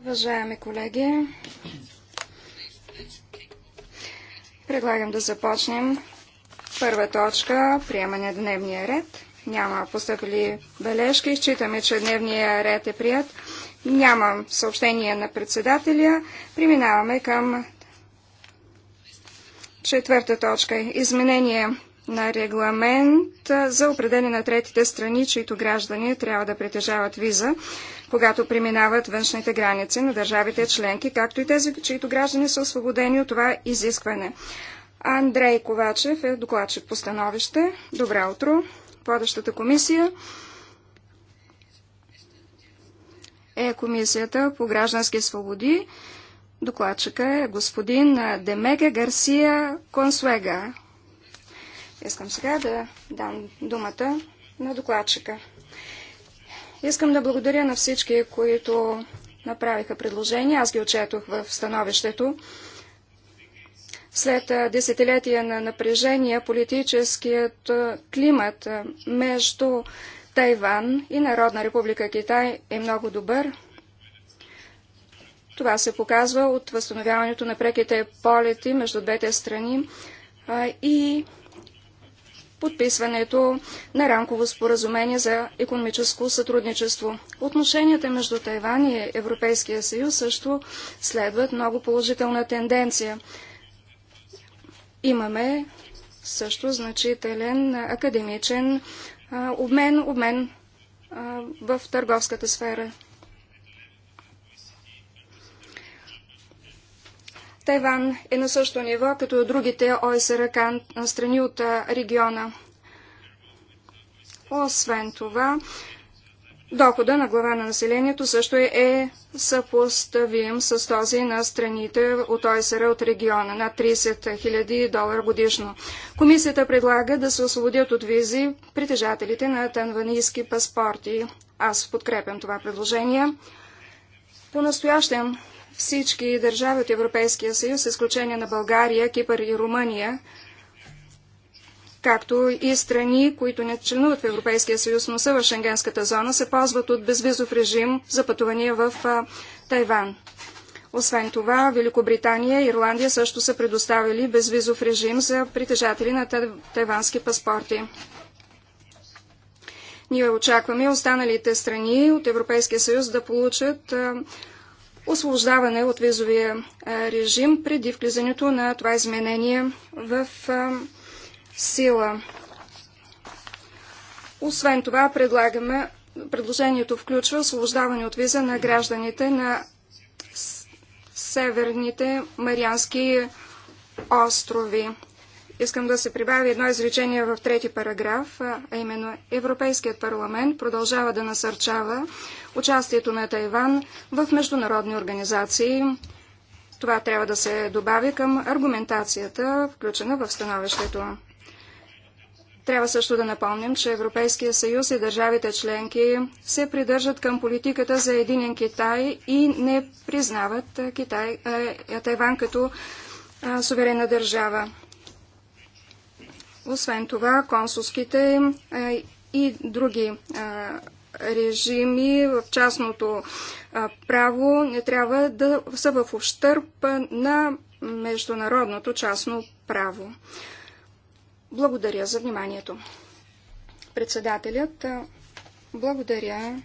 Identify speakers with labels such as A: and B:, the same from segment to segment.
A: Уважаеми колеги, предлагам да започнем първа точка – приемане на дневния ред. Няма поставили бележки. Считаме, че дневния ред е прият. Няма съобщение на председателя. Преминаваме към четвърта точка – изменение на регламент за определение на третите страни, чието граждани трябва да притежават виза, когато преминават външните граници на държавите членки, както и тези, чието граждани са освободени от това изискване. Андрей Ковачев е докладчик по становище. Добро утро. Водещата комисия е Комисията по граждански свободи. Докладчика е господин Демега Гарсия Консуега. Искам сега да дам думата на докладчика. Искам да благодаря на всички, които направиха предложения. Аз ги отчетох в становището. След десетилетия на напрежение, политическият климат между Тайван и Народна република Китай е много добър. Това се показва от възстановяването на преките полети между двете страни и подписването на рамково споразумение за економическо сътрудничество. Отношенията между Тайван и Европейския съюз също следват много положителна тенденция. Имаме също значителен академичен обмен, обмен в търговската сфера. Тайван е на същото ниво, като другите ОСР страни от региона. Освен това, дохода на глава на населението също е, е съпоставим с този на страните от ОСР от региона на 30 000 долара годишно. Комисията предлага да се освободят от визи притежателите на танванийски паспорти. Аз подкрепям това предложение. По-настоящем всички държави от Европейския съюз, с изключение на България, Кипър и Румъния, както и страни, които не членуват в Европейския съюз, но са в Шенгенската зона, се ползват от безвизов режим за пътувания в Тайван. Освен това, Великобритания и Ирландия също са предоставили безвизов режим за притежатели на тайвански паспорти. Ние очакваме останалите страни от Европейския съюз да получат освобождаване от визовия режим преди влизането на това изменение в сила. Освен това, предлагаме, предложението включва освобождаване от виза на гражданите на северните Мариански острови. Искам да се прибави едно изречение в трети параграф, а именно Европейският парламент продължава да насърчава участието на Тайван в международни организации. Това трябва да се добави към аргументацията, включена в становището. Трябва също да напомним, че Европейския съюз и държавите членки се придържат към политиката за единен Китай и не признават Китай, Тайван като суверена държава. Освен това, консулските и други режими в частното право не трябва да са в ущърп на международното частно право. Благодаря за вниманието. Председателят, благодаря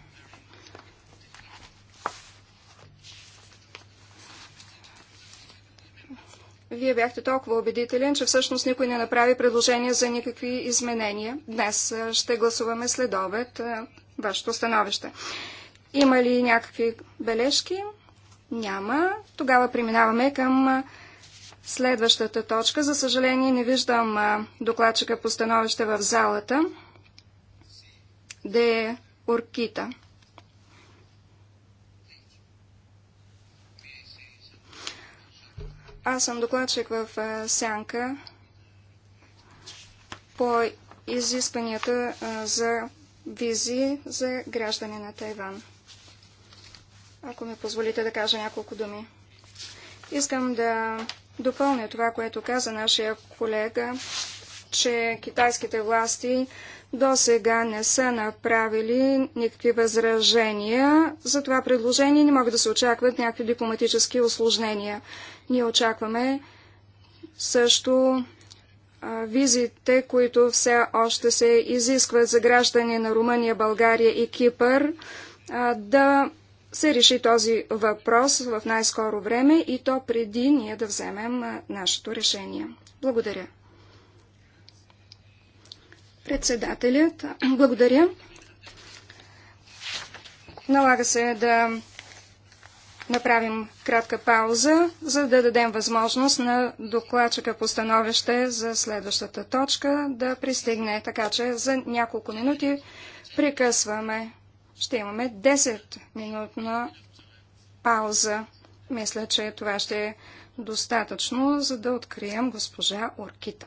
A: Вие бяхте толкова убедителен, че всъщност никой не направи предложения за никакви изменения. Днес ще гласуваме след обед вашето становище. Има ли някакви бележки? Няма. Тогава преминаваме към следващата точка. За съжаление не виждам докладчика по становище в залата. Де Оркита. Аз съм докладчик в Сянка по изискванията за визи за граждани на Тайван. Ако ми позволите да кажа няколко думи. Искам да допълня това, което каза нашия колега че китайските власти до сега не са направили никакви възражения. За това предложение не могат да се очакват някакви дипломатически осложнения. Ние очакваме също визите, които все още се изискват за граждани на Румъния, България и Кипър, да се реши този въпрос в най-скоро време и то преди ние да вземем нашето решение. Благодаря. Председателят, благодаря. Налага се да направим кратка пауза, за да дадем възможност на докладчика по становище за следващата точка да пристигне. Така че за няколко минути прекъсваме. Ще имаме 10-минутна пауза. Мисля, че това ще е достатъчно, за да открием госпожа Оркита.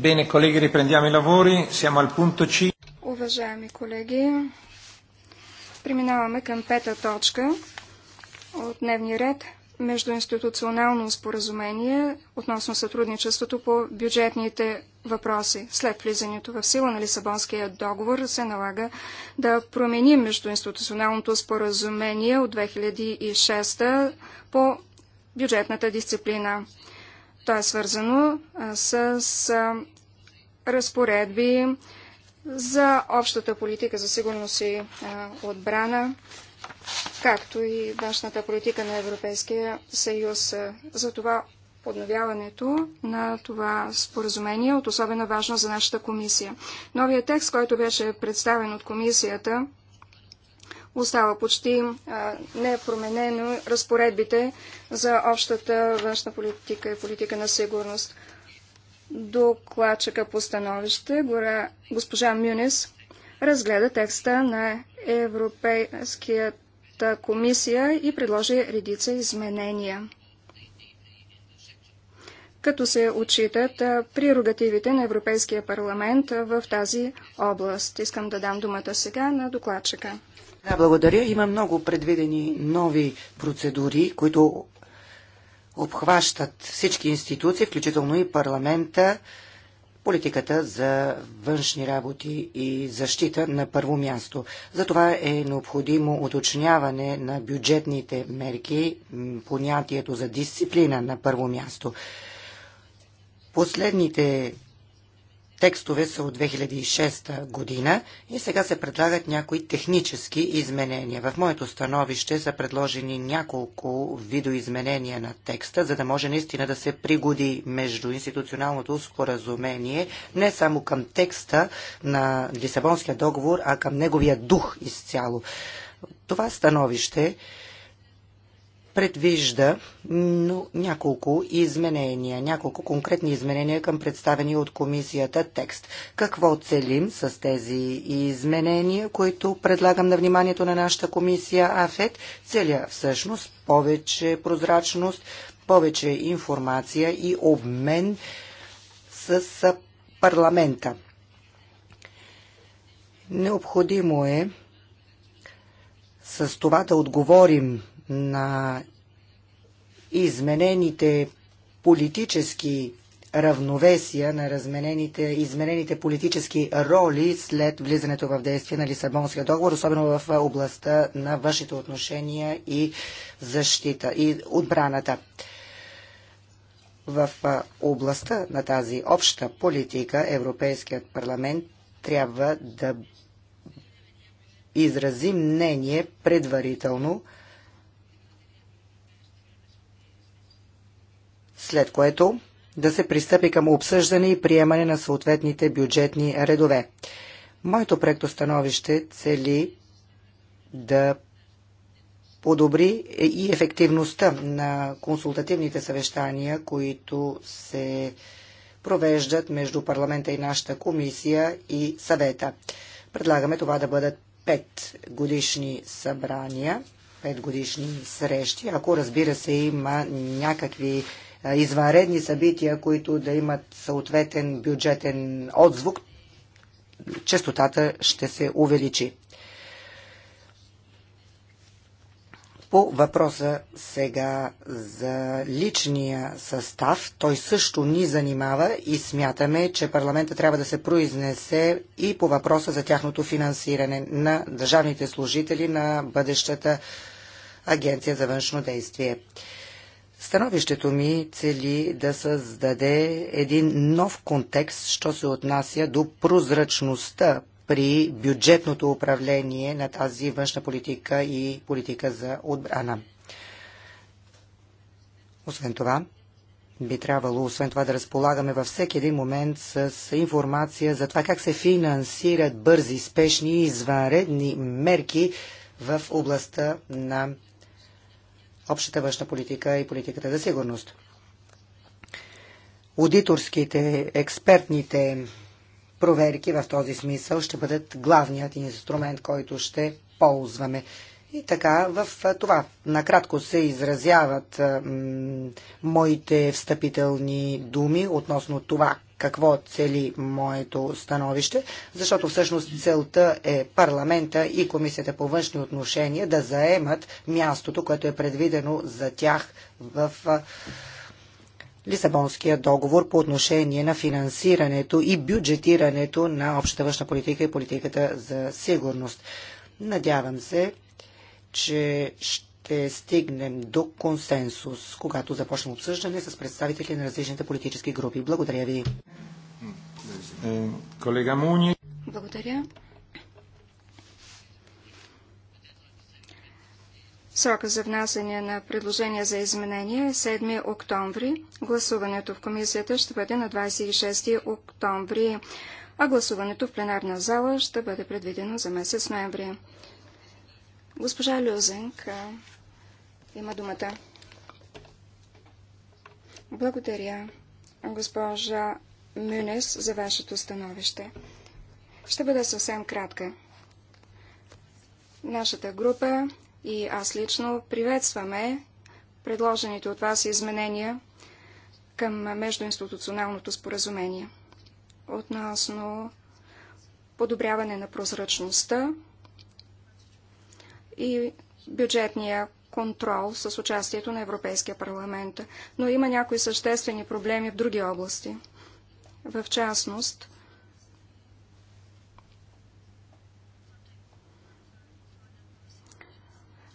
B: Bene, колеги, riprendiamo i lavori. Siamo al punto C.
A: Уважаеми колеги, преминаваме към пета точка от дневния ред междуинституционално споразумение относно сътрудничеството по бюджетните въпроси. След влизането в сила на Лисабонския договор се налага да променим междуинституционалното споразумение от 2006 по бюджетната дисциплина. То е свързано с разпоредби за общата политика за сигурност и отбрана, както и външната политика на Европейския съюз. За това подновяването на това споразумение е от особена важност за нашата комисия. Новия текст, който беше представен от комисията, остава почти непроменено разпоредбите за общата външна политика и политика на сигурност. Докладчика по становище, госпожа Мюнис, разгледа текста на Европейската комисия и предложи редица изменения като се отчитат прерогативите на Европейския парламент в тази област. Искам да дам думата сега на докладчика.
C: Да, благодаря. Има много предвидени нови процедури, които обхващат всички институции, включително и парламента, политиката за външни работи и защита на първо място. Затова е необходимо уточняване на бюджетните мерки, понятието за дисциплина на първо място. Последните текстове са от 2006 година и сега се предлагат някои технически изменения. В моето становище са предложени няколко видоизменения на текста, за да може наистина да се пригоди между институционалното споразумение не само към текста на Лисабонския договор, а към неговия дух изцяло. Това становище предвижда но няколко изменения, няколко конкретни изменения към представени от комисията текст. Какво целим с тези изменения, които предлагам на вниманието на нашата комисия АФЕТ? Целя всъщност повече прозрачност, повече информация и обмен с парламента. Необходимо е с това да отговорим на изменените политически равновесия на разменените, изменените политически роли след влизането в действие на Лисабонския договор, особено в областта на вашите отношения и защита и отбраната. В областта на тази обща политика Европейският парламент трябва да изрази мнение предварително – след което да се пристъпи към обсъждане и приемане на съответните бюджетни редове. Моето становище цели да подобри и ефективността на консултативните съвещания, които се провеждат между парламента и нашата комисия и съвета. Предлагаме това да бъдат пет годишни събрания, пет годишни срещи, ако разбира се има някакви извънредни събития, които да имат съответен бюджетен отзвук, частотата ще се увеличи. По въпроса сега за личния състав, той също ни занимава и смятаме, че парламента трябва да се произнесе и по въпроса за тяхното финансиране на държавните служители на бъдещата Агенция за външно действие. Становището ми цели да създаде един нов контекст, що се отнася до прозрачността при бюджетното управление на тази външна политика и политика за отбрана. Освен това, би трябвало, освен това, да разполагаме във всеки един момент с информация за това как се финансират бързи, спешни и извънредни мерки в областта на общата външна политика и политиката за сигурност. Аудиторските, експертните проверки в този смисъл ще бъдат главният инструмент, който ще ползваме. И така, в това накратко се изразяват моите встъпителни думи относно това какво цели моето становище, защото всъщност целта е парламента и Комисията по външни отношения да заемат мястото, което е предвидено за тях в Лисабонския договор по отношение на финансирането и бюджетирането на общата външна политика и политиката за сигурност. Надявам се, че ще стигнем до консенсус, когато започнем обсъждане с представители на различните политически групи. Благодаря ви.
B: Е, колега Муни.
A: Благодаря. Срока за внасяне на предложения за изменение е 7 октомври. Гласуването в комисията ще бъде на 26 октомври, а гласуването в пленарна зала ще бъде предвидено за месец ноември. Госпожа Люзинг има думата. Благодаря, госпожа Мюнес, за вашето становище. Ще бъда съвсем кратка. Нашата група и аз лично приветстваме предложените от вас изменения към междуинституционалното споразумение относно подобряване на прозрачността и бюджетния контрол с участието на Европейския парламент. Но има някои съществени проблеми в други области. В частност,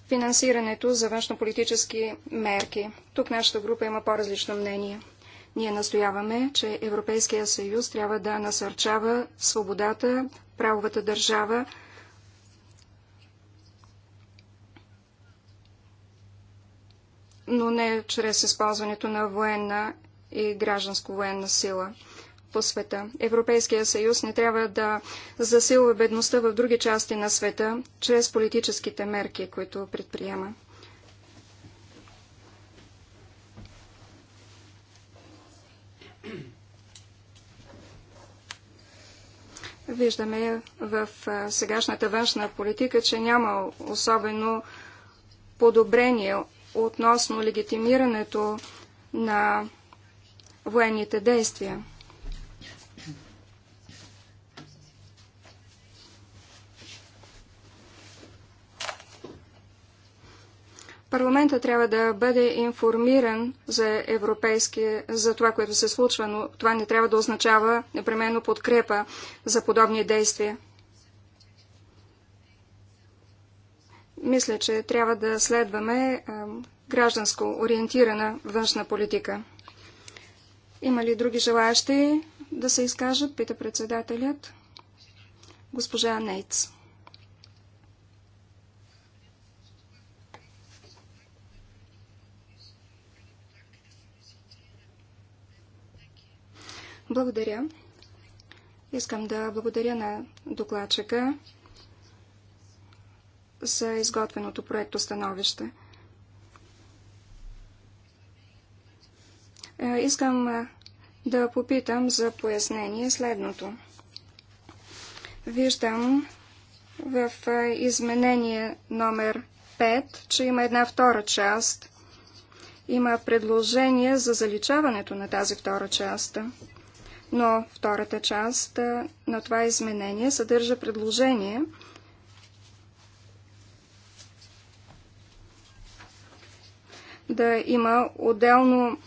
A: финансирането за външнополитически мерки. Тук нашата група има по-различно мнение. Ние настояваме, че Европейския съюз трябва да насърчава свободата, правовата държава, но не чрез използването на военна и гражданско-военна сила по света. Европейския съюз не трябва да засилва бедността в други части на света чрез политическите мерки, които предприема. Виждаме в сегашната външна политика, че няма особено подобрение относно легитимирането на военните действия. Парламента трябва да бъде информиран за европейския, за това, което се случва, но това не трябва да означава непременно подкрепа за подобни действия. Мисля, че трябва да следваме гражданско ориентирана външна политика. Има ли други желаящи да се изкажат, пита председателят. Госпожа Нейц. Благодаря. Искам да благодаря на докладчика за изготвеното проекто становище. Е, искам е, да попитам за пояснение следното. Виждам в е, изменение номер 5, че има една втора част. Има предложение за заличаването на тази втора част. Но втората част на това изменение съдържа предложение – да има отделно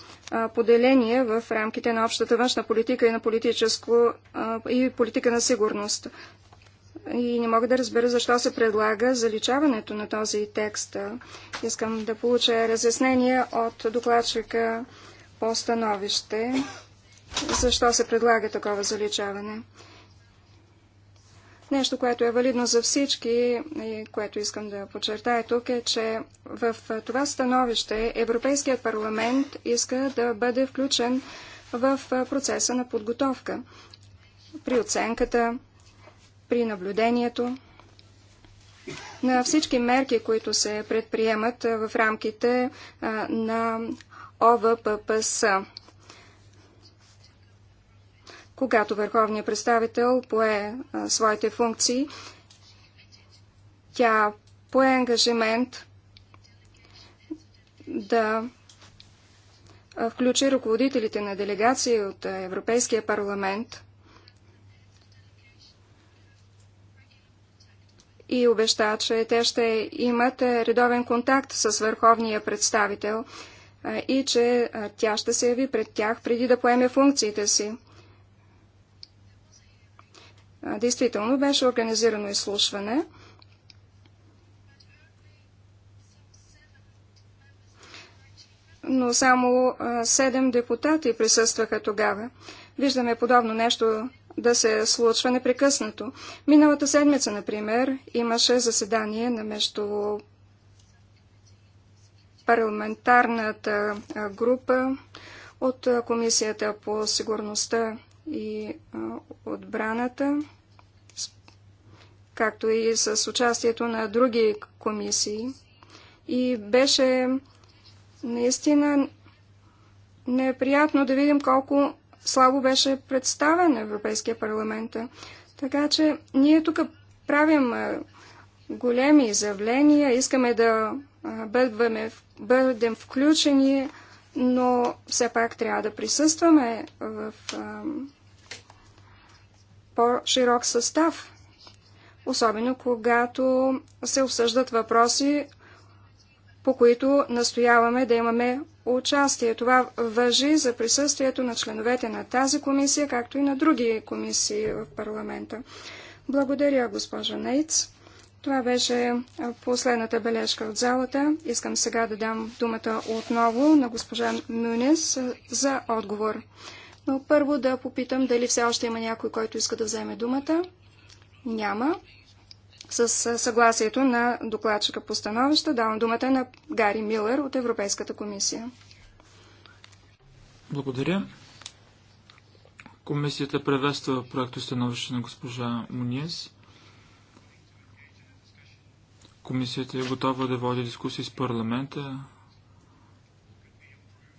A: поделение в рамките на общата външна политика и на политическо и политика на сигурност. И не мога да разбера защо се предлага заличаването на този текст. Искам да получа разяснение от докладчика по становище. Защо се предлага такова заличаване? Нещо, което е валидно за всички и което искам да подчертая тук е, че в това становище Европейският парламент иска да бъде включен в процеса на подготовка при оценката, при наблюдението на всички мерки, които се предприемат в рамките на ОВППС когато върховният представител пое а, своите функции, тя пое ангажимент да включи ръководителите на делегации от Европейския парламент и обеща, че те ще имат редовен контакт с върховния представител и че тя ще се яви пред тях преди да поеме функциите си. Действително беше организирано изслушване. Но само седем депутати присъстваха тогава. Виждаме подобно нещо да се случва непрекъснато. Миналата седмица, например, имаше заседание на между парламентарната група от Комисията по сигурността и отбраната както и с участието на други комисии. И беше наистина неприятно да видим колко слабо беше представен Европейския парламент. Така че ние тук правим големи изявления, искаме да бъдваме, бъдем включени, но все пак трябва да присъстваме в по-широк състав особено когато се обсъждат въпроси, по които настояваме да имаме участие. Това въжи за присъствието на членовете на тази комисия, както и на други комисии в парламента. Благодаря, госпожа Нейц. Това беше последната бележка от залата. Искам сега да дам думата отново на госпожа Мюнес за отговор. Но първо да попитам дали все още има някой, който иска да вземе думата. Няма. С съгласието на докладчика по становища давам думата на Гари Милър от Европейската комисия.
B: Благодаря. Комисията приветства проекто становище на госпожа Муниес. Комисията е готова да води дискусии с парламента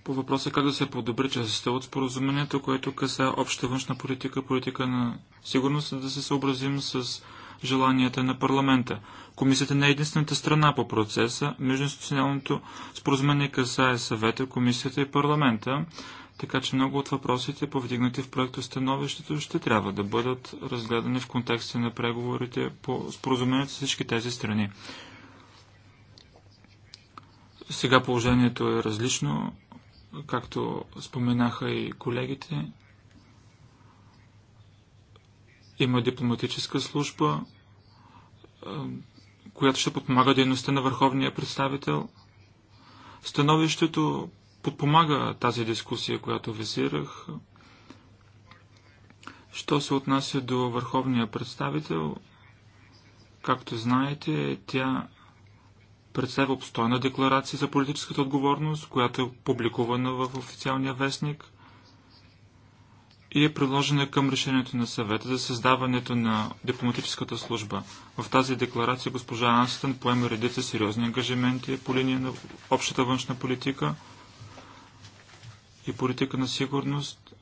B: по въпроса как да се подобри частта от споразумението, което каса обща външна политика, политика на сигурност, да се съобразим с желанията на парламента. Комисията не е единствената страна по процеса. Междуинституционалното споразумение касае съвета, комисията и парламента, така че много от въпросите, повдигнати в проекта становището, ще трябва да бъдат разгледани в контекста на преговорите по споразумението с всички тези страни. Сега положението е различно както споменаха и колегите. Има дипломатическа служба, е, която ще подпомага дейността на върховния представител. Становището подпомага тази дискусия, която визирах. Що се отнася до върховния представител, както знаете, тя представя обстойна декларация за политическата отговорност, която е публикувана в официалния вестник и е приложена към решението на съвета за създаването на дипломатическата служба. В тази декларация госпожа Анстън поема редица сериозни ангажименти по линия на общата външна политика и политика на сигурност.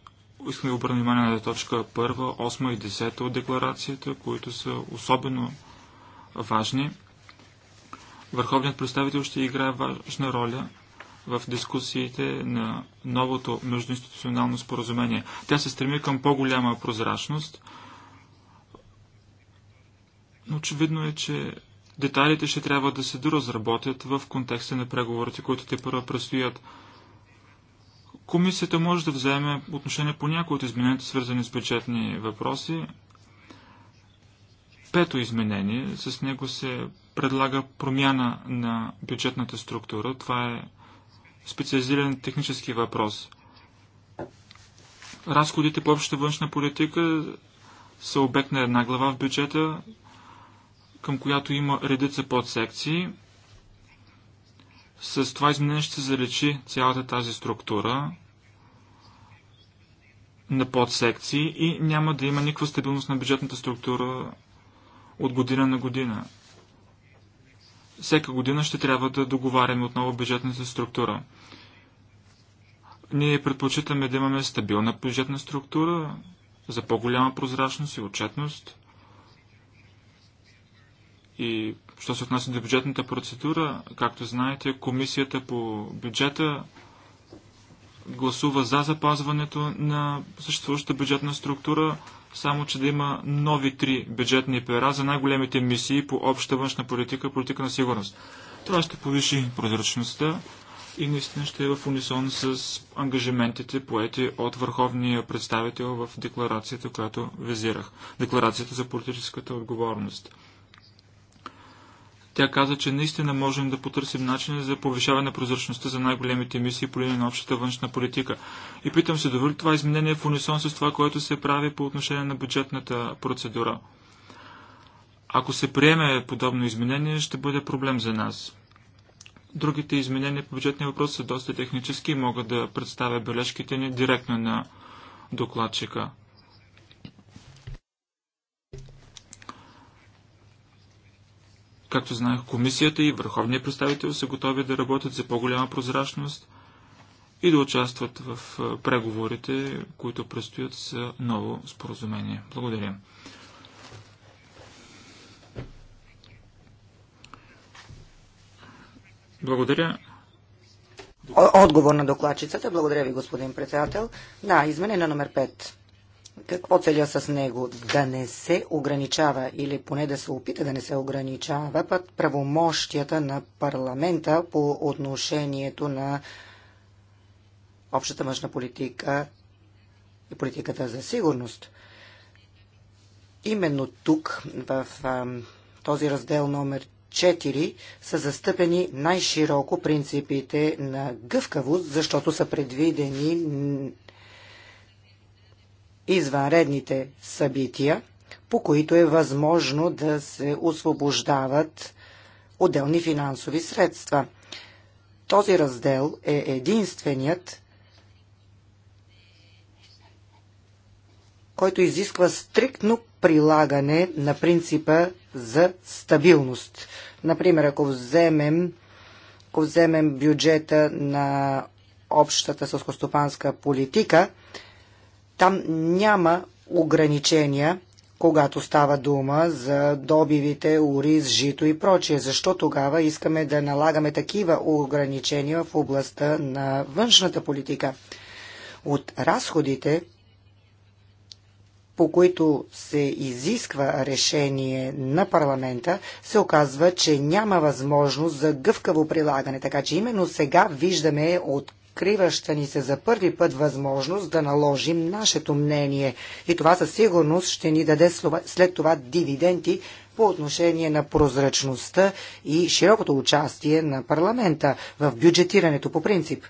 B: Искам да обърна внимание на точка 1, 8 и 10 от декларацията, които са особено важни – Върховният представител ще играе важна роля в дискусиите на новото междуинституционално споразумение. Тя се стреми към по-голяма прозрачност. Но очевидно е, че детайлите ще трябва да се доразработят в контекста на преговорите, които те първо предстоят. Комисията може да вземе отношение по някои от измененията, свързани с бюджетни въпроси, Пето изменение, с него се предлага промяна на бюджетната структура. Това е специализиран технически въпрос. Разходите по общата външна политика са обект на една глава в бюджета, към която има редица подсекции. С това изменение ще се залечи цялата тази структура на подсекции и няма да има никаква стабилност на бюджетната структура от година на година. Всека година ще трябва да договаряме отново бюджетната структура. Ние предпочитаме да имаме стабилна бюджетна структура за по-голяма прозрачност и отчетност. И що се отнася до бюджетната процедура, както знаете, комисията по бюджета гласува за запазването на съществуващата бюджетна структура, само че да има нови три бюджетни пера за най-големите мисии по обща външна политика, политика на сигурност. Това ще повиши прозрачността и наистина ще е в унисон с ангажиментите поети от върховния представител в декларацията, която визирах. Декларацията за политическата отговорност. Тя каза, че наистина можем да потърсим начин за повишаване на прозрачността за най-големите мисии по линия на общата външна политика. И питам се, дори това изменение е в унисон с това, което се прави по отношение на бюджетната процедура. Ако се приеме подобно изменение, ще бъде проблем за нас. Другите изменения по бюджетния въпрос са доста технически и могат да представя бележките ни директно на докладчика. Както знаех, комисията и върховният представител са готови да работят за по-голяма прозрачност и да участват в преговорите, които предстоят за ново споразумение. Благодаря. Благодаря.
C: Отговор на докладчицата. Благодаря ви, господин председател. Да, изменение номер 5. Какво целя с него? Да не се ограничава или поне да се опита да не се ограничава път правомощията на парламента по отношението на общата мъжна политика и политиката за сигурност. Именно тук, в а, този раздел номер 4, са застъпени най-широко принципите на гъвкавост, защото са предвидени извънредните събития, по които е възможно да се освобождават отделни финансови средства. Този раздел е единственият, който изисква стриктно прилагане на принципа за стабилност. Например, ако вземем, ако вземем бюджета на общата сълскостопанска политика – там няма ограничения, когато става дума за добивите, ориз, жито и прочие. Защо тогава искаме да налагаме такива ограничения в областта на външната политика? От разходите, по които се изисква решение на парламента, се оказва, че няма възможност за гъвкаво прилагане. Така че именно сега виждаме от откриваща ни се за първи път възможност да наложим нашето мнение. И това със сигурност ще ни даде след това дивиденти по отношение на прозрачността и широкото участие на парламента в бюджетирането по принцип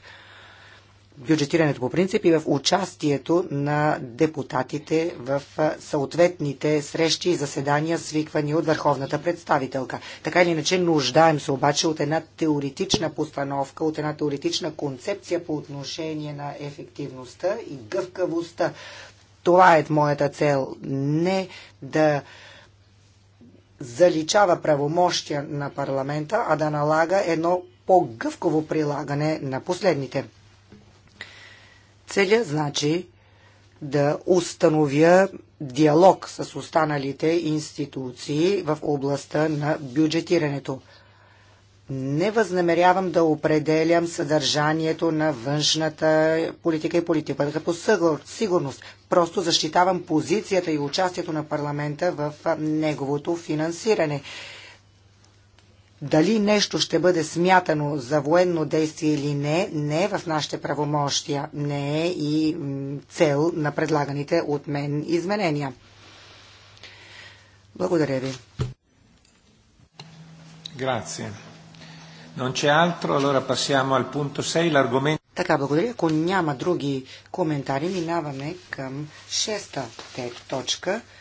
C: бюджетирането по принцип и в участието на депутатите в съответните срещи и заседания, свиквани от върховната представителка. Така или иначе, нуждаем се обаче от една теоретична постановка, от една теоретична концепция по отношение на ефективността и гъвкавостта. Това е моята цел. Не да заличава правомощия на парламента, а да налага едно по-гъвково прилагане на последните. Целя, значи, да установя диалог с останалите институции в областта на бюджетирането. Не възнамерявам да определям съдържанието на външната политика и политиката по сигурност. Просто защитавам позицията и участието на парламента в неговото финансиране. Дали нещо ще бъде смятано за военно действие или не, не е в нашите правомощия, не е и цел на предлаганите от мен изменения. Благодаря ви.
B: Grazie. Non c'è altro, allora passiamo al punto 6, l'argomento...
C: Така, благодаря. Ако няма други коментари, минаваме към шеста точка –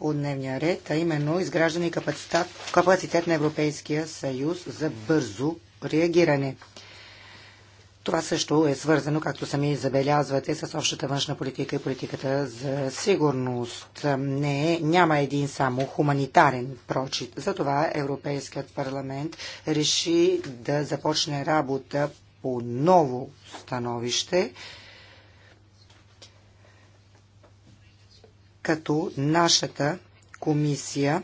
C: от дневния ред, а именно изграждане и капацитет, капацитет на Европейския съюз за бързо реагиране. Това също е свързано, както сами забелязвате, с общата външна политика и политиката за сигурност. Не, няма един само хуманитарен прочит. Затова Европейският парламент реши да започне работа по ново становище, като нашата комисия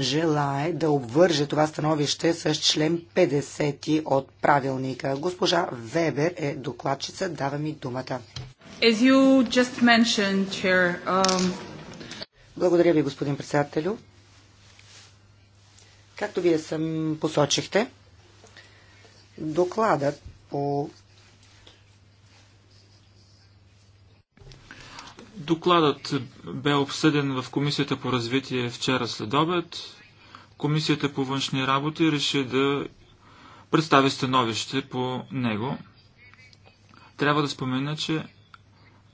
C: желае да обвърже това становище с член 50 от правилника. Госпожа Вебер е докладчица. Дава ми думата. Chair, um... Благодаря ви, господин председателю. Както вие съм посочихте, докладът
B: по Докладът бе обсъден в Комисията по развитие вчера след обед. Комисията по външни работи реши да представи становище по него. Трябва да спомена, че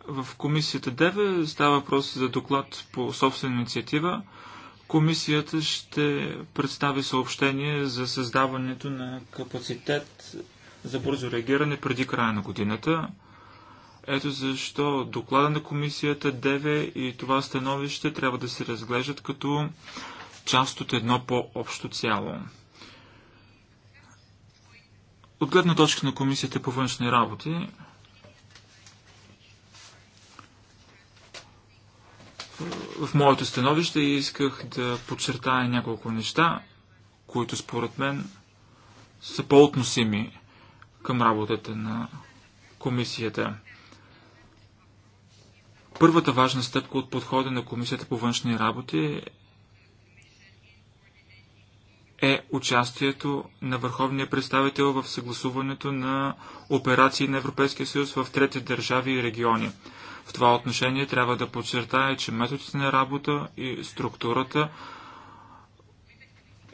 B: в Комисията 9 става въпрос за доклад по собствена инициатива. Комисията ще представи съобщение за създаването на капацитет за бързо реагиране преди края на годината. Ето защо доклада на комисията ДВ и това становище трябва да се разглеждат като част от едно по-общо цяло. От гледна точка на комисията по външни работи, в моето становище исках да подчертая няколко неща, които според мен са по-относими към работата на комисията. Първата важна стъпка от подхода на Комисията по външни работи е участието на върховния представител в съгласуването на операции на Европейския съюз в трети държави и региони. В това отношение трябва да подчертая, че методите на работа и структурата,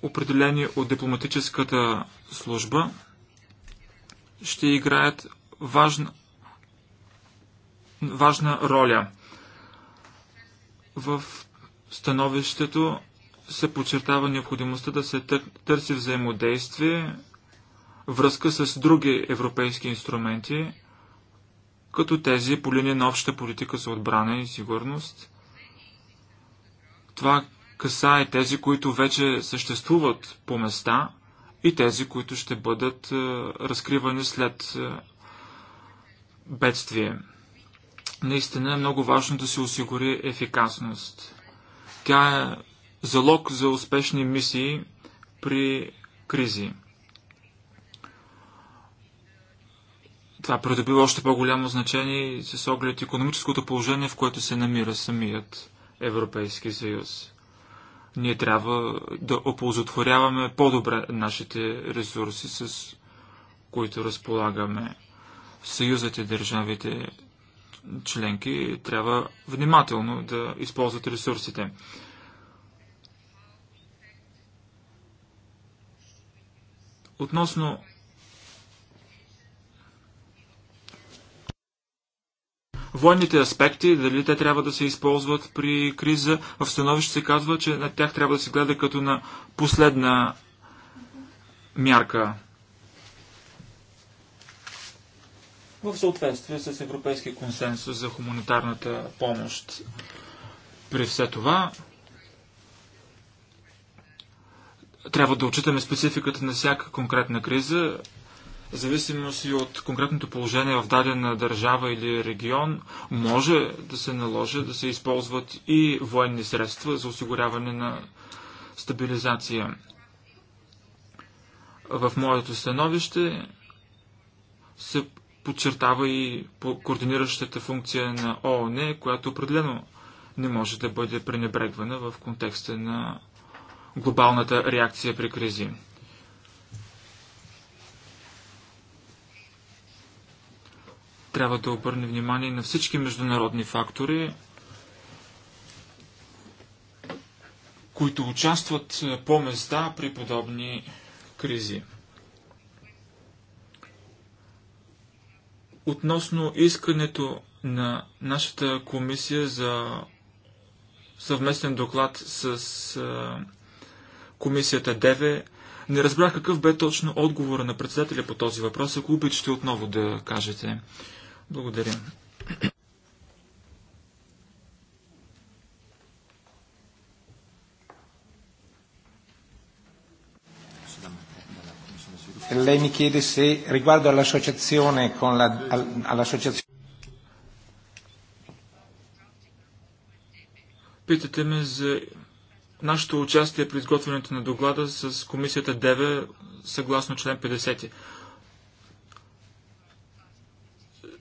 B: определени от дипломатическата служба, ще играят важна, важна роля. В становището се подчертава необходимостта да се търси взаимодействие, връзка с други европейски инструменти, като тези по линия на общата политика за отбрана и сигурност. Това касае тези, които вече съществуват по места и тези, които ще бъдат е, разкривани след е, бедствие. Наистина е много важно да се осигури ефикасност. Тя е залог за успешни мисии при кризи. Това придобива още по-голямо значение с оглед економическото положение, в което се намира самият Европейски съюз. Ние трябва да оползотворяваме по-добре нашите ресурси, с които разполагаме. Съюзът и държавите членки трябва внимателно да използват ресурсите. Относно военните аспекти, дали те трябва да се използват при криза, в становище се казва, че на тях трябва да се гледа като на последна мярка. в съответствие с Европейския консенсус за хуманитарната помощ. При все това, трябва да отчитаме спецификата на всяка конкретна криза, в зависимост и от конкретното положение в дадена държава или регион, може да се наложи да се използват и военни средства за осигуряване на стабилизация. В моето становище се подчертава и по координиращата функция на ООН, която определено не може да бъде пренебрегвана в контекста на глобалната реакция при кризи. Трябва да обърне внимание на всички международни фактори, които участват по места при подобни кризи. Относно искането на нашата комисия за съвместен доклад с комисията ДЕВЕ, не разбрах какъв бе точно отговора на председателя по този въпрос. Ако обичате отново да кажете. Благодаря. lei mi chiede se riguardo all'associazione con la, all'associazione Питате ме за нашето участие при изготвянето на доклада с комисията 9, съгласно член 50.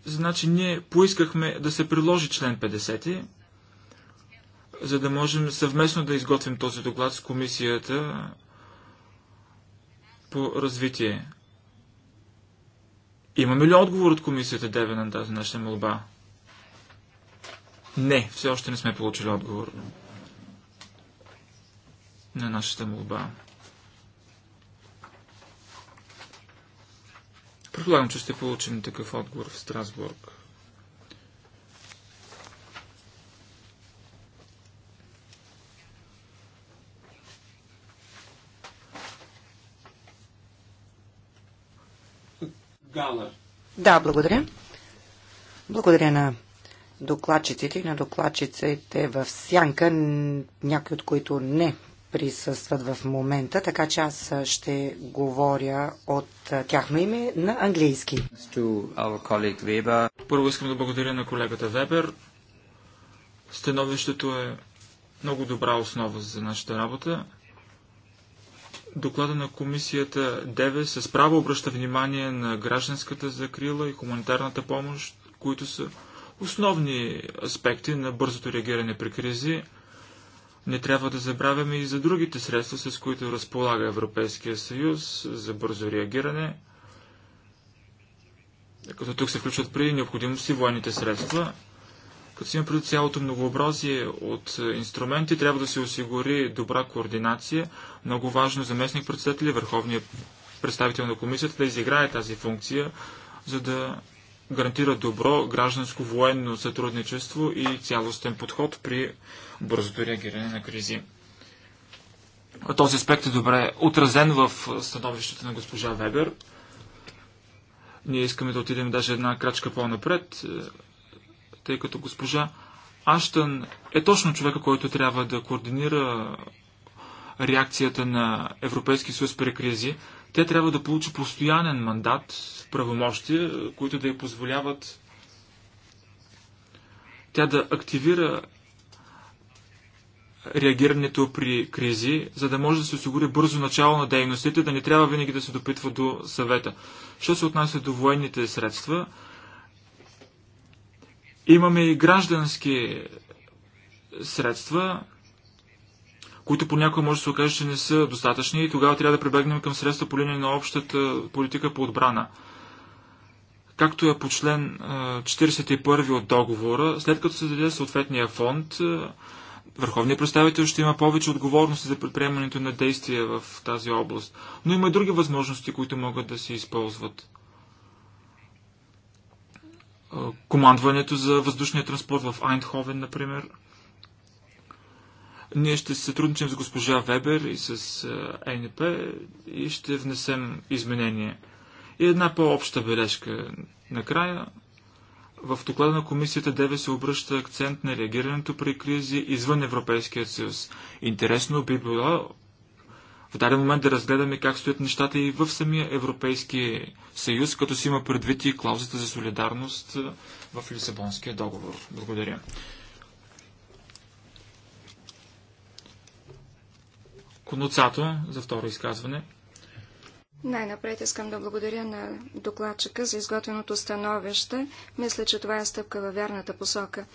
B: Значи ние поискахме да се приложи член 50, за да можем съвместно да изготвим този доклад с комисията по развитие. Имаме ли отговор от комисията Деве на тази наша молба? Не, все още не сме получили отговор на нашата молба. Предполагам, че ще получим такъв отговор в Страсбург. Гала.
C: Да, благодаря. Благодаря на докладчиците и на докладчиците в сянка, някои от които не присъстват в момента, така че аз ще говоря от тяхно име на английски.
B: Първо искам да благодаря на колегата Вебер. Становището е много добра основа за нашата работа. Доклада на комисията ДЕВЕ с право обръща внимание на гражданската закрила и хуманитарната помощ, които са основни аспекти на бързото реагиране при кризи. Не трябва да забравяме и за другите средства, с които разполага Европейския съюз за бързо реагиране, като тук се включват при необходимости военните средства – като си има преди цялото многообразие от е, инструменти, трябва да се осигури добра координация. Много важно е заместник и върховният представител на комисията да изиграе тази функция, за да гарантира добро гражданско-военно сътрудничество и цялостен подход при бързото реагиране на кризи. Този аспект е добре отразен в становището на госпожа Вебер. Ние искаме да отидем даже една крачка по-напред тъй като госпожа Аштън е точно човека, който трябва да координира реакцията на Европейския съюз при кризи. Тя трябва да получи постоянен мандат, правомощи, които да я позволяват тя да активира реагирането при кризи, за да може да се осигури бързо начало на дейностите, да не трябва винаги да се допитва до съвета. Що се отнася до военните средства, Имаме и граждански средства, които понякога може да се окаже, че не са достатъчни и тогава трябва да прибегнем към средства по линия на общата политика по отбрана. Както е по член 41 от договора, след като се даде съответния фонд, Върховният представител ще има повече отговорности за предприемането на действия в тази област. Но има и други възможности, които могат да се използват командването за въздушния транспорт в Айнховен, например. Ние ще се сътрудничим с госпожа Вебер и с е, ЕНП и ще внесем изменения. И една по-обща бележка. Накрая, в доклада на комисията ДЕВЕ се обръща акцент на реагирането при кризи извън Европейския съюз. Интересно би било в даден момент да разгледаме как стоят нещата и в самия Европейски съюз, като си има предвид и клаузата за солидарност е, в Лисабонския договор. Благодаря. Коноцато за второ изказване.
A: Най-напред искам да благодаря на докладчика за изготвеното становище. Мисля, че това е стъпка във вярната посока.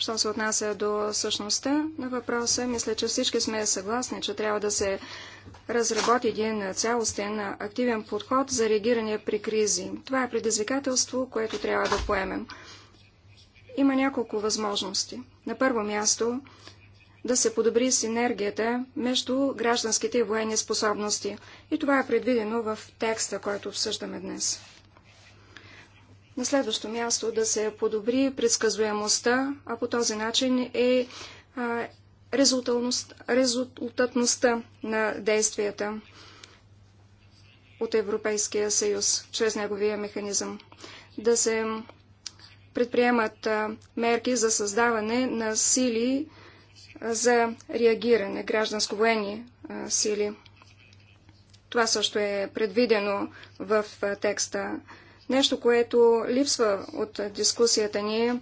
A: Що се отнася до същността на въпроса, мисля, че всички сме съгласни, че трябва да се разработи един цялостен активен подход за реагиране при кризи. Това е предизвикателство, което трябва да поемем. Има няколко възможности. На първо място да се подобри синергията между гражданските и военни способности. И това е предвидено в текста, който обсъждаме днес. На следващо място да се подобри предсказуемостта, а по този начин е резултатността на действията от Европейския съюз чрез неговия механизъм. Да се предприемат мерки за създаване на сили за реагиране, гражданско-военни сили. Това също е предвидено в текста Нещо, което липсва от дискусията ни е,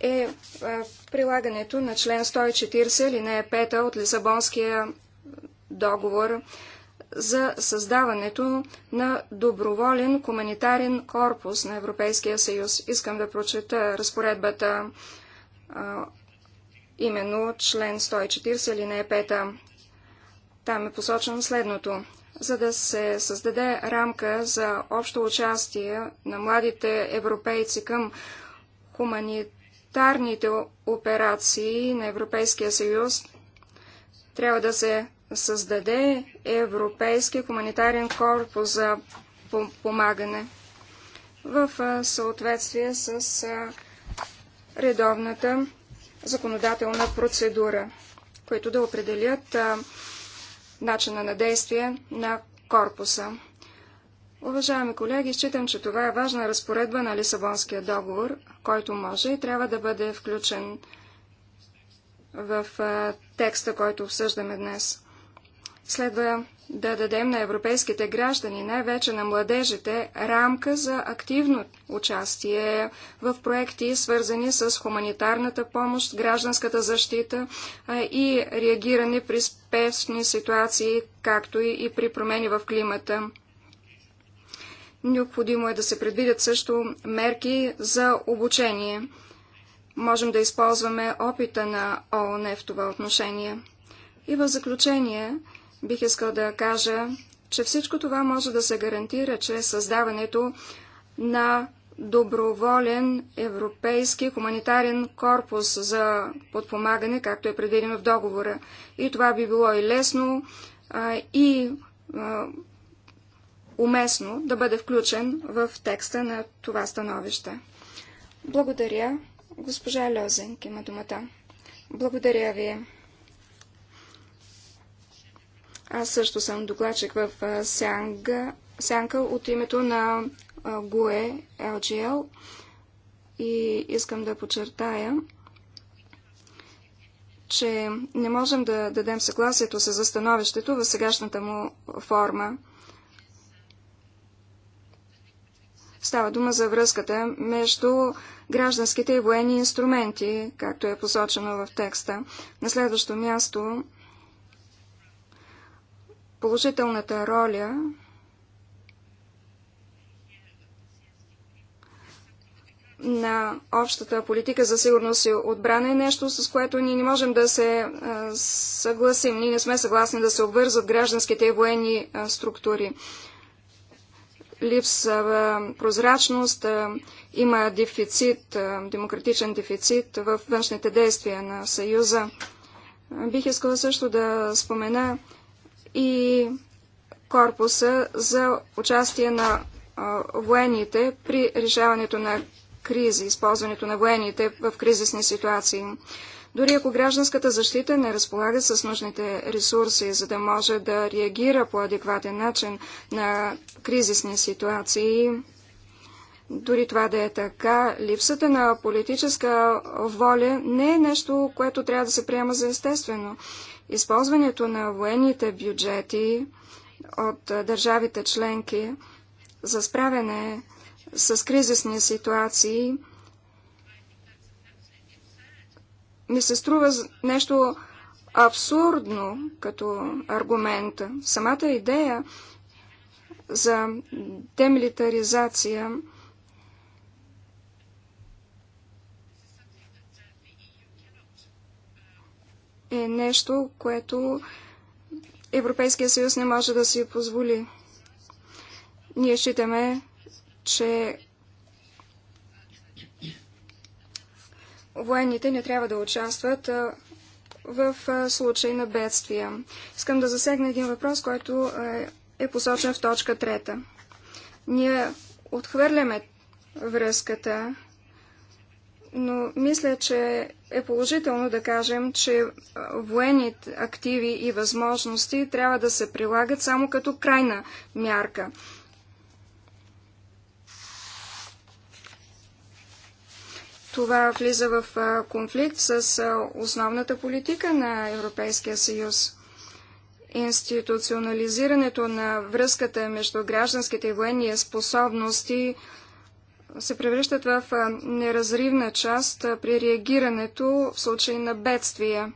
A: е прилагането на член 140 или не е 5 от Лисабонския договор за създаването на доброволен хуманитарен корпус на Европейския съюз. Искам да прочета разпоредбата е, именно член 140 или не е 5. Там е посочено следното за да се създаде рамка за общо участие на младите европейци към хуманитарните операции на Европейския съюз, трябва да се създаде Европейски хуманитарен корпус за помагане в съответствие с редовната законодателна процедура, които да определят начина на действие на корпуса. Уважаеми колеги, считам, че това е важна разпоредба на Лисабонския договор, който може и трябва да бъде включен в текста, който обсъждаме днес. Следва да дадем на европейските граждани, най-вече на младежите, рамка за активно участие в проекти, свързани с хуманитарната помощ, гражданската защита и реагиране при спешни ситуации, както и при промени в климата. Необходимо е да се предвидят също мерки за обучение. Можем да използваме опита на ООН в това отношение. И в заключение, бих искал да кажа, че всичко това може да се гарантира чрез създаването на доброволен европейски хуманитарен корпус за подпомагане, както е предвидено в договора. И това би било и лесно, и уместно да бъде включен в текста на това становище. Благодаря. Госпожа Лозенк има думата. Благодаря ви. Аз също съм докладчик в Сянга, Сянка от името на ГУЕ LGL и искам да подчертая, че не можем да дадем съгласието се за становището в сегашната му форма. Става дума за връзката между гражданските и военни инструменти, както е посочено в текста. На следващо място положителната роля на общата политика за сигурност и отбрана е нещо, с което ние не можем да се съгласим. Ние не сме съгласни да се обвързват гражданските и военни структури. Липсва прозрачност, има дефицит, демократичен дефицит в външните действия на Съюза. Бих искала също да спомена, и корпуса за участие на военните при решаването на кризи, използването на военните в кризисни ситуации. Дори ако гражданската защита не разполага с нужните ресурси, за да може да реагира по адекватен начин на кризисни ситуации, дори това да е така, липсата на политическа воля не е нещо, което трябва да се приема за естествено. Използването на военните бюджети от държавите членки за справяне с кризисни ситуации ми се струва нещо абсурдно като аргумент. Самата идея за демилитаризация е нещо, което Европейския съюз не може да си позволи. Ние считаме, че военните не трябва да участват в случай на бедствия. Искам да засегна един въпрос, който е посочен в точка трета. Ние отхвърляме връзката но мисля, че е положително да кажем, че военни активи и възможности трябва да се прилагат само като крайна мярка. Това влиза в конфликт с основната политика на Европейския съюз. Институционализирането на връзката между гражданските и военни способности – се превръщат в неразривна част при реагирането в случай на бедствия.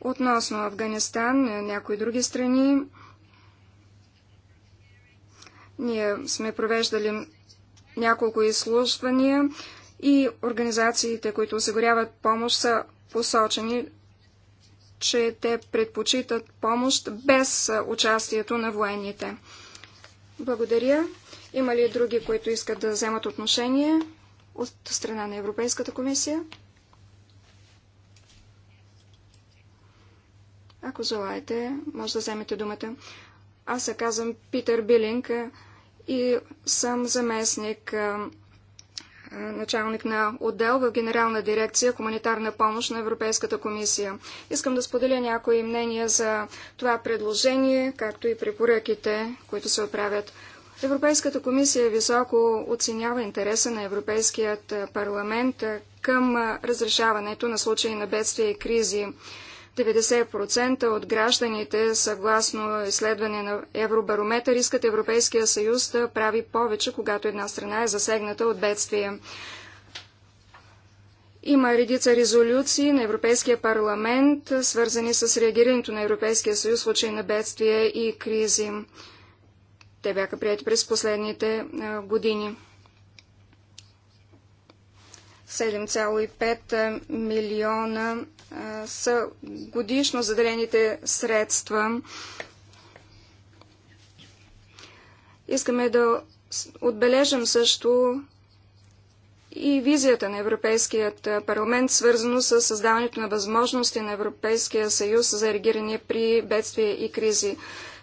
A: Относно Афганистан, и някои други страни, ние сме провеждали няколко изслушвания и организациите, които осигуряват помощ, са посочени че те предпочитат помощ без участието на военните. Благодаря. Има ли други, които искат да вземат отношение от страна на Европейската комисия? Ако желаете, може да вземете думата. Аз се казвам Питър Билинг и съм заместник началник на отдел в Генерална дирекция Хуманитарна помощ на Европейската комисия. Искам да споделя някои мнения за това предложение, както и препоръките, които се отправят. Европейската комисия високо оценява интереса на Европейският парламент към разрешаването на случаи на бедствия и кризи. 90% от гражданите, съгласно изследване на Евробарометър, искат Европейския съюз да прави повече, когато една страна е засегната от бедствия. Има редица резолюции на Европейския парламент, свързани с реагирането на Европейския съюз в случай на бедствия и кризи. Те бяха прияти през последните години. 7,5 милиона са годишно заделените средства. Искаме да отбележим също и визията на Европейският парламент, свързано с създаването на възможности на Европейския съюз за реагиране при бедствия и кризи.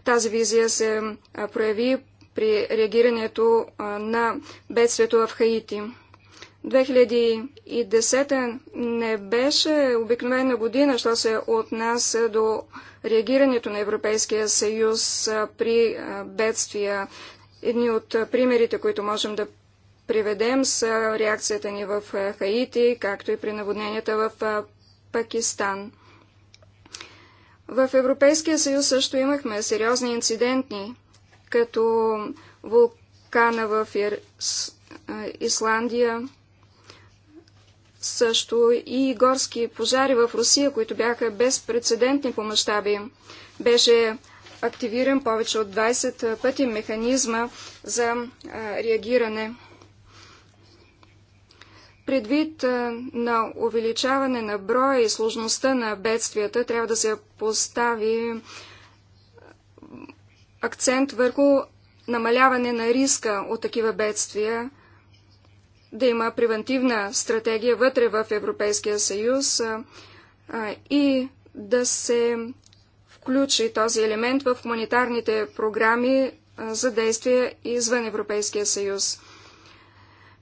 A: Тази визия се прояви при реагирането на бедствието в Хаити. 2010 не беше обикновена година, що се отнася до реагирането на Европейския съюз при бедствия. Едни от примерите, които можем да приведем са реакцията ни в Хаити, както и при наводненията в Пакистан. В Европейския съюз също имахме сериозни инцидентни, като вулкана в Ир... Исландия, също и горски пожари в Русия, които бяха безпредседентни по мащаби. Беше активиран повече от 20 пъти механизма за реагиране. Предвид на увеличаване на броя и сложността на бедствията, трябва да се постави акцент върху намаляване на риска от такива бедствия – да има превентивна стратегия вътре в Европейския съюз и да се включи този елемент в хуманитарните програми за действия извън Европейския съюз.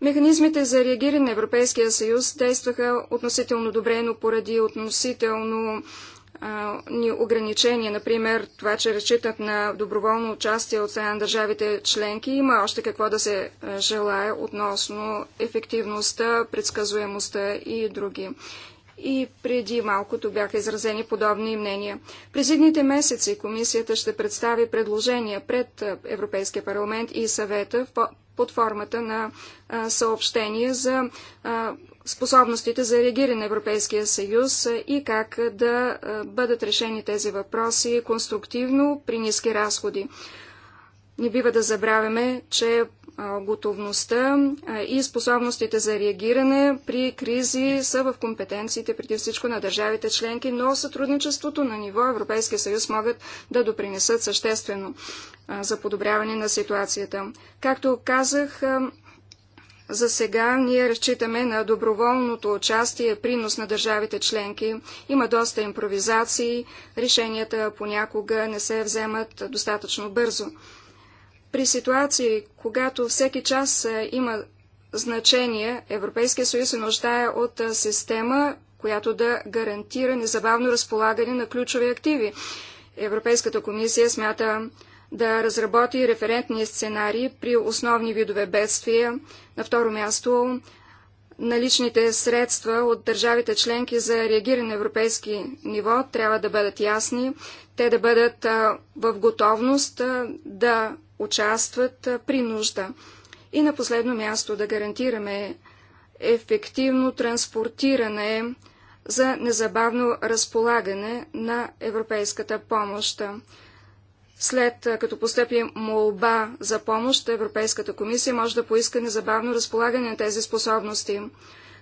A: Механизмите за реагиране на Европейския съюз действаха относително добре, но поради относително ни ограничения, например това, че разчитат на доброволно участие от страна на държавите членки, има още какво да се е, желая относно ефективността, предсказуемостта и други. И преди малкото бяха изразени подобни мнения. През едните месеци комисията ще представи предложения пред е, Европейския парламент и съвета под формата на съобщение за способностите за реагиране на Европейския съюз и как да бъдат решени тези въпроси конструктивно при ниски разходи. Не бива да забравяме, че готовността и способностите за реагиране при кризи са в компетенциите преди всичко на държавите членки, но сътрудничеството на ниво Европейския съюз могат да допринесат съществено за подобряване на ситуацията. Както казах, за сега ние разчитаме на доброволното участие, принос на държавите членки. Има доста импровизации, решенията понякога не се вземат достатъчно бързо. При ситуации, когато всеки час е, има значение, Европейския съюз се нуждае от е, система, която да гарантира незабавно разполагане на ключови активи. Европейската комисия смята да разработи референтни сценарии при основни видове бедствия. На второ място наличните средства от държавите членки за реагиране на европейски ниво трябва да бъдат ясни, те да бъдат в готовност да участват при нужда. И на последно място да гарантираме ефективно транспортиране за незабавно разполагане на европейската помощ. След като постъпи молба за помощ, Европейската комисия може да поиска незабавно разполагане на тези способности.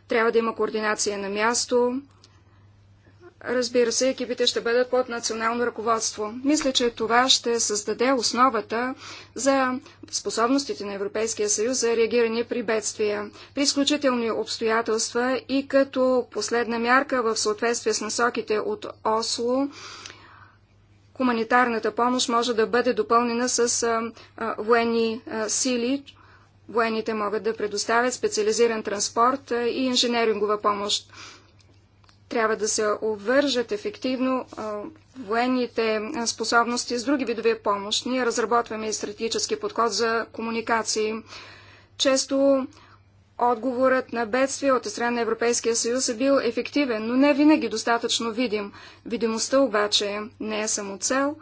A: Трябва да има координация на място. Разбира се, екипите ще бъдат под национално ръководство. Мисля, че това ще създаде основата за способностите на Европейския съюз за реагиране при бедствия, при изключителни обстоятелства и като последна мярка в съответствие с насоките от Осло хуманитарната помощ може да бъде допълнена с военни сили. Военните могат да предоставят специализиран транспорт и инженерингова помощ. Трябва да се обвържат ефективно военните способности с други видове помощ. Ние разработваме и стратегически подход за комуникации. Често Отговорът на бедствия от страна на Европейския съюз е бил ефективен, но не винаги достатъчно видим. Видимостта обаче не е само цел.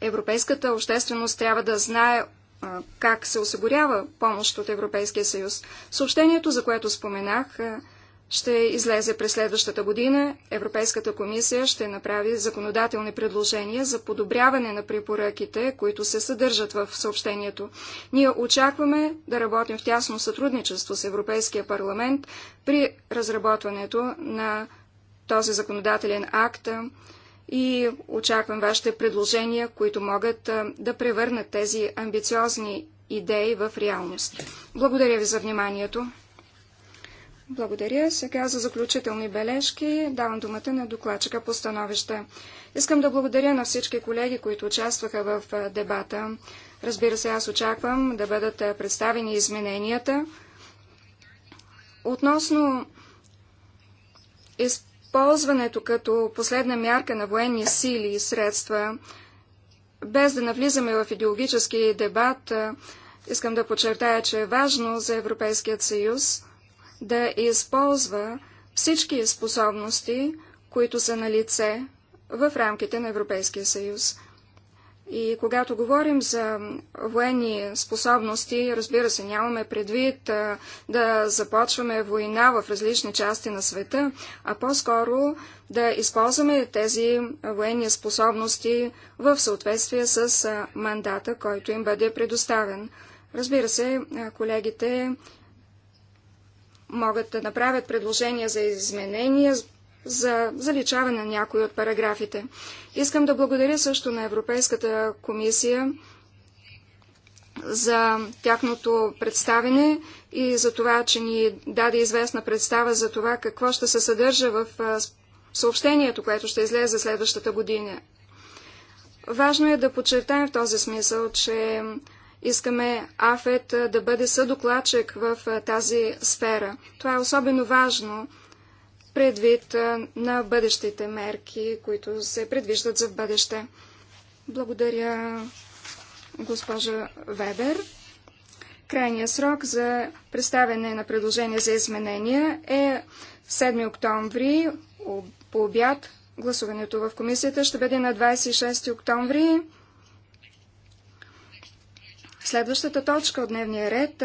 A: Европейската общественост трябва да знае как се осигурява помощ от Европейския съюз. Съобщението, за което споменах, ще излезе през следващата година. Европейската комисия ще направи законодателни предложения за подобряване на препоръките, които се съдържат в съобщението. Ние очакваме да работим в тясно сътрудничество с Европейския парламент при разработването на този законодателен акт и очаквам вашите предложения, които могат да превърнат тези амбициозни идеи в реалност. Благодаря ви за вниманието. Благодаря. Сега за заключителни бележки давам думата на докладчика по становище. Искам да благодаря на всички колеги, които участваха в дебата. Разбира се, аз очаквам да бъдат представени измененията. Относно използването като последна мярка на военни сили и средства, без да навлизаме в идеологически дебат, искам да подчертая, че е важно за Европейският съюз – да използва всички способности, които са на лице в рамките на Европейския съюз. И когато говорим за военни способности, разбира се, нямаме предвид а, да започваме война в различни части на света, а по-скоро да използваме тези военни способности в съответствие с а, мандата, който им бъде предоставен. Разбира се, колегите могат да направят предложения за изменения, за заличаване на някои от параграфите. Искам да благодаря също на Европейската комисия за тяхното представене и за това, че ни даде известна представа за това какво ще се съдържа в съобщението, което ще излезе следващата година. Важно е да подчертаем в този смисъл, че Искаме АФЕТ да бъде съдокладчик в тази сфера. Това е особено важно предвид на бъдещите мерки, които се предвиждат за бъдеще. Благодаря, госпожа Вебер. Крайният срок за представяне на предложение за изменения е 7 октомври по обяд. Гласуването в комисията ще бъде на 26 октомври. Следващата точка от дневния ред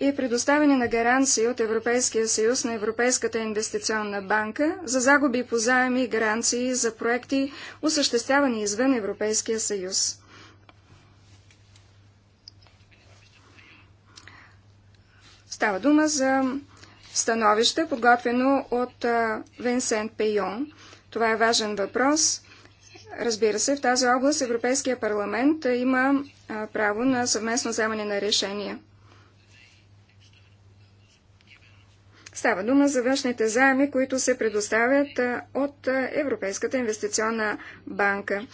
A: е предоставяне на гаранции от Европейския съюз на Европейската инвестиционна банка за загуби по заеми и гаранции за проекти, осъществявани извън Европейския съюз. Става дума за становище, подготвено от Винсент Пейон. Това е важен въпрос. Разбира се, в тази област Европейския парламент има право на съвместно вземане на решения. Става дума за външните заеми, които се предоставят от Европейската инвестиционна банка.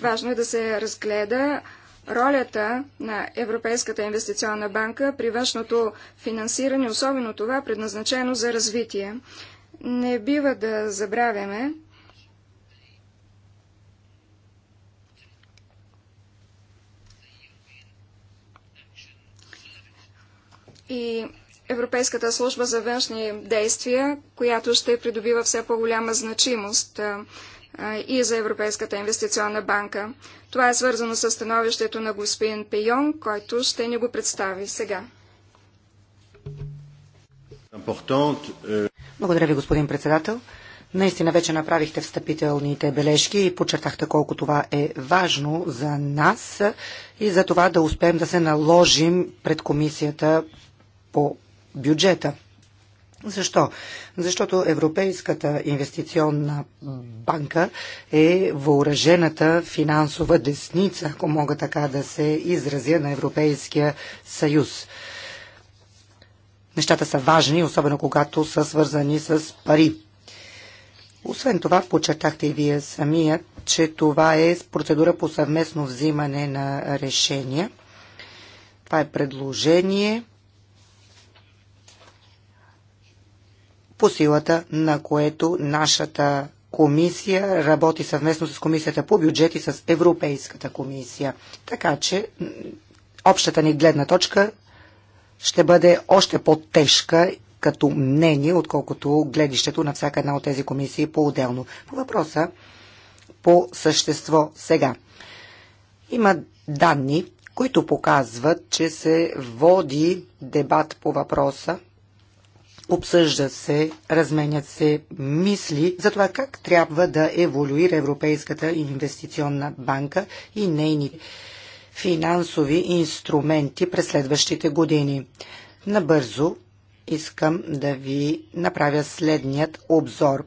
A: Важно е да се разгледа ролята на Европейската инвестиционна банка при външното финансиране, особено това предназначено за развитие. Не бива да забравяме, и Европейската служба за външни действия, която ще придобива все по-голяма значимост и за Европейската инвестиционна банка. Това е свързано с становището на господин Пейон, който ще ни го представи сега.
C: Е- Благодаря ви, господин председател. Наистина вече направихте встъпителните бележки и подчертахте колко това е важно за нас и за това да успеем да се наложим пред комисията по бюджета. Защо? Защото Европейската инвестиционна банка е въоръжената финансова десница, ако мога така да се изразя, на Европейския съюз. Нещата са важни, особено когато са свързани с пари. Освен това, подчертахте и вие самия, че това е процедура по съвместно взимане на решения. Това е предложение по силата на което нашата комисия работи съвместно с комисията по бюджет и с Европейската комисия. Така че общата ни гледна точка ще бъде още по-тежка като мнение, отколкото гледището на всяка една от тези комисии по-отделно. По въпроса по същество сега. Има данни, които показват, че се води дебат по въпроса Обсъждат се, разменят се мисли за това как трябва да еволюира Европейската инвестиционна банка и нейни финансови инструменти през следващите години. Набързо искам да ви направя следният обзор.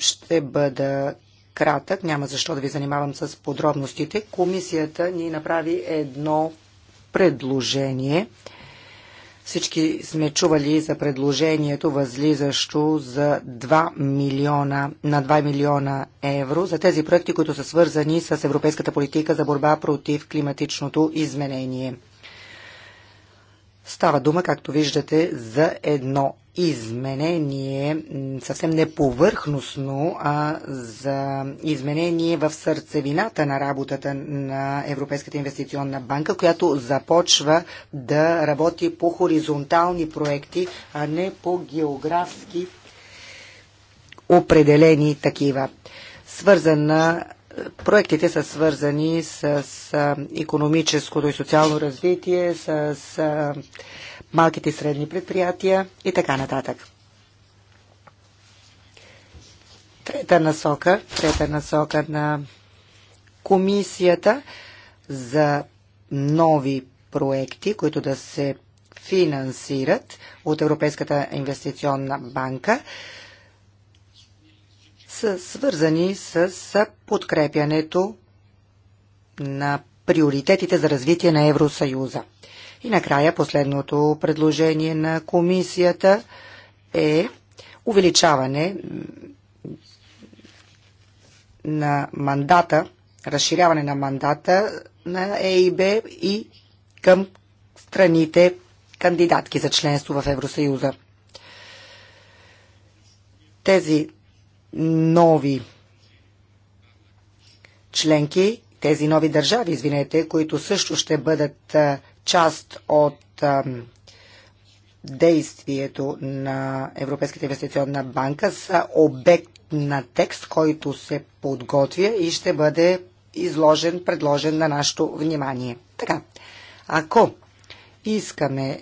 C: Ще бъда кратък, няма защо да ви занимавам с подробностите. Комисията ни направи едно предложение – всички сме чували за предложението възлизащо за 2 милиона, на 2 милиона евро за тези проекти, които са свързани с европейската политика за борба против климатичното изменение. Става дума, както виждате, за едно изменение, съвсем не повърхностно, а за изменение в сърцевината на работата на Европейската инвестиционна банка, която започва да работи по хоризонтални проекти, а не по географски определени такива. Свързана проектите са свързани с економическото и социално развитие, с малките и средни предприятия и така нататък. Трета насока, трета насока на комисията за нови проекти, които да се финансират от Европейската инвестиционна банка, са свързани с подкрепянето на приоритетите за развитие на Евросъюза. И накрая последното предложение на комисията е увеличаване на мандата, разширяване на мандата на ЕИБ и към страните кандидатки за членство в Евросъюза. Тези нови членки, тези нови държави, извинете, които също ще бъдат част от действието на Европейската инвестиционна банка, са обект на текст, който се подготвя и ще бъде изложен, предложен на нашето внимание. Така, ако искаме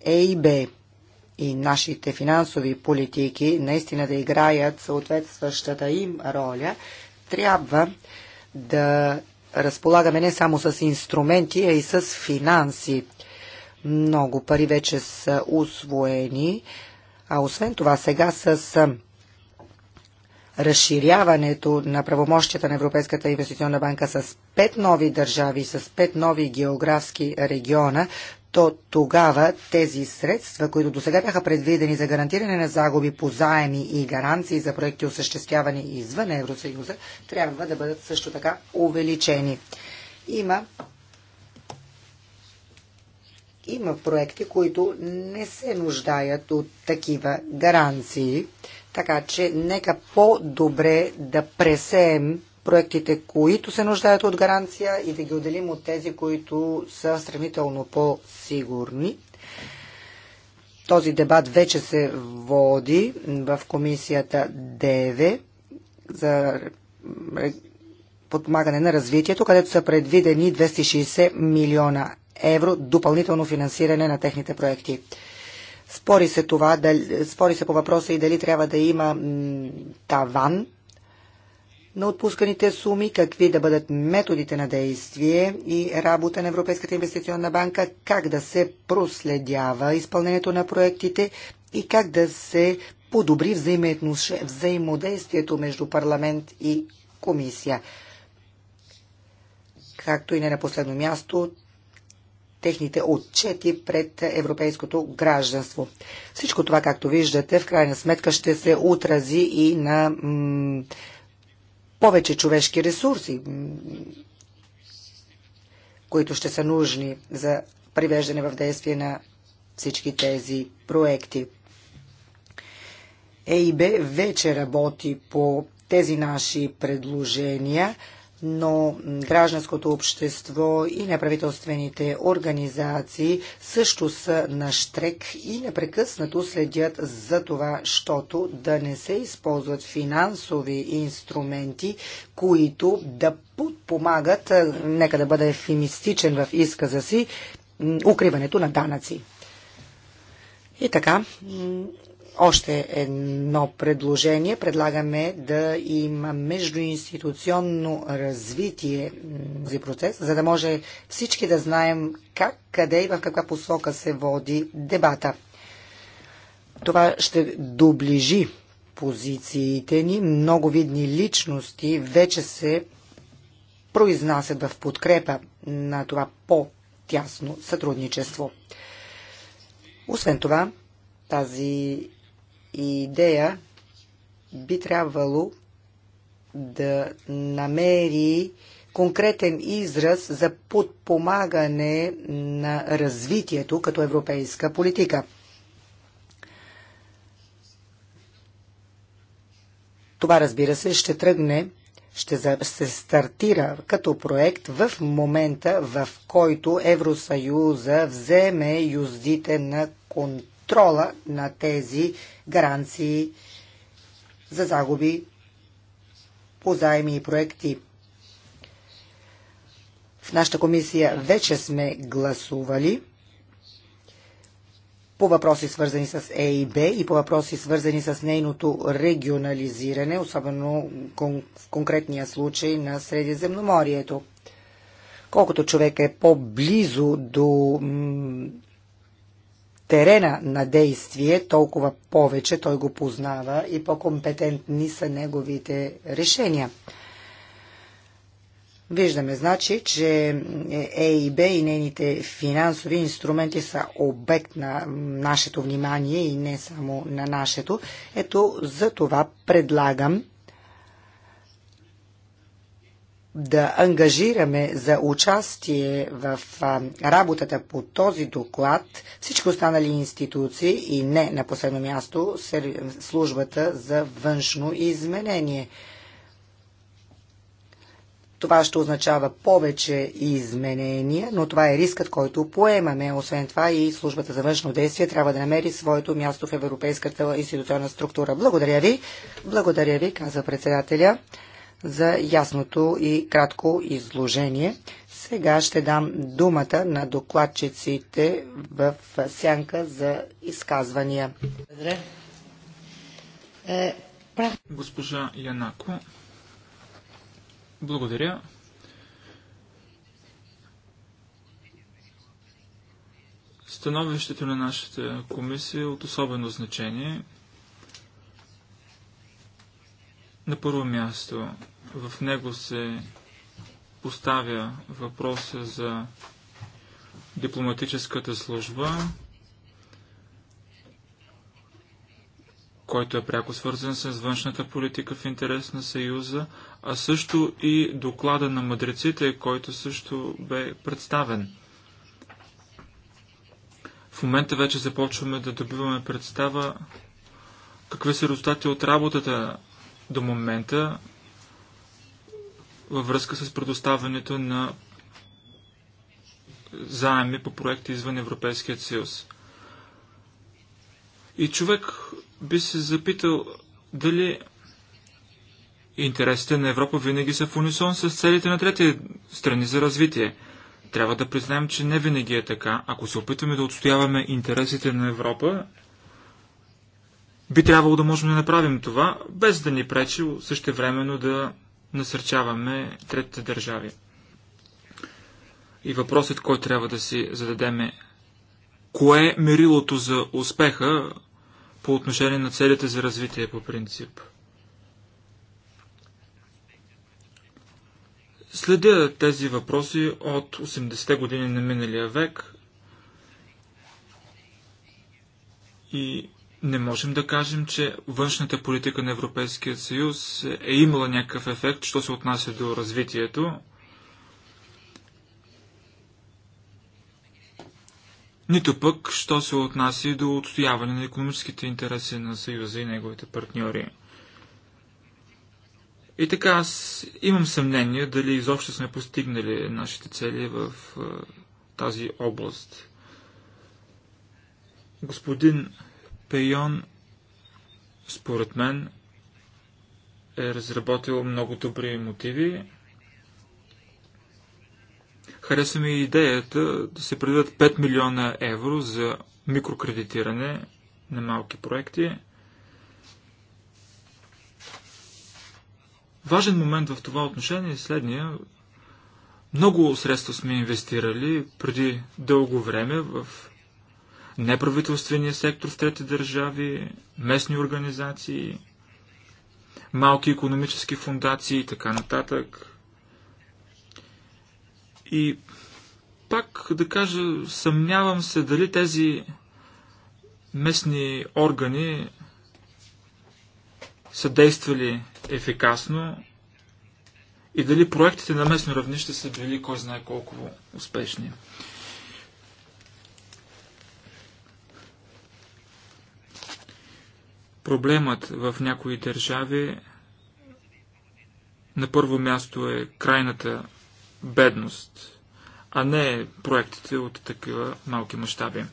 C: ЕИБ и нашите финансови политики наистина да играят съответстващата им роля, трябва да разполагаме не само с инструменти, а и с финанси. Много пари вече са усвоени, а освен това сега с разширяването на правомощията на Европейската инвестиционна банка с пет нови държави, с пет нови географски региона, то тогава тези средства, които до сега бяха предвидени за гарантиране на загуби по заеми и гаранции за проекти осъществявани извън Евросъюза, трябва да бъдат също така увеличени. Има има проекти, които не се нуждаят от такива гаранции, така че нека по-добре да пресеем проектите, които се нуждаят от гаранция и да ги отделим от тези, които са сравнително по-сигурни. Този дебат вече се води в комисията ДВ за подпомагане на развитието, където са предвидени 260 милиона евро допълнително финансиране на техните проекти. Спори се, това, дали, спори се по въпроса и дали трябва да има таван на отпусканите суми, какви да бъдат методите на действие и работа на Европейската инвестиционна банка, как да се проследява изпълнението на проектите и как да се подобри взаимодействието между парламент и комисия. Както и не на последно място, техните отчети пред европейското гражданство. Всичко това, както виждате, в крайна сметка ще се отрази и на повече човешки ресурси, които ще са нужни за привеждане в действие на всички тези проекти. ЕИБ вече работи по тези наши предложения – но гражданското общество и неправителствените организации също са на штрек и непрекъснато следят за това, щото да не се използват финансови инструменти, които да подпомагат, нека да бъда ефемистичен в изказа си, укриването на данъци. И така, още едно предложение. Предлагаме да има междуинституционно развитие този процес, за да може всички да знаем как, къде и в каква посока се води дебата. Това ще доближи позициите ни. Много видни личности вече се произнасят в подкрепа на това по-тясно сътрудничество. Освен това, тази и идея би трябвало да намери конкретен израз за подпомагане на развитието като европейска политика. Това, разбира се, ще тръгне, ще се стартира като проект в момента, в който Евросъюза вземе юздите на контакт контрола на тези гаранции за загуби по заеми и проекти. В нашата комисия вече сме гласували по въпроси свързани с Е и Б и по въпроси свързани с нейното регионализиране, особено в конкретния случай на Средиземноморието. Колкото човек е по-близо до терена на действие, толкова повече той го познава и по-компетентни са неговите решения. Виждаме, значи, че ЕИБ и нейните финансови инструменти са обект на нашето внимание и не само на нашето. Ето за това предлагам да ангажираме за участие в работата по този доклад всички останали институции и не на последно място службата за външно изменение. Това ще означава повече изменения, но това е рискът, който поемаме. Освен това и службата за външно действие трябва да намери своето място в Европейската институционна структура. Благодаря ви. Благодаря ви, каза председателя за ясното и кратко изложение. Сега ще дам думата на докладчиците в сянка за изказвания.
B: Е, Госпожа Янако, благодаря. Становището на нашата комисия е от особено значение – На първо място в него се поставя въпроса за дипломатическата служба, който е пряко свързан с външната политика в интерес на Съюза, а също и доклада на мъдреците, който също бе представен. В момента вече започваме да добиваме представа какви са резултати от работата до момента във връзка с предоставянето на заеми по проекти извън Европейският съюз. И човек би се запитал дали интересите на Европа винаги са в унисон с целите на трети страни за развитие. Трябва да признаем, че не винаги е така. Ако се опитваме да отстояваме интересите на Европа, би трябвало да можем да направим това, без да ни пречи също времено да насърчаваме третите държави. И въпросът, който трябва да си зададем е кое е мерилото за успеха по отношение на целите за развитие по принцип? Следя тези въпроси от 80-те години на миналия век и не можем да кажем, че външната политика на Европейския съюз е имала някакъв ефект, що се отнася до развитието. Нито пък, що се отнася до отстояване на економическите интереси на Съюза и неговите партньори. И така, аз имам съмнение дали изобщо сме постигнали нашите цели в тази област. Господин Пейон, според мен, е разработил много добри мотиви. Харесва ми идеята да се предадат 5 милиона евро за микрокредитиране на малки проекти. Важен момент в това отношение е следния. Много средства сме инвестирали преди дълго време в неправителствения сектор в трети държави, местни организации, малки економически фундации и така нататък. И пак да кажа, съмнявам се дали тези местни органи са действали ефикасно и дали проектите на местно равнище са били кой знае колко успешни. Проблемът в някои държави на първо място е крайната бедност, а не проектите от такива малки мащаби.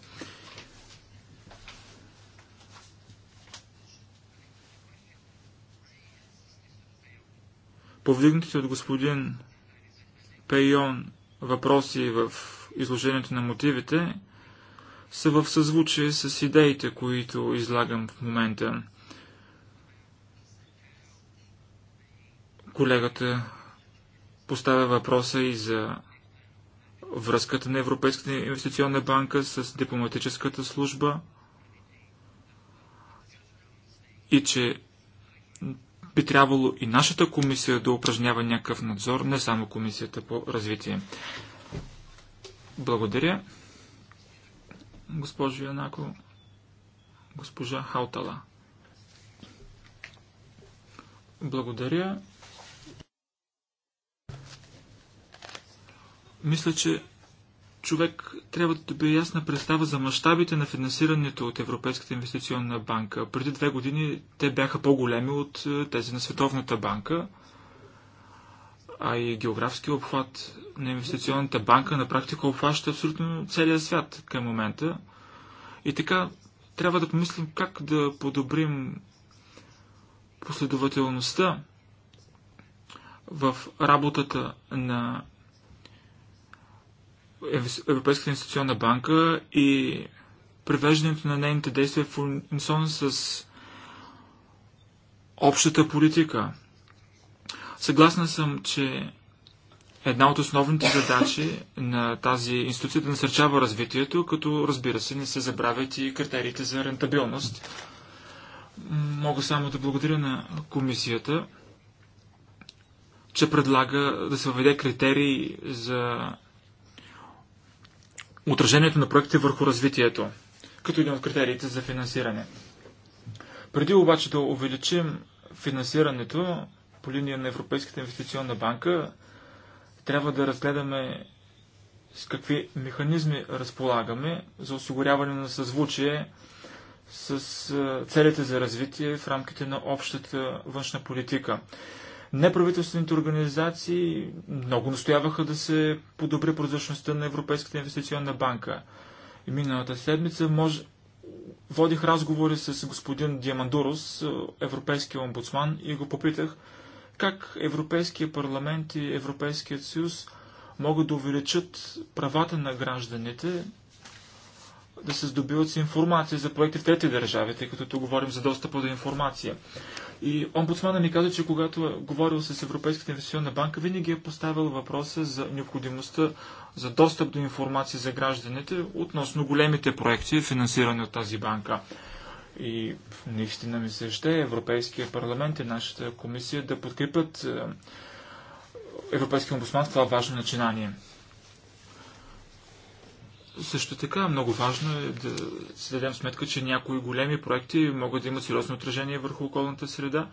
B: Повдигнатите от господин Пейон въпроси в изложението на мотивите – са в съзвучие с идеите, които излагам в момента. Колегата поставя въпроса и за връзката на Европейската инвестиционна банка с дипломатическата служба и че би трябвало и нашата комисия да упражнява някакъв надзор, не само комисията по развитие. Благодаря госпожо Янако, госпожа Хаутала. Благодаря. Мисля, че човек трябва да добие ясна представа за мащабите на финансирането от Европейската инвестиционна банка. Преди две години те бяха по-големи от е, тези на Световната банка а и географски обхват на инвестиционната банка на практика обхваща абсолютно целия свят към момента. И така трябва да помислим как да подобрим последователността в работата на Европейската инвестиционна банка и привеждането на нейните действия в унисон с общата политика. Съгласна съм, че една от основните задачи на тази институция е да насърчава развитието, като разбира се не се забравят и критериите за рентабилност. Мога само да благодаря на комисията, че предлага да се въведе критерии за отражението на проекти върху развитието, като един от критериите за финансиране. Преди обаче да увеличим финансирането, по линия на Европейската инвестиционна банка, трябва да разгледаме с какви механизми разполагаме за осигуряване на съзвучие с целите за развитие в рамките на общата външна политика. Неправителствените организации много настояваха да се подобри прозрачността на Европейската инвестиционна банка. И миналата седмица мож... водих разговори с господин Диамандурос, европейския омбудсман, и го попитах как Европейския парламент и Европейският съюз могат да увеличат правата на гражданите, да се здобиват с информация за проекти в трети държави, тъй като тук говорим за достъпа до информация. И омбудсмана ми каза, че когато е говорил с Европейската инвестиционна банка, винаги е поставил въпроса за необходимостта за достъп до информация за гражданите относно големите проекти, финансирани от тази банка. И наистина ми се ще Европейския парламент и нашата комисия да подкрепят е, Европейския омбудсман в това важно начинание. Също така много важно е да си дадем сметка, че някои големи проекти могат да имат сериозно отражение върху околната среда,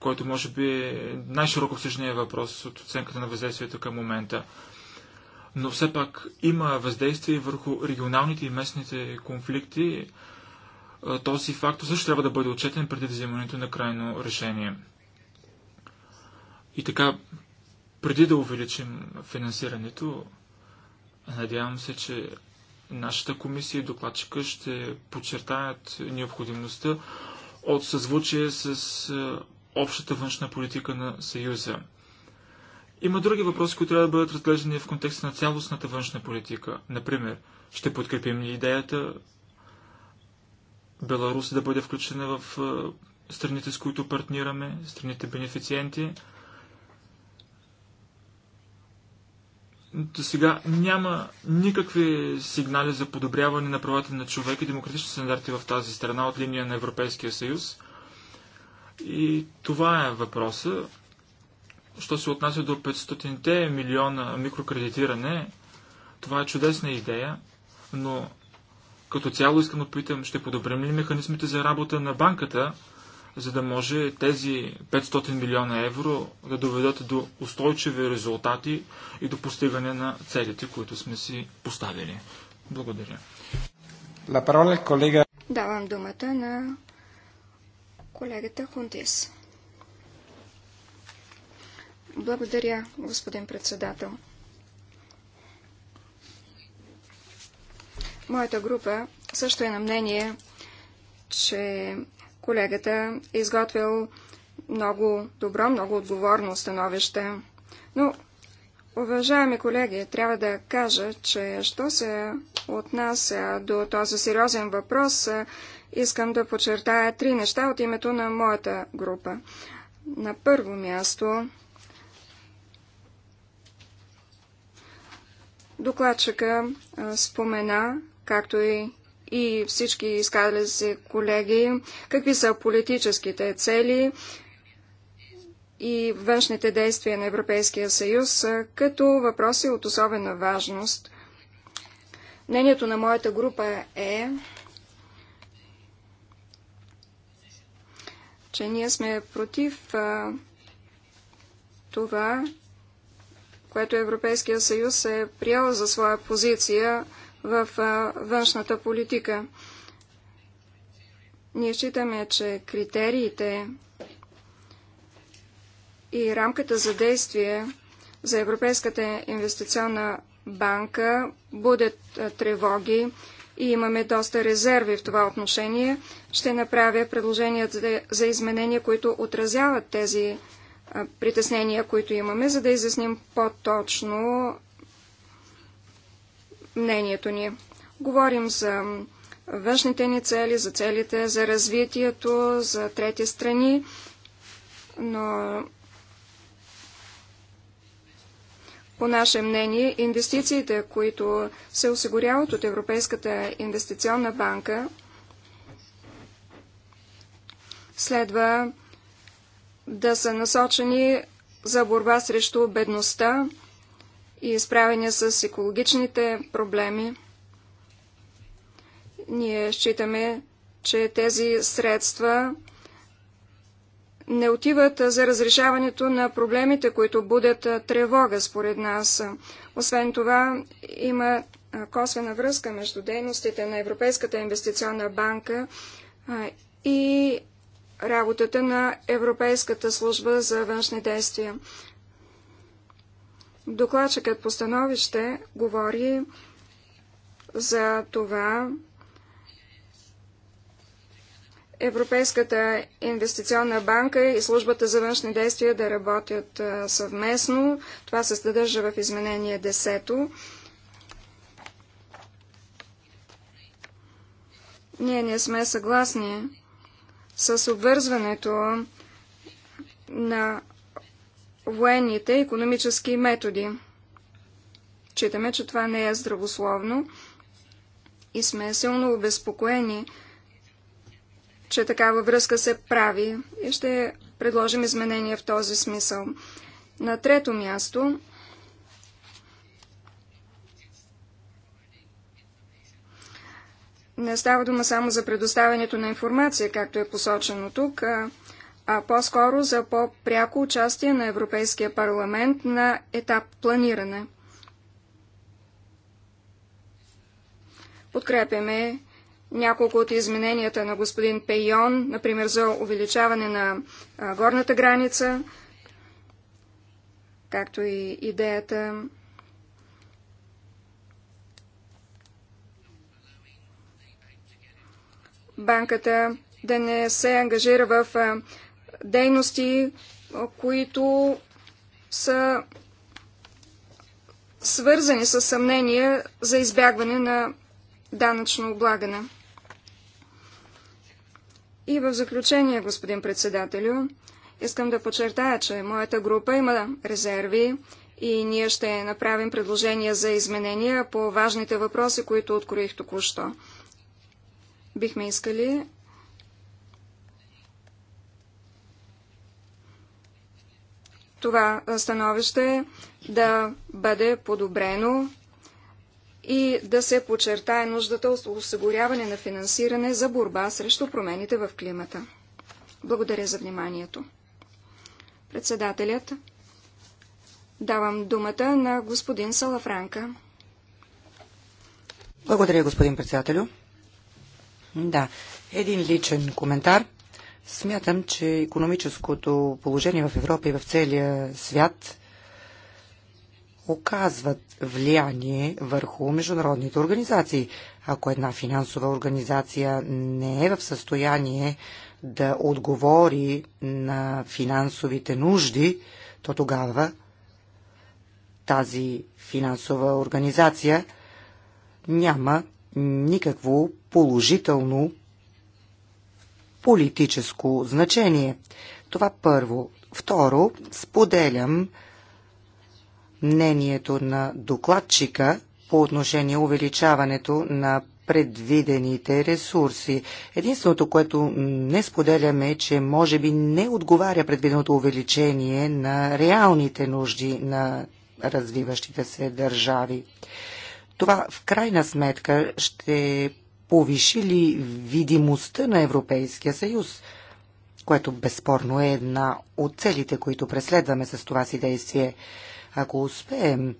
B: който може би е най-широко всъщния въпрос от оценката на въздействието към момента. Но все пак има въздействие върху регионалните и местните конфликти, този факт също трябва да бъде отчетен преди вземането на крайно решение. И така, преди да увеличим финансирането, надявам се, че нашата комисия и докладчика ще подчертаят необходимостта от съзвучие с общата външна политика на Съюза. Има други въпроси, които трябва да бъдат разглеждани в контекста на цялостната външна политика. Например, ще подкрепим ли идеята Беларус да бъде включена в страните, с които партнираме, страните бенефициенти. До сега няма никакви сигнали за подобряване на правата на човек и демократични стандарти в тази страна от линия на Европейския съюз. И това е въпроса. Що се отнася до 500-те милиона микрокредитиране, това е чудесна идея, но като цяло искам да питам, ще подобрим ли механизмите за работа на банката, за да може тези 500 милиона евро да доведат до устойчиви резултати и до постигане на целите, които сме си поставили. Благодаря. La parola колега.
A: Давам думата на колегата Хунтис. Благодаря, господин председател. Моята група също е на мнение, че колегата е изготвил много добро, много отговорно становище. Но, уважаеми колеги, трябва да кажа, че що се отнася до този сериозен въпрос, искам да подчертая три неща от името на моята група. На първо място, докладчика спомена, както и, и всички изказали се колеги, какви са политическите цели и външните действия на Европейския съюз, като въпроси от особена важност. Мнението на моята група е, че ние сме против а, това, което Европейския съюз е приел за своя позиция в външната политика. Ние считаме, че критериите и рамката за действие за Европейската инвестиционна банка будят тревоги и имаме доста резерви в това отношение. Ще направя предложения за изменения, които отразяват тези притеснения, които имаме, за да изясним по-точно мнението ни. Говорим за външните ни цели, за целите за развитието, за трети страни, но по наше мнение, инвестициите, които се осигуряват от Европейската инвестиционна банка, следва да са насочени за борба срещу бедността, и справяне с екологичните проблеми. Ние считаме, че тези средства не отиват за разрешаването на проблемите, които будят тревога според нас. Освен това, има косвена връзка между дейностите на Европейската инвестиционна банка и работата на Европейската служба за външни действия. Докладчикът по становище говори за това Европейската инвестиционна банка и службата за външни действия да работят съвместно. Това се съдържа в изменение 10. Ние не сме съгласни с обвързването на военните економически методи. Читаме, че това не е здравословно и сме силно обезпокоени, че такава връзка се прави и ще предложим изменения в този смисъл. На трето място не става дума само за предоставянето на информация, както е посочено тук, а а по-скоро за по-пряко участие на Европейския парламент на етап планиране. Подкрепяме няколко от измененията на господин Пейон, например за увеличаване на горната граница, както и идеята банката да не се ангажира в дейности, които са свързани с съмнение за избягване на данъчно облагане. И в заключение, господин председателю, искам да подчертая, че моята група има резерви и ние ще направим предложения за изменения по важните въпроси, които откроих току-що. Бихме искали това становище да бъде подобрено и да се подчертае нуждата от осигуряване на финансиране за борба срещу промените в климата. Благодаря за вниманието. Председателят. Давам думата на господин Салафранка.
C: Благодаря, господин председателю. Да, един личен коментар – Смятам, че економическото положение в Европа и в целия свят оказват влияние върху международните организации. Ако една финансова организация не е в състояние да отговори на финансовите нужди, то тогава тази финансова организация няма никакво положително политическо значение. Това първо. Второ, споделям мнението на докладчика по отношение увеличаването на предвидените ресурси. Единственото, което не споделяме е, че може би не отговаря предвиденото увеличение на реалните нужди на развиващите се държави. Това в крайна сметка ще повишили видимостта на Европейския съюз, което безспорно е една от целите, които преследваме с това си действие. Ако успеем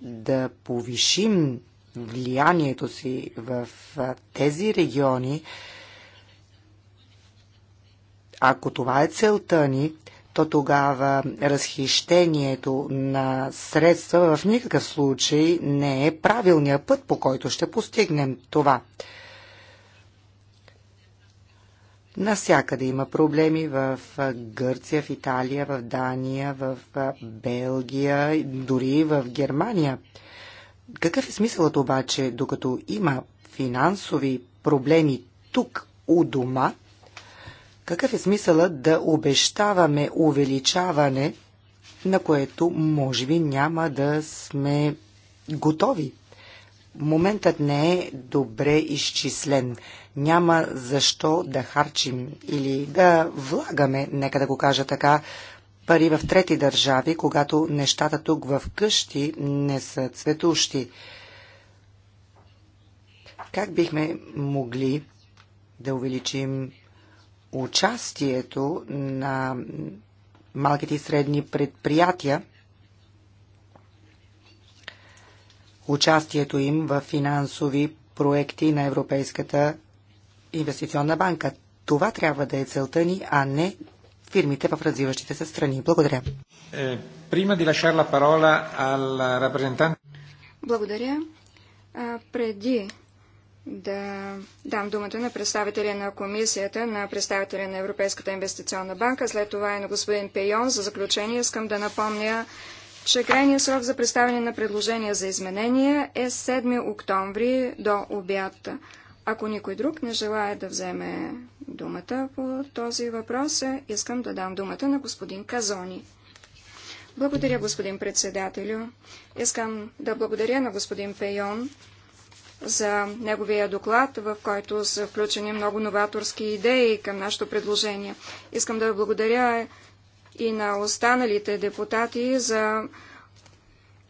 C: да повишим влиянието си в тези региони, ако това е целта ни, то тогава разхищението на средства в никакъв случай не е правилният път, по който ще постигнем това. Насякъде има проблеми в Гърция, в Италия, в Дания, в Белгия, дори в Германия. Какъв е смисълът обаче, докато има финансови проблеми тук у дома, какъв е смисълът да обещаваме увеличаване, на което може би няма да сме готови? моментът не е добре изчислен. Няма защо да харчим или да влагаме, нека да го кажа така, пари в трети държави, когато нещата тук в къщи не са цветущи. Как бихме могли да увеличим участието на малките и средни предприятия участието им в финансови проекти на Европейската инвестиционна банка. Това трябва да е целта ни, а не фирмите в развиващите се страни. Благодаря.
B: Е,
A: Благодаря. А, преди да дам думата на представителя на комисията, на представителя на Европейската инвестиционна банка, след това и на господин Пейон, за заключение искам да напомня че крайният срок за представяне на предложения за изменения е 7 октомври до обяд. Ако никой друг не желая да вземе думата по този въпрос, е, искам да дам думата на господин Казони. Благодаря, господин председателю. Искам да благодаря на господин Пейон за неговия доклад, в който са включени много новаторски идеи към нашето предложение. Искам да благодаря и на останалите депутати за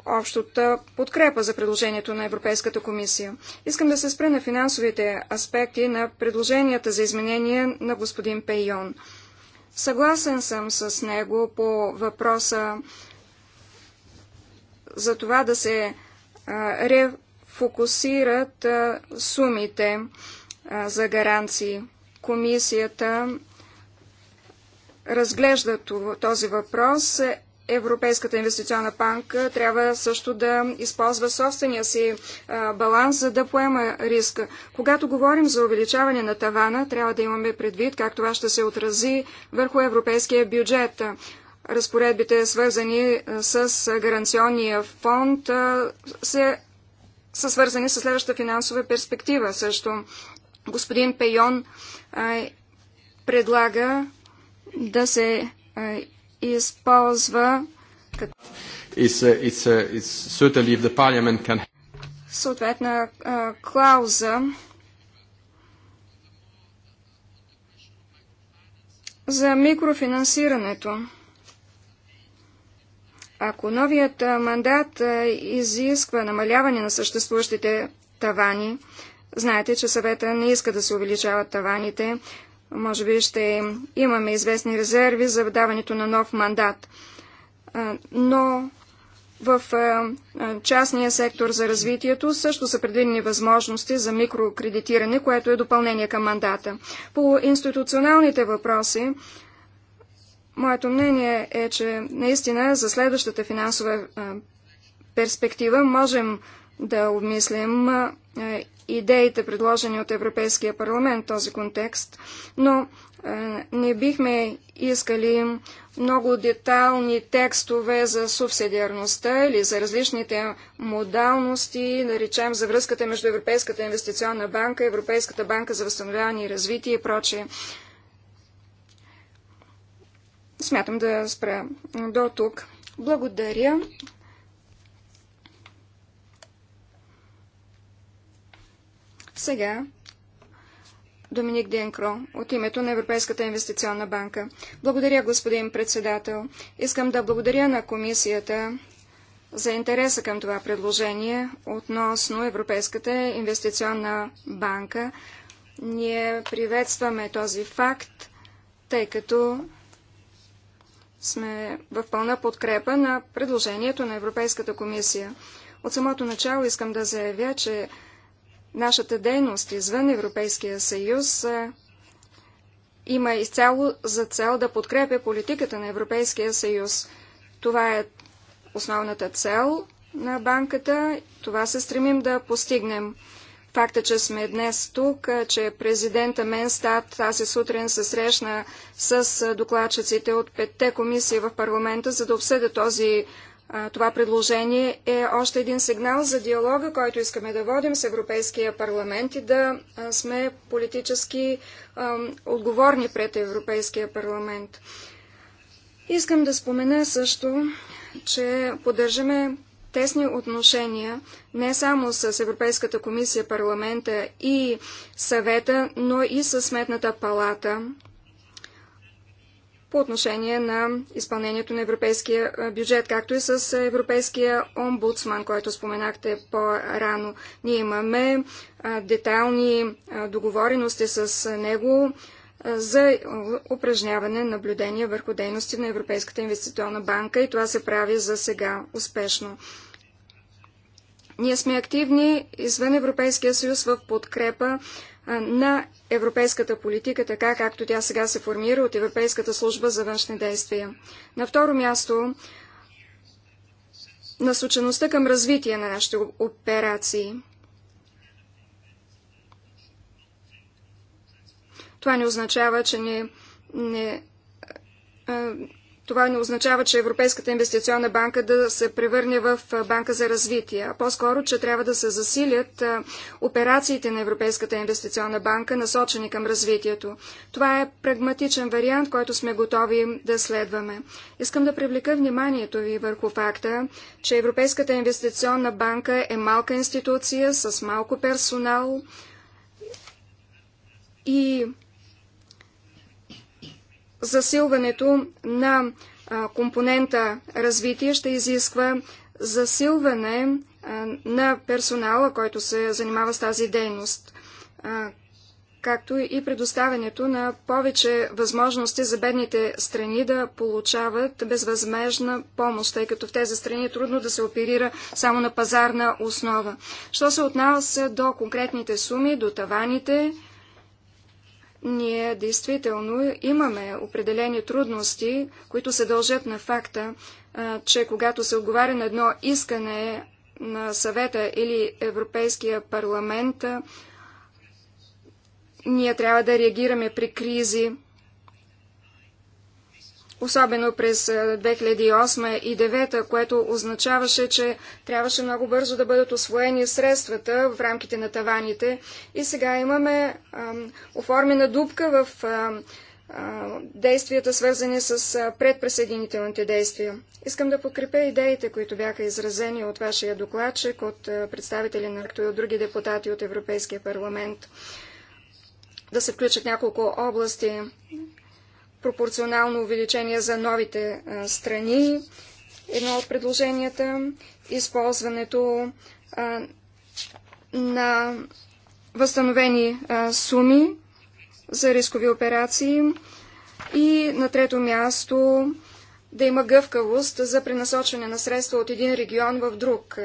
A: общата подкрепа за предложението на Европейската комисия. Искам да се спра на финансовите аспекти на предложенията за изменение на господин Пейон. Съгласен съм с него по въпроса за това да се рефокусират сумите за гаранции. Комисията разглежда този въпрос. Европейската инвестиционна банка трябва също да използва собствения си баланс, за да поема риска. Когато говорим за увеличаване на тавана, трябва да имаме предвид как това ще се отрази върху европейския бюджет. Разпоредбите, свързани с гаранционния фонд, се, са свързани с следващата финансова перспектива. Също господин Пейон предлага да се използва съответна клауза за микрофинансирането. Ако новият мандат изисква намаляване на съществуващите тавани, знаете, че съвета не иска да се увеличават таваните, може би ще имаме известни резерви за даването на нов мандат. Но в частния сектор за развитието също са предвидени възможности за микрокредитиране, което е допълнение към мандата. По институционалните въпроси, моето мнение е, че наистина за следващата финансова перспектива можем да обмислим е, идеите, предложени от Европейския парламент в този контекст, но е, не бихме искали много детални текстове за субсидиарността или за различните модалности, да за връзката между Европейската инвестиционна банка, Европейската банка за възстановяване и развитие и прочее. Смятам да спра до тук. Благодаря. Сега Доминик Денкро от името на Европейската инвестиционна банка. Благодаря, господин председател. Искам да благодаря на комисията за интереса към това предложение относно Европейската инвестиционна банка. Ние приветстваме този факт, тъй като сме в пълна подкрепа на предложението на Европейската комисия. От самото начало искам да заявя, че нашата дейност извън Европейския съюз има изцяло за цел да подкрепя политиката на Европейския съюз. Това е основната цел на банката. Това се стремим да постигнем. Факта, че сме днес тук, че президента Менстат тази сутрин се срещна с докладчиците от петте комисии в парламента, за да обсъда този това предложение е още един сигнал за диалога, който искаме да водим с Европейския парламент и да сме политически отговорни пред Европейския парламент. Искам да спомена също, че поддържаме тесни отношения не само с Европейската комисия, парламента и съвета, но и с Сметната палата – по отношение на изпълнението на европейския бюджет, както и с европейския омбудсман, който споменахте по-рано. Ние имаме детайлни договорености с него за упражняване на наблюдение върху дейности на Европейската инвестиционна банка и това се прави за сега успешно. Ние сме активни извън Европейския съюз в подкрепа на европейската политика, така както тя сега се формира от Европейската служба за външни действия. На второ място, насочеността към развитие на нашите операции. Това не означава, че не, не това не означава, че Европейската инвестиционна банка да се превърне в банка за развитие, а по-скоро, че трябва да се засилят операциите на Европейската инвестиционна банка, насочени към развитието. Това е прагматичен вариант, който сме готови да следваме. Искам да привлека вниманието ви върху факта, че Европейската инвестиционна банка е малка институция с малко персонал и засилването на компонента развитие ще изисква засилване на персонала, който се занимава с тази дейност, както и предоставянето на повече възможности за бедните страни да получават безвъзмежна помощ, тъй като в тези страни е трудно да се оперира само на пазарна основа. Що се отнася до конкретните суми, до таваните, ние действително имаме определени трудности, които се дължат на факта, че когато се отговаря на едно искане на съвета или Европейския парламент, ние трябва да реагираме при кризи, особено през 2008 е, и 2009, което означаваше, че трябваше много бързо да бъдат освоени средствата в рамките на таваните. И сега имаме ам, оформена дупка в ам, действията, свързани с предпресъединителните действия. Искам да подкрепя идеите, които бяха изразени от вашия докладчик, от представители на както и от други депутати от Европейския парламент да се включат няколко области, пропорционално увеличение за новите а, страни. Едно от предложенията е използването а, на възстановени а, суми за рискови операции и на трето място да има гъвкавост за пренасочване на средства от един регион в друг.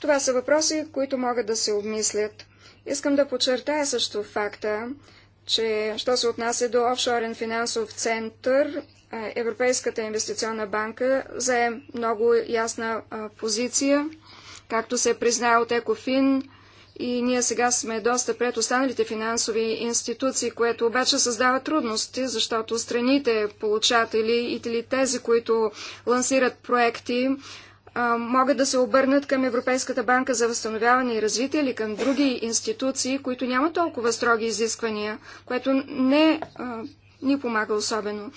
A: Това са въпроси, които могат да се обмислят. Искам да подчертая също факта, че, що се отнася до офшорен финансов център, е, Европейската инвестиционна банка зае много ясна позиция, както се призна от Екофин, и ние сега сме доста пред останалите финансови институции, което обаче създава трудности, защото страните, получатели или тези, които лансират проекти, могат да се обърнат към Европейската банка за възстановяване и развитие или към други институции, които нямат толкова строги изисквания, което не а, ни помага особено.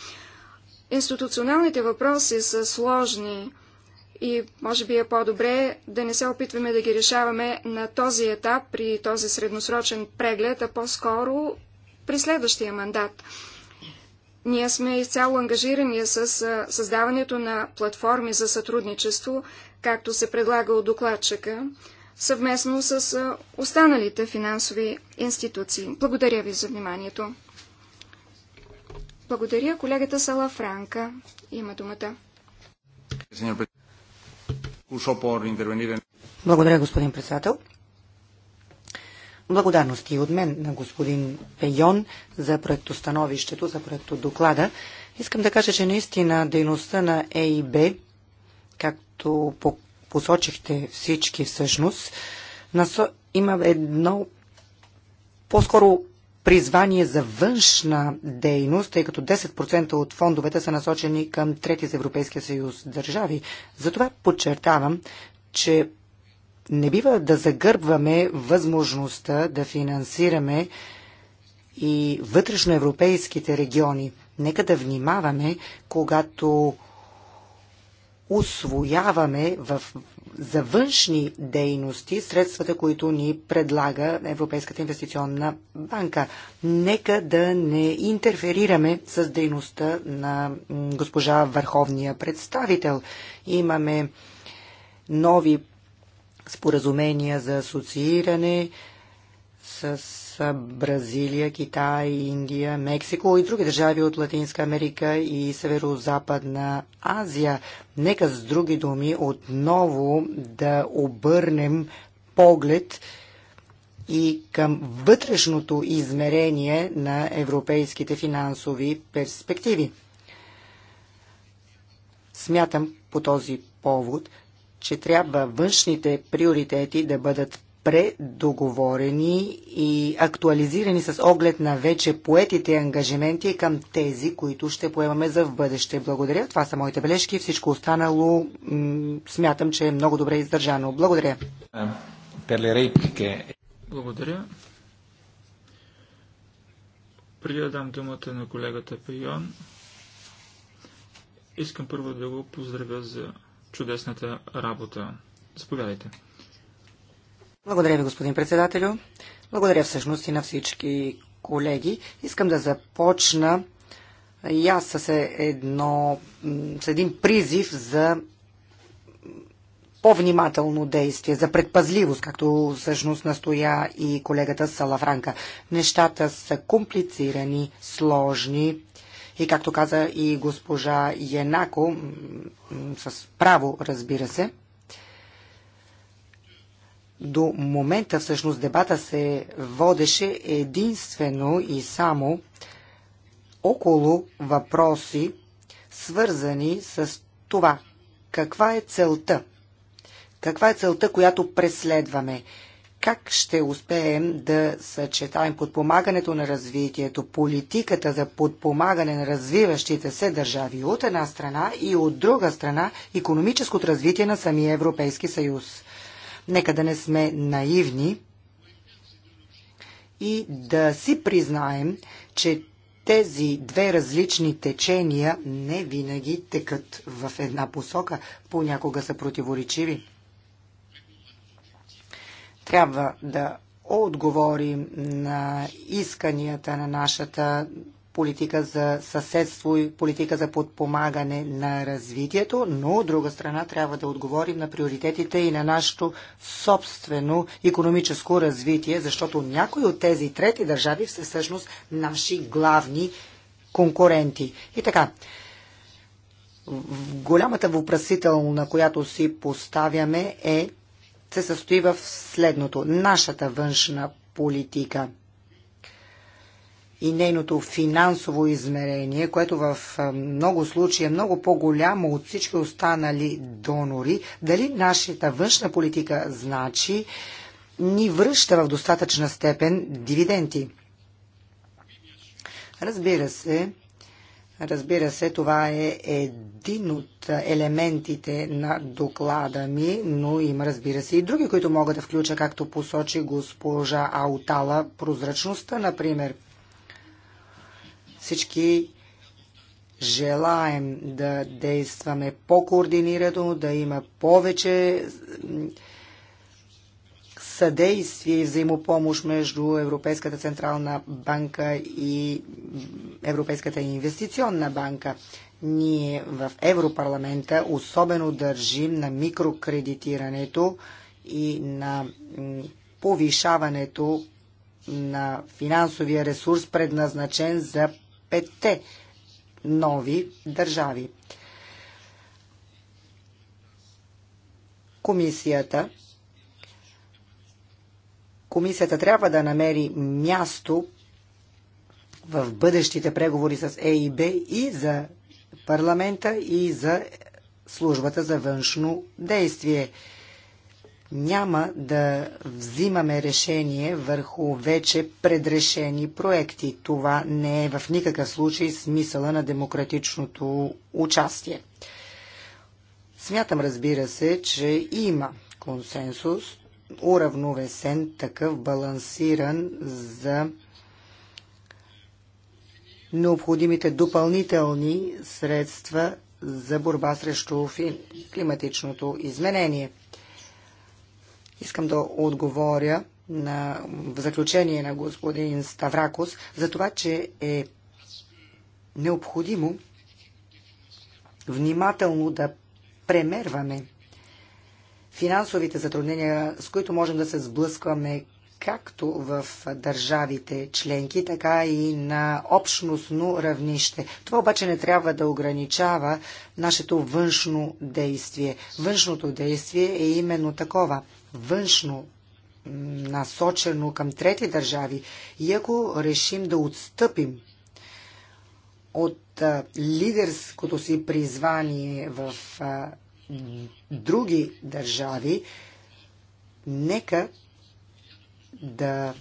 A: Институционалните въпроси са сложни и може би е по-добре да не се опитваме да ги решаваме на този етап при този средносрочен преглед, а по-скоро при следващия мандат. Ние сме изцяло ангажирани с създаването на платформи за сътрудничество, както се предлага от докладчика, съвместно с останалите финансови институции. Благодаря ви за вниманието. Благодаря. Колегата Сала Франка има
C: думата. Благодаря, господин председател. Благодарности от мен на господин Пейон за проектостановището, за проектодоклада. Искам да кажа, че наистина дейността на ЕИБ, както посочихте всички всъщност, има едно по-скоро призвание за външна дейност, тъй като 10% от фондовете са насочени към трети за Европейския съюз държави. Затова подчертавам, че не бива да загърбваме възможността да финансираме и вътрешноевропейските региони. Нека да внимаваме, когато освояваме в, за външни дейности средствата, които ни предлага Европейската инвестиционна банка. Нека да не интерферираме с дейността на госпожа Върховния представител. Имаме нови споразумения за асоцииране с Бразилия, Китай, Индия, Мексико и други държави от Латинска Америка и Северо-Западна Азия. Нека с други думи отново да обърнем поглед и към вътрешното измерение на европейските финансови перспективи. Смятам по този повод, че трябва външните приоритети да бъдат предоговорени и актуализирани с оглед на вече поетите ангажименти към тези, които ще поемаме за в бъдеще. Благодаря. Това са моите бележки. Всичко останало смятам, че е много добре издържано. Благодаря.
B: Благодаря. Преди да дам думата на колегата Пейон, искам първо да го поздравя за чудесната работа. Заповядайте.
C: Благодаря ви, господин председателю. Благодаря всъщност и на всички колеги. Искам да започна и аз с, едно, с един призив за по-внимателно действие, за предпазливост, както всъщност настоя и колегата Салафранка. Нещата са комплицирани, сложни, и както каза и госпожа Янако, с право разбира се, до момента всъщност дебата се водеше единствено и само около въпроси, свързани с това каква е целта. Каква е целта, която преследваме? как ще успеем да съчетаем подпомагането на развитието, политиката за подпомагане на развиващите се държави от една страна и от друга страна економическото развитие на самия Европейски съюз. Нека да не сме наивни и да си признаем, че тези две различни течения не винаги текат в една посока, понякога са противоречиви. Трябва да отговорим на исканията на нашата политика за съседство и политика за подпомагане на развитието, но от друга страна трябва да отговорим на приоритетите и на нашето собствено економическо развитие, защото някои от тези трети държави са всъщност наши главни конкуренти. И така, голямата въпросителна, която си поставяме е се състои в следното. Нашата външна политика и нейното финансово измерение, което в много случаи е много по-голямо от всички останали донори, дали нашата външна политика значи ни връща в достатъчна степен дивиденти. Разбира се, Разбира се, това е един от елементите на доклада ми, но има, разбира се, и други, които мога да включа, както посочи госпожа Аутала, прозрачността, например. Всички желаем да действаме по-координирано, да има повече съдействие и взаимопомощ между Европейската Централна банка и Европейската инвестиционна банка. Ние в Европарламента особено държим на микрокредитирането и на повишаването на финансовия ресурс, предназначен за петте нови държави. Комисията комисията трябва да намери място в бъдещите преговори с ЕИБ и за парламента и за службата за външно действие. Няма да взимаме решение върху вече предрешени проекти. Това не е в никакъв случай смисъла на демократичното участие. Смятам, разбира се, че има консенсус уравновесен, такъв балансиран за необходимите допълнителни средства за борба срещу климатичното изменение. Искам да отговоря на, в заключение на господин Ставракос за това, че е необходимо внимателно да премерваме финансовите затруднения, с които можем да се сблъскваме както в държавите членки, така и на общностно равнище. Това обаче не трябва да ограничава нашето външно действие. Външното действие е именно такова. Външно насочено към трети държави. И ако решим да отстъпим от лидерското си призвание в други държави, нека да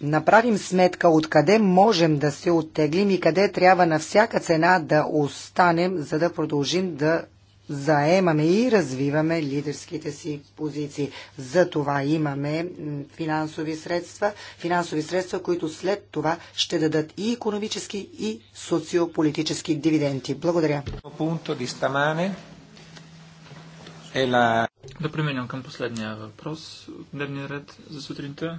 C: направим сметка откъде можем да се оттеглим и къде трябва на всяка цена да останем, за да продължим да заемаме и развиваме лидерските си позиции. За това имаме финансови средства, финансови средства, които след това ще дадат и економически, и социополитически дивиденти. Благодаря.
B: Ела... Да преминем към последния въпрос от дневния ред за сутринта.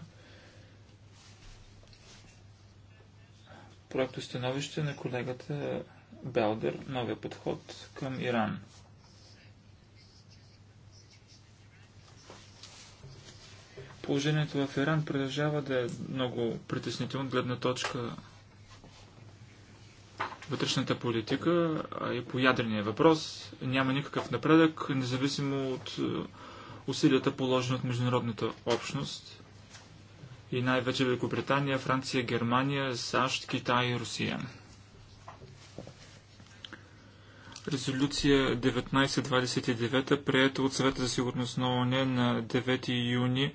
B: Проекто становище на колегата Белдер новия подход към Иран. Положението в Иран продължава да е много притеснително от гледна точка вътрешната политика, и по ядрения въпрос няма никакъв напредък, независимо от е, усилията положени от международната общност и най-вече Великобритания, Франция, Германия, САЩ, Китай и Русия. Резолюция 1929, приета от Съвета за сигурност на ООН на 9 юни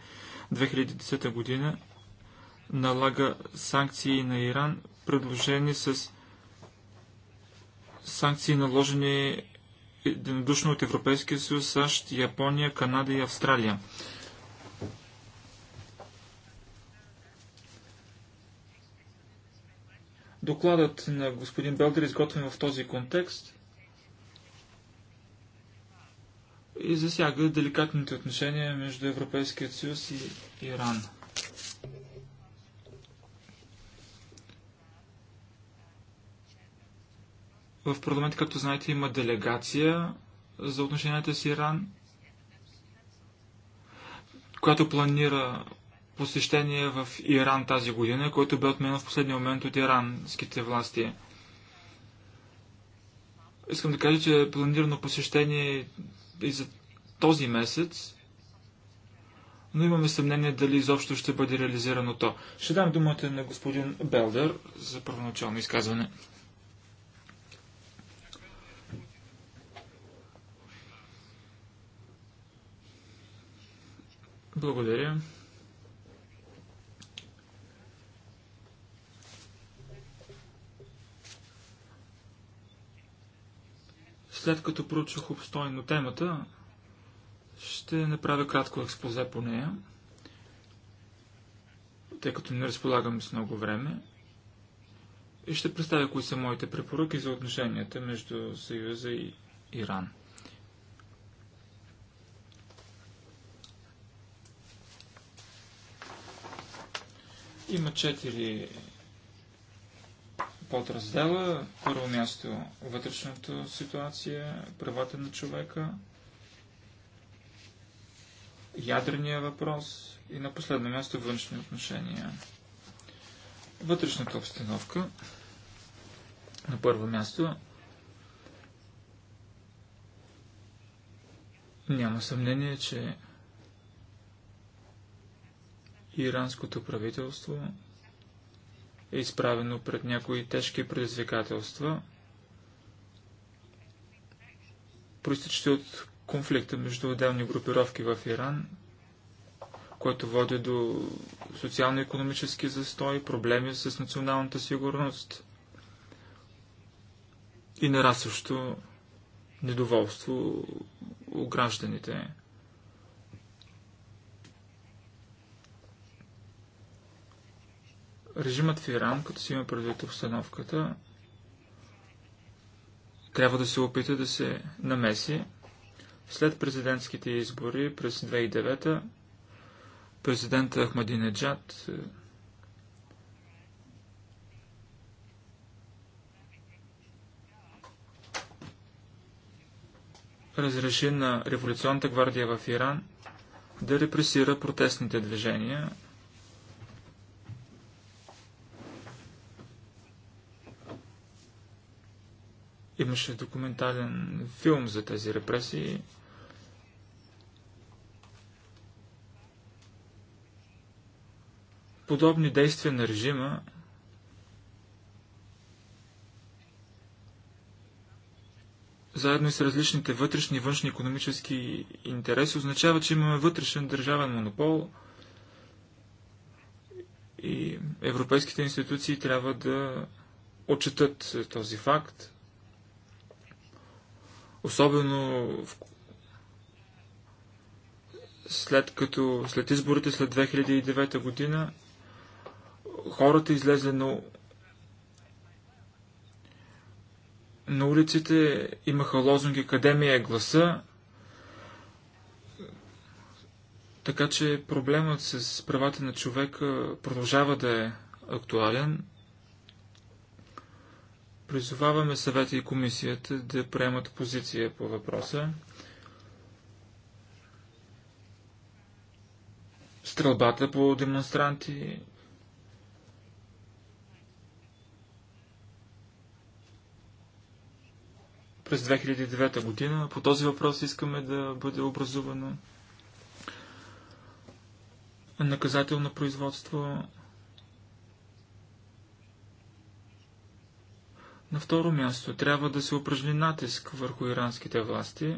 B: 2010 година, налага санкции на Иран, предложени с санкции наложени единодушно от Европейския съюз, САЩ, Япония, Канада и Австралия. Докладът на господин Белдер изготвен в този контекст и засяга деликатните отношения между Европейския съюз и Иран. В парламент, както знаете, има делегация за отношенията с Иран, която планира посещение в Иран тази година, което бе отменено в последния момент от иранските власти. Искам да кажа, че е планирано посещение и за този месец, но имаме съмнение дали изобщо ще бъде реализирано то. Ще дам думата на господин Белдер за първоначално изказване. Благодаря. След като проучих обстойно темата, ще направя кратко експозе по нея, тъй като не разполагам с много време. И ще представя кои са моите препоръки за отношенията между Съюза и Иран. Има четири подраздела. Първо място е вътрешната ситуация, правата на човека, ядрения въпрос и на последно място външни отношения. Вътрешната обстановка. На първо място няма съмнение, че иранското правителство е изправено пред някои тежки предизвикателства, проистичащи от конфликта между отделни групировки в Иран, което води до социално-економически застой, проблеми с националната сигурност и нарастващо недоволство у гражданите. Режимът в Иран, като си има предвид обстановката, трябва да се опита да се намеси. След президентските избори през 2009 президента Ахмадинеджад е, разреши на революционната гвардия в Иран да репресира протестните движения – Имаше документален филм за тези репресии. Подобни действия на режима заедно с различните вътрешни и външни економически интереси, означава, че имаме вътрешен държавен монопол и европейските институции трябва да отчетат този факт, Особено в... след като след изборите след 2009 година хората излезе на на улиците имаха лозунги къде ми е гласа. Така че проблемът с правата на човека продължава да е актуален. Призоваваме съвета и комисията да приемат позиция по въпроса. Стрелбата по демонстранти през 2009 година. По този въпрос искаме да бъде образувано наказателно производство. На второ място трябва да се упражни натиск върху иранските власти,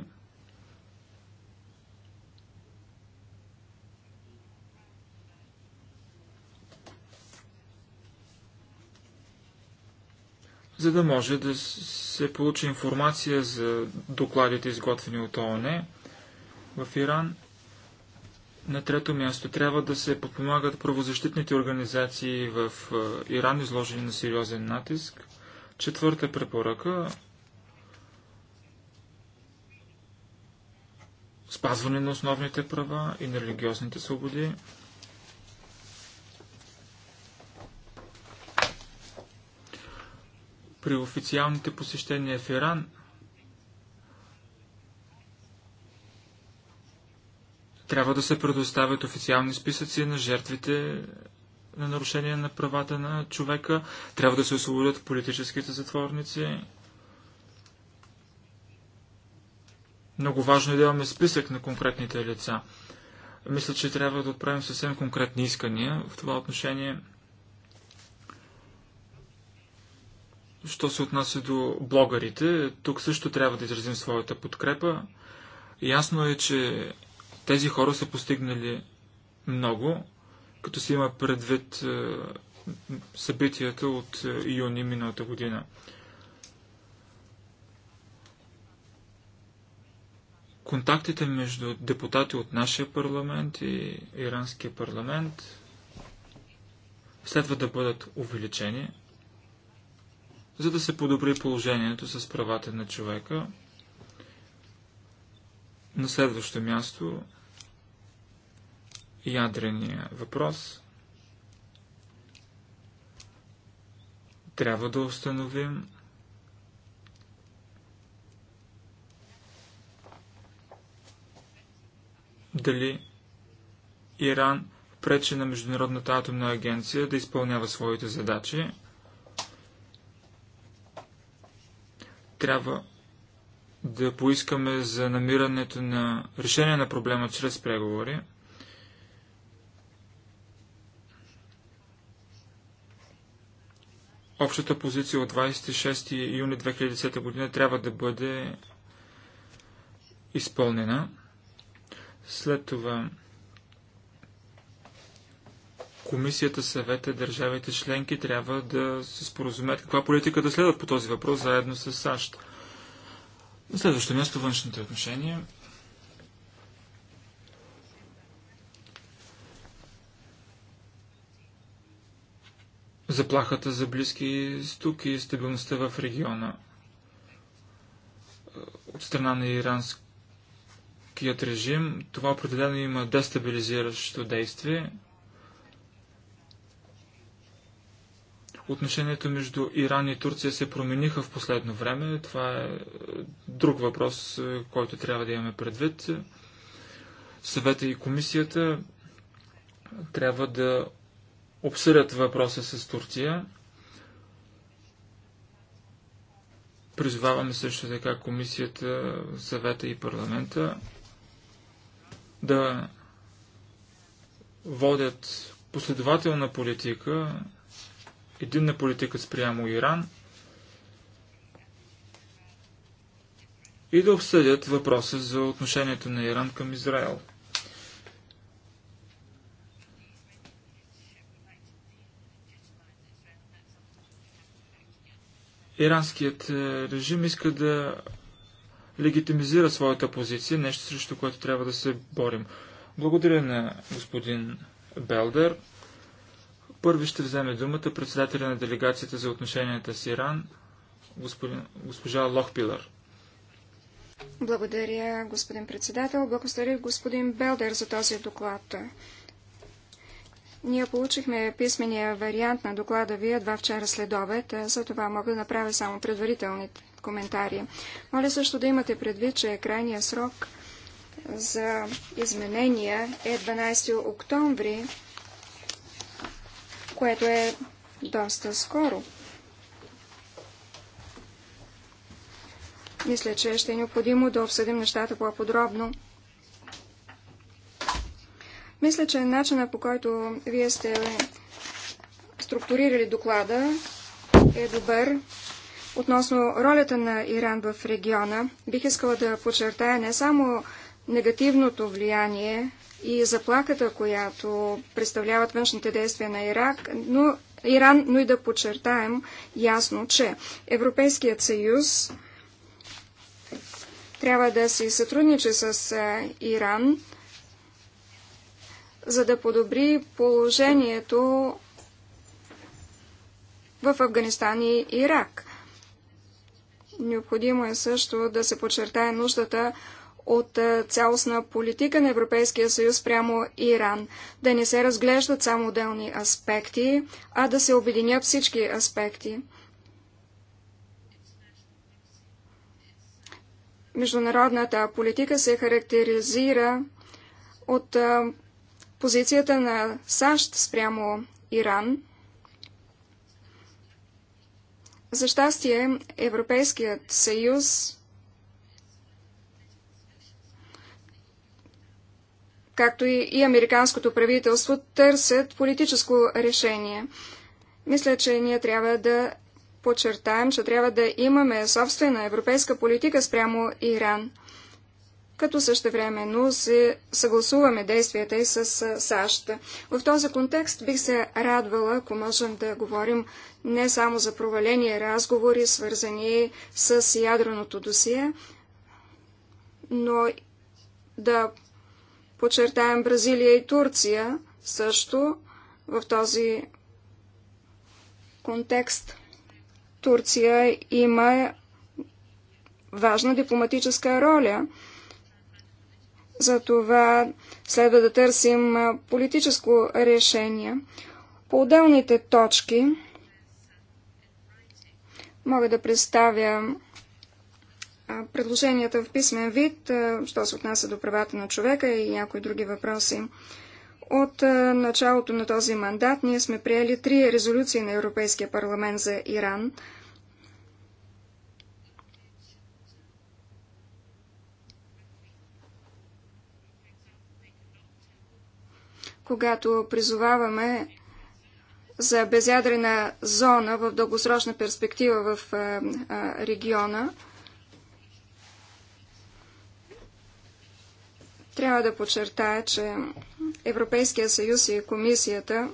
B: за да може да се получи информация за докладите, изготвени от ООН в Иран. На трето място трябва да се подпомагат правозащитните организации в е, Иран, изложени на сериозен натиск – Четвърта препоръка спазване на основните права и на религиозните свободи. При официалните посещения в Иран трябва да се предоставят официални списъци на жертвите на нарушение на правата на човека. Трябва да се освободят политическите затворници. Много важно е да имаме списък на конкретните лица. Мисля, че трябва да отправим съвсем конкретни искания в това отношение. Що се отнася до блогърите, тук също трябва да изразим своята подкрепа. Ясно е, че тези хора са постигнали много като се има предвид е, събитията от е, юни миналата година. Контактите между депутати от нашия парламент и иранския парламент следва да бъдат увеличени, за да се подобри положението с правата на човека. На следващо място ядрения въпрос. Трябва да установим дали Иран пречи на Международната атомна агенция да изпълнява своите задачи. Трябва да поискаме за намирането на решение на проблема чрез преговори. Общата позиция от 26 юни 2010 година трябва да бъде изпълнена. След това комисията, съвета, държавите членки трябва да се споразумеят каква политика да следват по този въпрос заедно с САЩ. На следващо място външните отношения. заплахата за Близки изток и стабилността в региона от страна на иранският режим. Това определено има дестабилизиращо действие. Отношението между Иран и Турция се промениха в последно време. Това е друг въпрос, е, който трябва да имаме предвид. Съвета и комисията трябва да обсъдят въпроса с Турция. Призоваваме също така комисията, съвета и парламента да водят последователна политика, единна политика спрямо Иран и да обсъдят въпроса за отношението на Иран към Израел. иранският е, режим иска да легитимизира своята позиция, нещо срещу което трябва да се борим. Благодаря на господин Белдер. Първи ще вземе думата председателя на делегацията за отношенията с Иран, господин, госпожа Лохпилър.
A: Благодаря, господин председател. Благодаря, господин Белдер, за този доклад. Ние получихме писмения вариант на доклада ви едва вчера след обед, е, за това мога да направя само предварителните коментари. Моля също да имате предвид, че крайния срок за изменения е 12 октомври, което е доста скоро. Мисля, че ще е необходимо да обсъдим нещата по-подробно. Мисля, че начина по който вие сте структурирали доклада е добър. Относно ролята на Иран в региона, бих искала да подчертая не само негативното влияние и заплахата, която представляват външните действия на Ирак, но, Иран, но и да подчертаем ясно, че Европейският съюз трябва да си сътрудничи с Иран за да подобри положението в Афганистан и Ирак. Необходимо е също да се подчертае нуждата от цялостна политика на Европейския съюз прямо Иран. Да не се разглеждат само отделни аспекти, а да се обединят всички аспекти. Международната политика се характеризира от позицията на САЩ спрямо Иран. За щастие, Европейският съюз, както и американското правителство, търсят политическо решение. Мисля, че ние трябва да подчертаем, че трябва да имаме собствена европейска политика спрямо Иран – като същевременно се съгласуваме действията и с САЩ. В този контекст бих се радвала, ако можем да говорим не само за провалени разговори, свързани с ядреното досие, но да подчертаем Бразилия и Турция също в този контекст. Турция има важна дипломатическа роля – за това следва да търсим политическо решение. По отделните точки мога да представя предложенията в писмен вид, що се отнася до правата на човека и някои други въпроси. От началото на този мандат ние сме приели три резолюции на Европейския парламент за Иран – когато призоваваме за безядрена зона в дългосрочна перспектива в региона. Трябва да подчертая, че Европейския съюз и комисията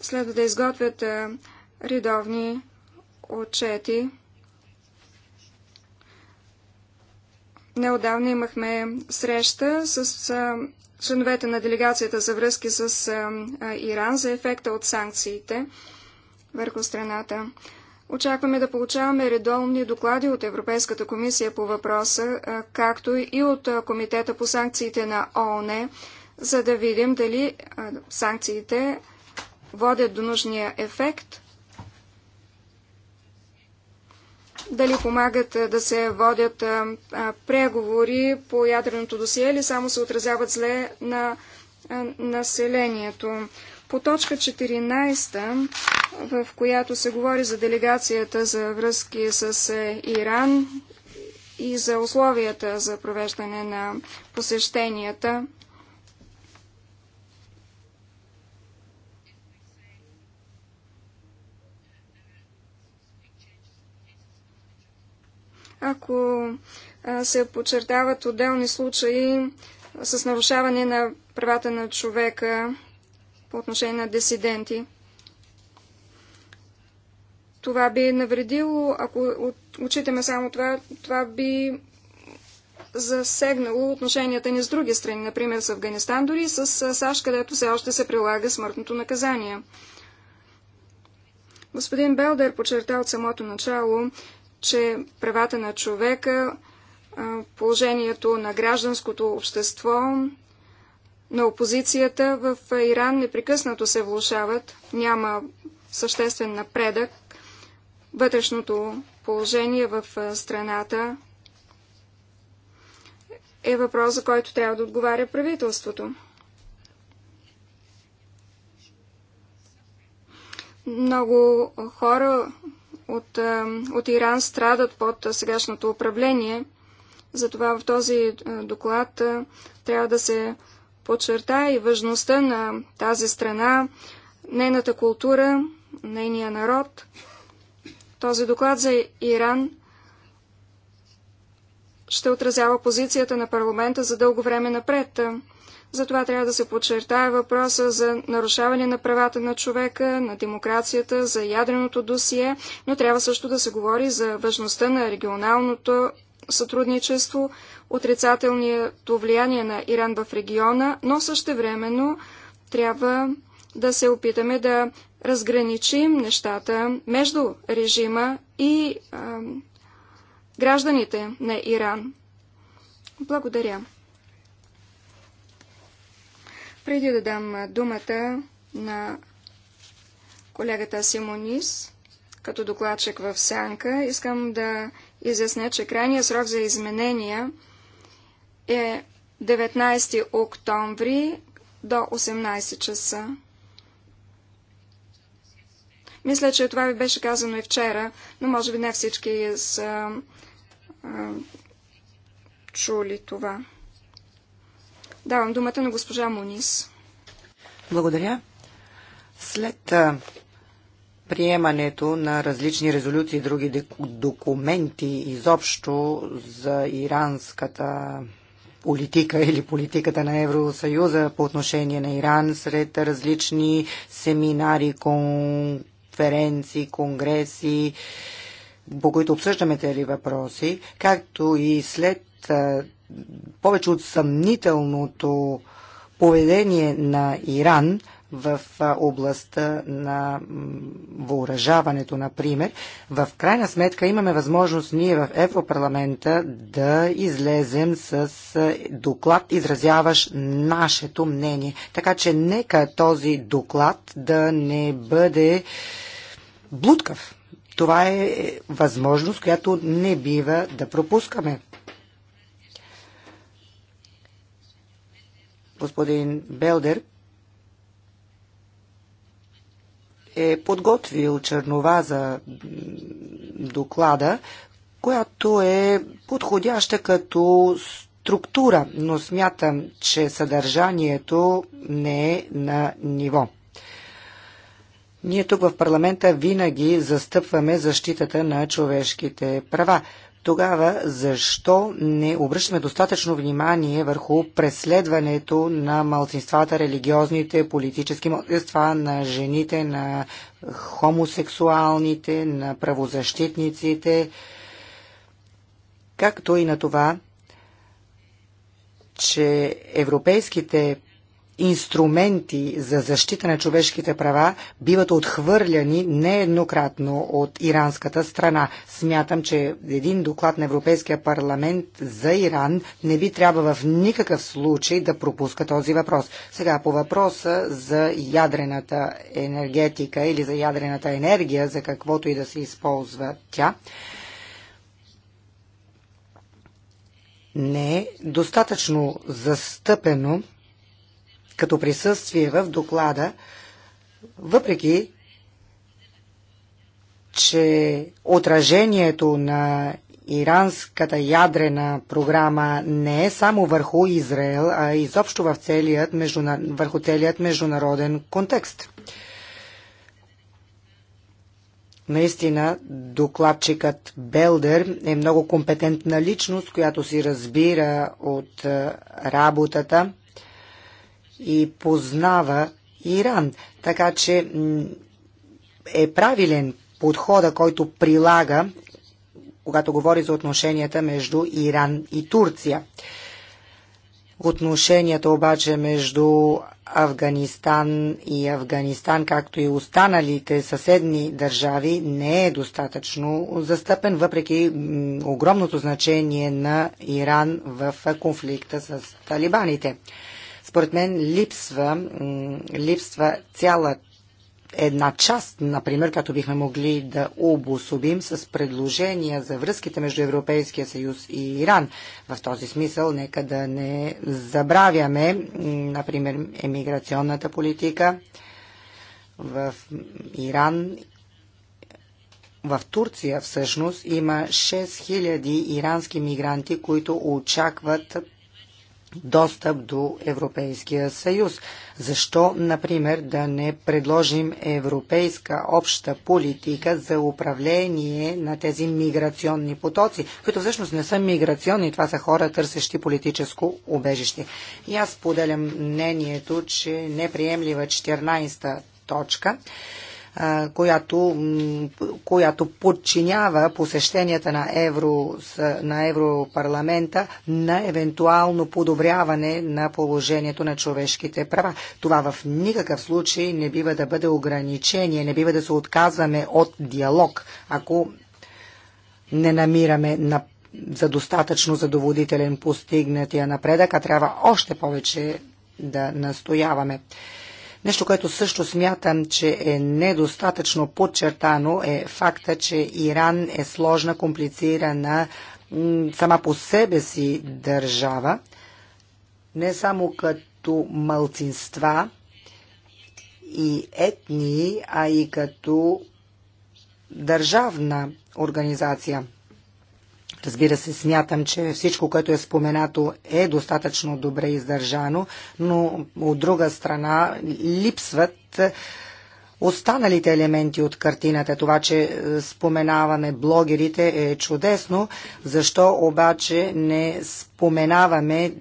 A: следва да изготвят редовни отчети. Неодавна имахме среща с членовете на делегацията за връзки с Иран за ефекта от санкциите върху страната. Очакваме да получаваме редовни доклади от Европейската комисия по въпроса, както и от Комитета по санкциите на ООН, за да видим дали санкциите водят до нужния ефект дали помагат да се водят преговори по ядреното досие или само се отразяват зле на населението. По точка 14, в която се говори за делегацията за връзки с Иран и за условията за провеждане на посещенията, ако се подчертават отделни случаи с нарушаване на правата на човека по отношение на дисиденти. Това би навредило, ако отчитаме само това, това би засегнало отношенията ни с други страни, например с Афганистан, дори с САЩ, където все още се прилага смъртното наказание. Господин Белдер подчерта от самото начало, че правата на човека, положението на гражданското общество, на опозицията в Иран непрекъснато се влушават, няма съществен напредък. Вътрешното положение в страната е въпрос, за който трябва да отговаря правителството. Много хора от, е, от Иран страдат под сегашното управление. Затова в този е, доклад е, трябва да се подчерта и важността на тази страна, нейната култура, нейния народ. Този доклад за Иран ще отразява позицията на парламента за дълго време напред. Затова трябва да се подчертае въпроса за нарушаване на правата на човека, на демокрацията, за ядреното досие, но трябва също да се говори за важността на регионалното сътрудничество, отрицателното влияние на Иран в региона, но същевременно трябва да се опитаме да разграничим нещата между режима и а, гражданите на Иран. Благодаря. Преди да дам думата на колегата Симонис, като докладчик в Сянка, искам да изясня, че крайният срок за изменения е 19 октомври до 18 часа. Мисля, че това ви беше казано и вчера, но може би не всички са чули това. Давам думата на госпожа Мунис.
C: Благодаря. След приемането на различни резолюции и други документи изобщо за иранската политика или политиката на Евросъюза по отношение на Иран сред различни семинари, конференции, конгреси, по които обсъждаме тези въпроси, както и след повече от съмнителното поведение на Иран в областта на въоръжаването, например, в крайна сметка имаме възможност ние в Европарламента да излезем с доклад, изразяваш нашето мнение. Така че нека този доклад да не бъде блудкав. Това е възможност, която не бива да пропускаме. господин Белдер е подготвил чернова за доклада, която е подходяща като структура, но смятам, че съдържанието не е на ниво. Ние тук в парламента винаги застъпваме защитата на човешките права тогава защо не обръщаме достатъчно внимание върху преследването на малцинствата, религиозните, политически малцинства, на жените, на хомосексуалните, на правозащитниците, както и на това, че европейските инструменти за защита на човешките права биват отхвърляни нееднократно от иранската страна. Смятам, че един доклад на Европейския парламент за Иран не би трябва в никакъв случай да пропуска този въпрос. Сега по въпроса за ядрената енергетика или за ядрената енергия, за каквото и да се използва тя. Не е достатъчно застъпено като присъствие в доклада, въпреки че отражението на иранската ядрена програма не е само върху Израел, а изобщо в целият междуна... върху целият международен контекст. Наистина, докладчикът Белдер е много компетентна личност, която си разбира от работата и познава Иран. Така че е правилен подхода, който прилага, когато говори за отношенията между Иран и Турция. Отношенията обаче между Афганистан и Афганистан, както и останалите съседни държави, не е достатъчно застъпен, въпреки огромното значение на Иран в конфликта с талибаните. Според мен липсва, липсва цяла една част, например, като бихме могли да обособим с предложения за връзките между Европейския съюз и Иран. В този смисъл, нека да не забравяме, например, емиграционната политика в Иран. В Турция всъщност има 6000 ирански мигранти, които очакват достъп до Европейския съюз. Защо, например, да не предложим европейска обща политика за управление на тези миграционни потоци, които всъщност не са миграционни, това са хора, търсещи политическо убежище. И аз поделям мнението, че неприемлива 14-та точка която, която подчинява посещенията на, Евро, на Европарламента на евентуално подобряване на положението на човешките права. Това в никакъв случай не бива да бъде ограничение, не бива да се отказваме от диалог, ако не намираме на за достатъчно задоводителен постигнатия напредък, а трябва още повече да настояваме. Нещо, което също смятам, че е недостатъчно подчертано е факта, че Иран е сложна, комплицирана сама по себе си държава, не само като малцинства и етнии, а и като държавна организация – Разбира се, смятам, че всичко, което е споменато, е достатъчно добре издържано, но от друга страна липсват е, останалите елементи от картината. Това, че е, споменаваме блогерите е чудесно. Защо обаче не споменаваме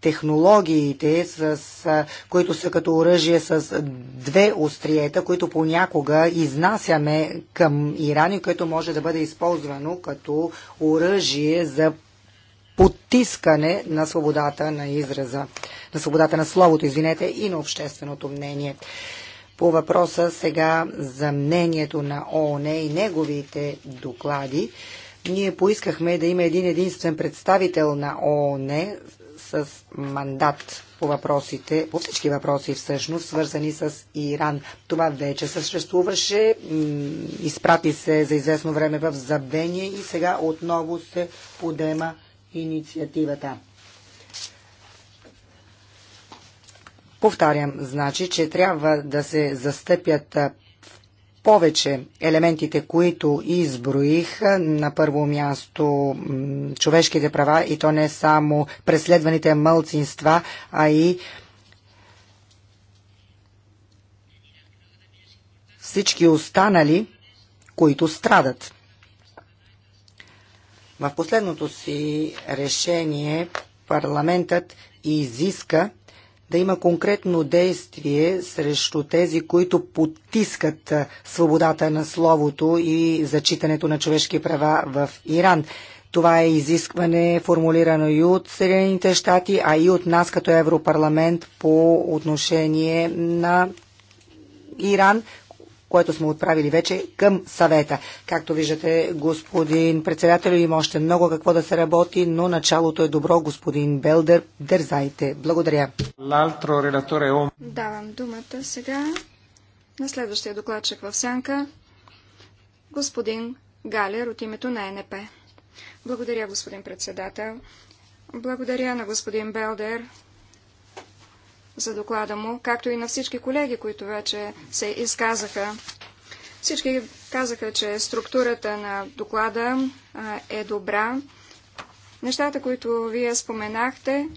C: технологиите, с, които са като оръжие с две остриета, които понякога изнасяме към Иран и което може да бъде използвано като оръжие за потискане на свободата на израза, на свободата на словото, извинете, и на общественото мнение. По въпроса сега за мнението на ООН и неговите доклади, ние поискахме да има един единствен представител на ООН с мандат по въпросите, по всички въпроси всъщност, свързани с Иран. Това вече съществуваше, изпрати се за известно време в забвение и сега отново се подема инициативата. Повтарям, значи, че трябва да се застъпят повече елементите, които изброих, на първо място човешките права и то не само преследваните мълцинства, а и всички останали, които страдат. В последното си решение парламентът изиска да има конкретно действие срещу тези, които потискат свободата на словото и зачитането на човешки права в Иран. Това е изискване формулирано и от Съединените щати, а и от нас като Европарламент по отношение на Иран – което сме отправили вече към съвета. Както виждате, господин председател, има още много какво да се работи, но началото е добро, господин Белдер. Дързайте. Благодаря.
A: Давам думата сега на следващия докладчик в сянка, господин Галер от името на НП. Благодаря, господин председател. Благодаря на господин Белдер за доклада му, както и на всички колеги, които вече се изказаха. Всички казаха, че структурата на доклада е добра. Нещата, които вие споменахте,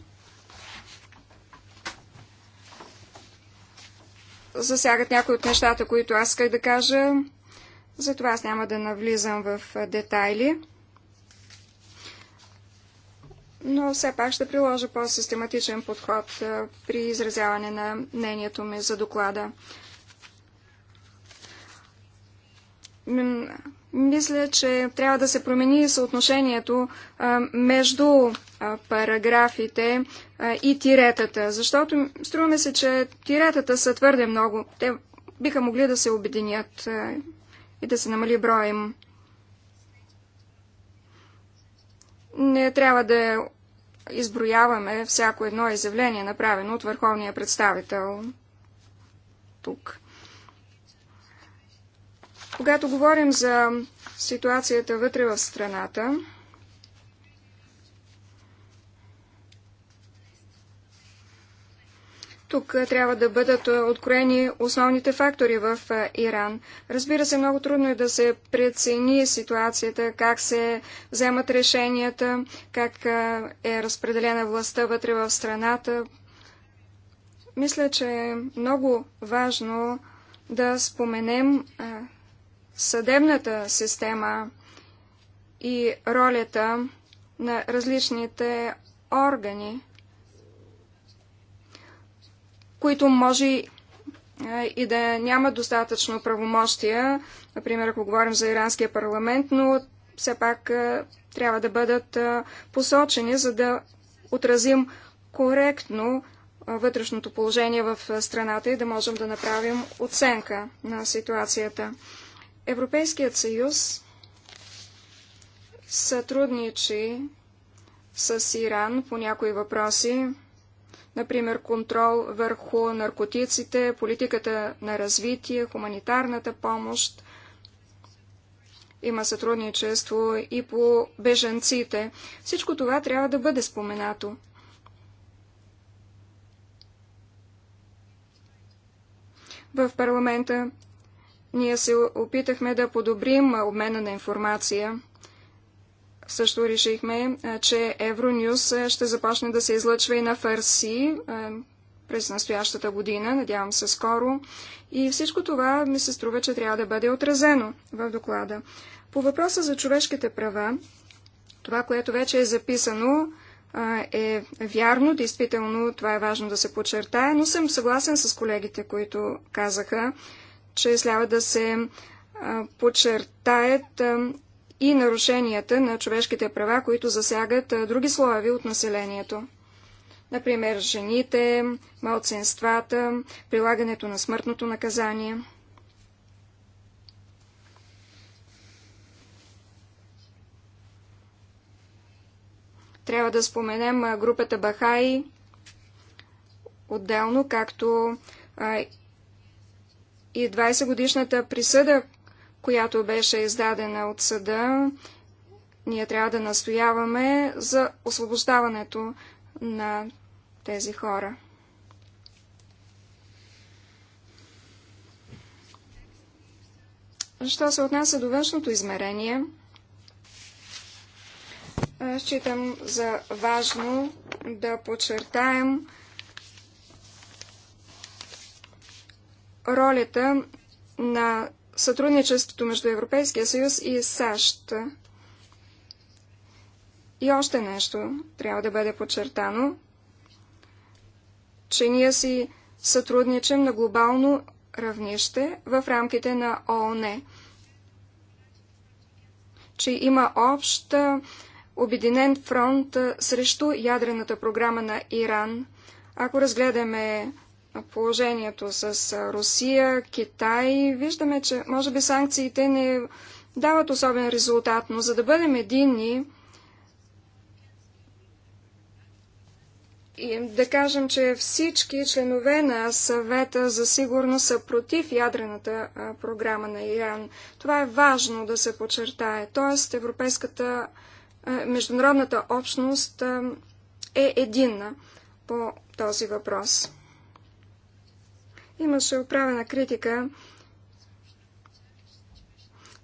A: засягат някои от нещата, които аз исках да кажа. Затова аз няма да навлизам в детайли но все пак ще приложа по-систематичен подход при изразяване на мнението ми за доклада. Мисля, че трябва да се промени съотношението между параграфите и тиретата, защото струваме се, че тиретата са твърде много. Те биха могли да се обединят и да се намали броя им. Не трябва да изброяваме всяко едно изявление, направено от върховния представител тук. Когато говорим за ситуацията вътре в страната, Тук е, трябва да бъдат е, откроени основните фактори в е, Иран. Разбира се, много трудно е да се прецени ситуацията, как се вземат решенията, как е разпределена властта вътре в страната. Мисля, че е много важно да споменем съдебната система и ролята на различните органи които може е, и да няма достатъчно правомощия, например, ако говорим за иранския парламент, но все пак е, трябва да бъдат е, посочени, за да отразим коректно вътрешното положение в страната и да можем да направим оценка на ситуацията. Европейският съюз сътрудничи с Иран по някои въпроси, например контрол върху наркотиците, политиката на развитие, хуманитарната помощ. Има сътрудничество и по бежанците. Всичко това трябва да бъде споменато. В парламента ние се опитахме да подобрим обмена на информация – също решихме, че Евронюс ще започне да се излъчва и на Фарси през настоящата година, надявам се скоро. И всичко това ми се струва, че трябва да бъде отразено в доклада. По въпроса за човешките права, това, което вече е записано, е вярно, действително това е важно да се подчертае, но съм съгласен с колегите, които казаха, че трябва да се подчертаят и нарушенията на човешките права, които засягат други слоеви от населението. Например, жените, малцинствата, прилагането на смъртното наказание. Трябва да споменем групата Бахаи отделно, както и 20-годишната присъда, която беше издадена от съда. Ние трябва да настояваме за освобождаването на тези хора. Що се отнася до външното измерение, считам за важно да подчертаем ролята на сътрудничеството между Европейския съюз и САЩ. И още нещо трябва да бъде подчертано, че ние си сътрудничим на глобално равнище в рамките на ООН, че има общ обединен фронт срещу ядрената програма на Иран. Ако разгледаме положението с Русия, Китай. Виждаме, че може би санкциите не дават особен резултат, но за да бъдем единни и да кажем, че всички членове на съвета за сигурност са против ядрената програма на Иран. Това е важно да се подчертае. Тоест, европейската международната общност е единна по този въпрос. Имаше отправена критика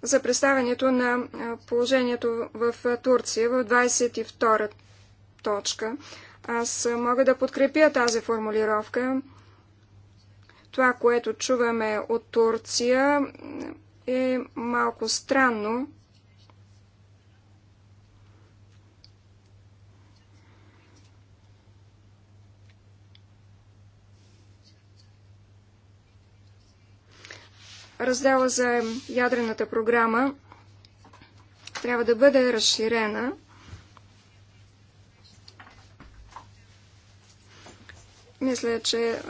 A: за представянето на положението в Турция в 22-та точка. Аз мога да подкрепя тази формулировка. Това, което чуваме от Турция, е малко странно. раздела за ядрената програма трябва да бъде разширена. Мисля, че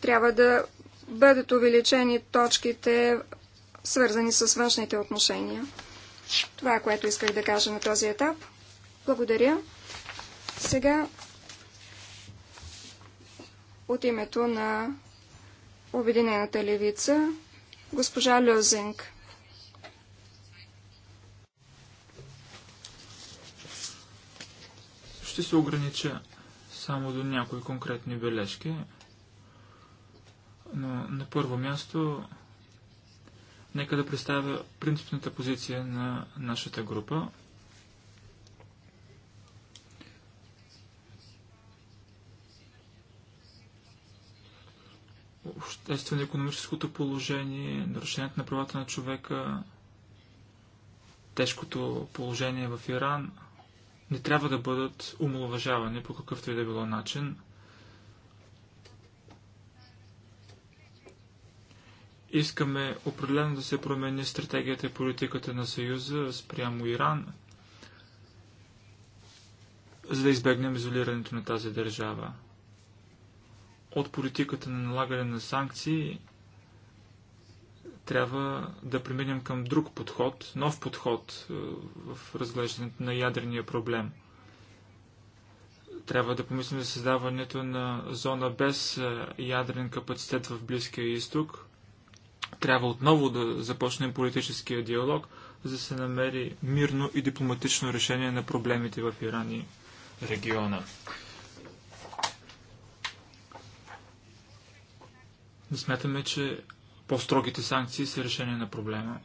A: трябва да бъдат увеличени точките, свързани с външните отношения. Това е което исках да кажа на този етап. Благодаря. Сега от името на Обединената левица, госпожа Лозинг.
B: Ще се огранича само до някои конкретни бележки, но на първо място нека да представя принципната позиция на нашата група. обществено-економическото положение, нарушението на правата на човека, тежкото положение в Иран не трябва да бъдат умалуважавани по какъвто и да било начин. Искаме определено да се промени стратегията и политиката на Съюза спрямо Иран, за да избегнем изолирането на тази държава от политиката на налагане на санкции трябва да преминем към друг подход, нов подход е, в разглеждането на ядрения проблем. Трябва да помислим за създаването на зона без е, ядрен капацитет в Близкия изток. Трябва отново да започнем политическия диалог, за да се намери мирно и дипломатично решение на проблемите в Иран и региона. Не смятаме, че по-строгите санкции са решение на проблема.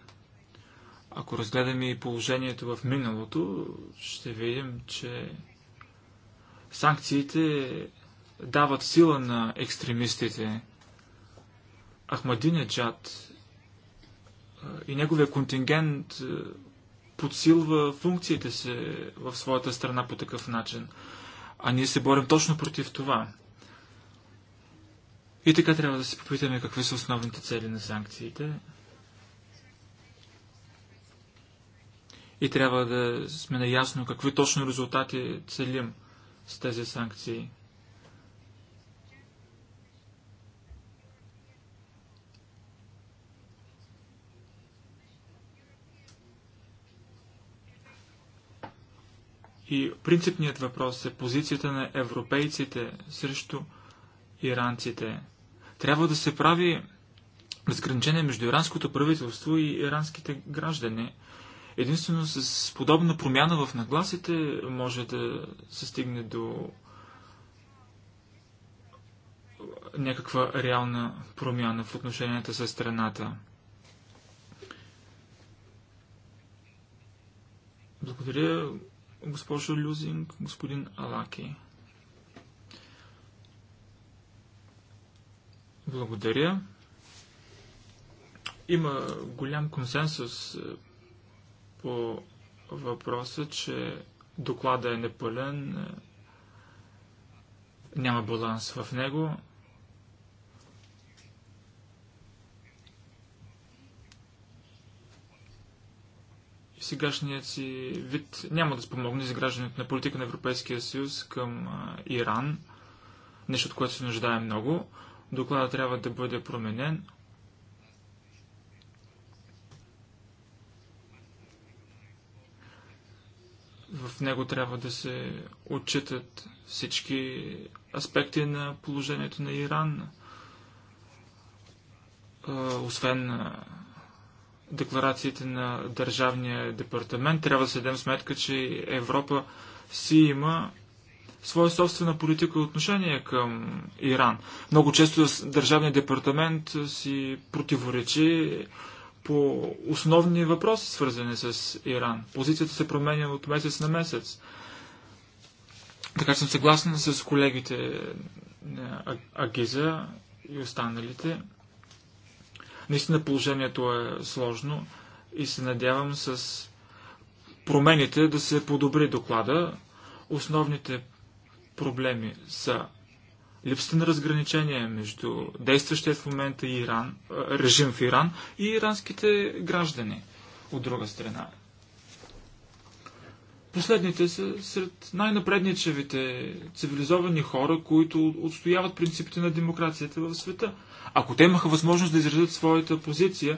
B: Ако разгледаме и положението в миналото, ще видим, че санкциите дават сила на екстремистите. Джад и неговия контингент подсилва функциите си в своята страна по такъв начин. А ние се борим точно против това. И така трябва да се попитаме какви са основните цели на санкциите. И трябва да сме наясно какви точно резултати целим с тези санкции. И принципният въпрос е позицията на европейците срещу иранците. Трябва да се прави разграничение между иранското правителство и иранските граждани. Единствено с подобна промяна в нагласите може да се стигне до някаква реална промяна в отношенията с страната. Благодаря, госпожо Люзинг, господин Алаки. Благодаря. Има голям консенсус е, по въпроса, че доклада е непълен, е, няма баланс в него. сегашният си вид няма да спомогне за изграждането на политика на Европейския съюз към е, Иран, нещо от което се нуждае много докладът трябва да бъде променен. В него трябва да се отчитат всички аспекти на положението на Иран, освен декларациите на Държавния департамент. Трябва да се дадем сметка, че Европа си има своя собствена политика и отношение към Иран. Много често Държавният департамент си противоречи по основни въпроси, свързани с Иран. Позицията се променя от месец на месец. Така че съм съгласен с колегите е, Агиза и останалите. Наистина положението е сложно и се надявам с промените да се подобри доклада. Основните проблеми са липсата на разграничение между действащия в момента Иран, режим в Иран и иранските граждани от друга страна. Последните са сред най-напредничевите цивилизовани хора, които отстояват принципите на демокрацията в света. Ако те имаха възможност да изразят своята позиция,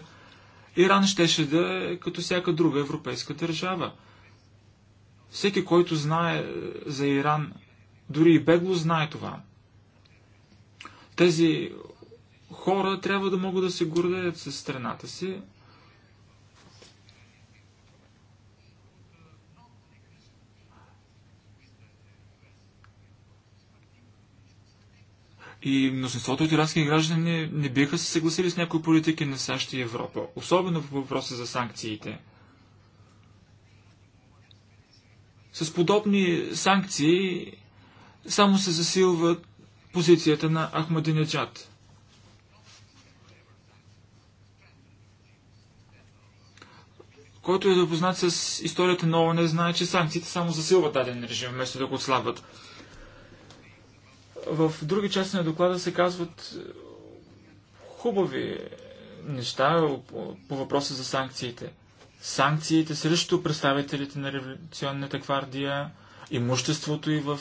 B: Иран щеше да е като всяка друга европейска държава. Всеки, който знае за Иран дори и бегло знае това. Тези хора трябва да могат да се гордеят с страната си. И мнозинството от ирански граждани не биха се съгласили с някои политики на САЩ и Европа, особено по въпроса за санкциите. С подобни санкции само се засилва позицията на Ахмадинеджад. Който е запознат с историята на ООН, знае, че санкциите само засилват даден режим, вместо да го отслабват. В други части на доклада се казват хубави неща по, въпроса за санкциите. Санкциите срещу представителите на революционната квардия имуществото и в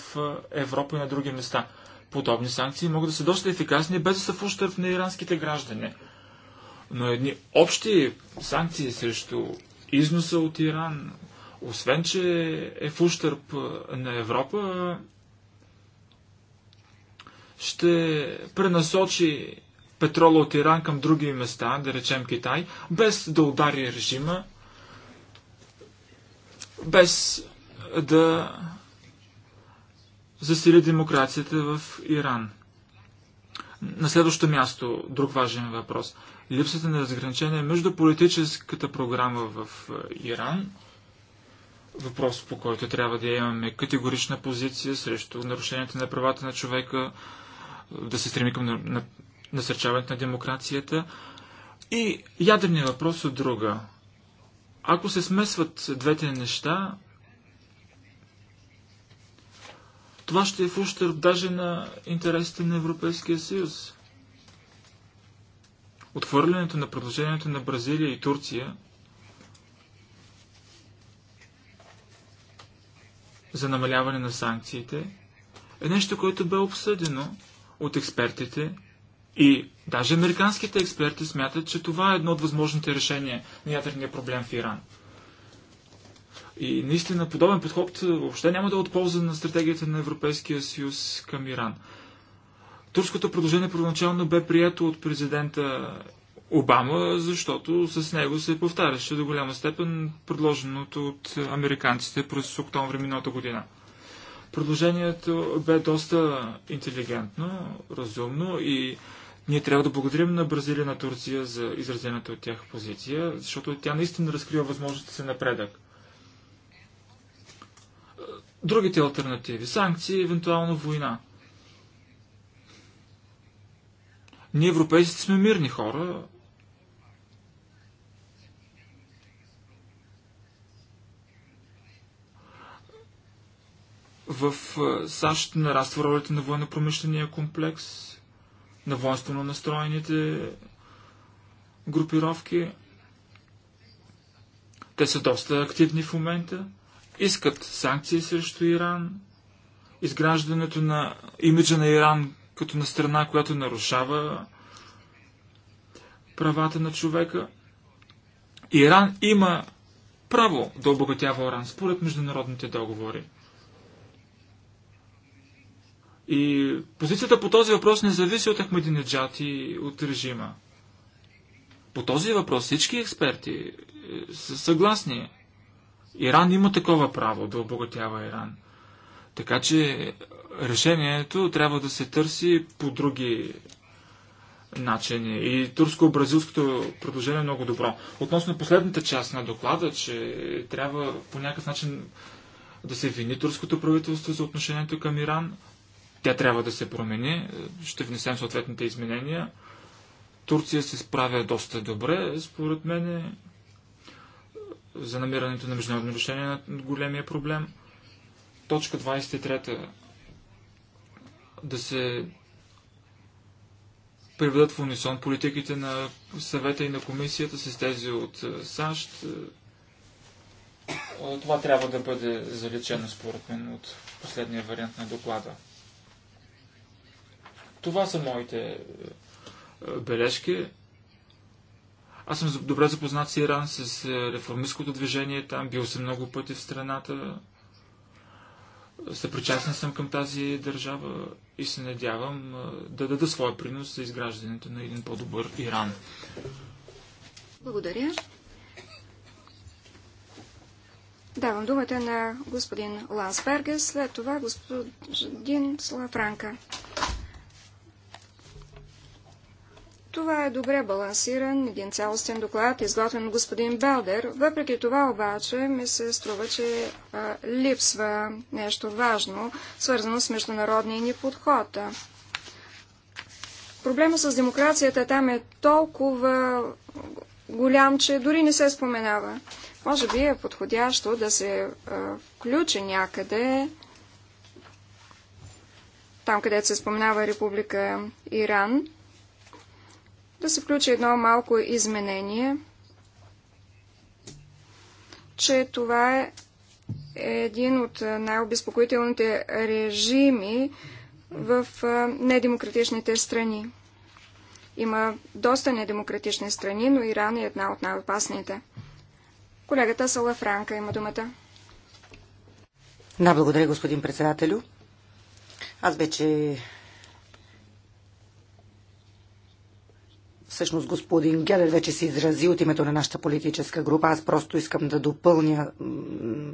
B: Европа и на други места. Подобни санкции могат да са доста ефикасни, без да са в ущърп на иранските граждани. Но едни общи санкции срещу износа от Иран, освен че е в ущърп на Европа, ще пренасочи петрола от Иран към други места, да речем Китай, без да удари режима, без да засили демокрацията в Иран. На следващо място, друг важен въпрос. Липсата на разграничение между политическата програма в е, Иран, въпрос по който трябва да имаме категорична позиция срещу нарушението на правата на човека, да се стреми към насърчаването на демокрацията, и ядерния въпрос от друга. Ако се смесват двете неща, това ще е в ущърб даже на интересите на Европейския съюз. Отхвърлянето на предложението на Бразилия и Турция за намаляване на санкциите е нещо, което бе обсъдено от експертите и даже американските експерти смятат, че това е едно от възможните решения на ядерния проблем в Иран – и наистина подобен подход е, въобще няма да е от полза на стратегията на Европейския съюз към Иран. Турското предложение първоначално бе прието от президента Обама, защото с него се повтаряше до голяма степен предложеното от американците през октомври миналата година. Предложението бе доста интелигентно, разумно и ние трябва да благодарим на Бразилия на Турция за изразената от тях позиция, защото тя наистина разкрива възможностите за напредък другите альтернативи. Санкции, евентуално война. Ние европейците сме мирни хора. В САЩ нараства ролята на военно-промишления комплекс, на воинствено настроените групировки. Те са доста активни в момента искат санкции срещу Иран, изграждането на имиджа на Иран като на страна, която нарушава правата на човека. Иран има право да обогатява Иран според международните договори. И позицията по този въпрос не зависи от Ахмадинеджад и от режима. По този въпрос всички експерти е, са съгласни. Иран има такова право да обогатява Иран. Така че решението трябва да се търси по други начини. И турско-бразилското предложение е много добро. Относно последната част на доклада, че трябва по някакъв начин да се вини турското правителство за отношението към Иран, тя трябва да се промени. Ще внесем съответните изменения. Турция се справя доста добре, според мен за намирането на международно решение на големия проблем. Точка 23 да се приведат в унисон политиките на съвета и на комисията с тези от е, САЩ. Е, това трябва да бъде залечено според мен от последния вариант на доклада. Това са моите е, бележки. Аз съм добре запознат с Иран, с е, реформистското движение там, бил съм много пъти в страната. Съпричастен съм към тази държава и се надявам е, да дада своя принос за изграждането на един по-добър Иран.
A: Благодаря. Давам думата на господин Лансбергес, след това господин Слафранка. Това е добре балансиран, един цялостен доклад, изготвен от господин Белдер. Въпреки това обаче ми се струва, че а, липсва нещо важно, свързано с международния ни подход. Проблема с демокрацията там е толкова голям, че дори не се споменава. Може би е подходящо да се а, включи някъде там, където се споменава Република Иран – да се включи едно малко изменение, че това е един от най-обезпокоителните режими в недемократичните страни. Има доста недемократични страни, но Иран е една от най-опасните. Колегата Сала Франка има думата.
C: Да, благодаря, господин председателю. Аз вече Всъщност господин Гелер вече се изрази от името на нашата политическа група. Аз просто искам да допълня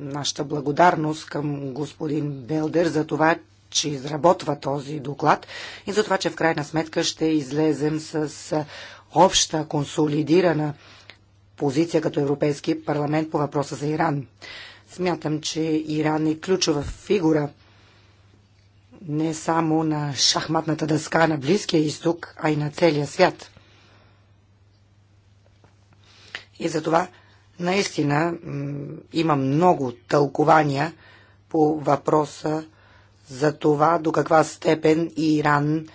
C: нашата благодарност към господин Белдер за това, че изработва този доклад и за това, че в крайна сметка ще излезем с обща консолидирана позиция като Европейски парламент по въпроса за Иран. Смятам, че Иран е ключова фигура не само на шахматната дъска на Близкия изток, а и на целия свят. И затова наистина има много тълкования по въпроса за това до каква степен Иран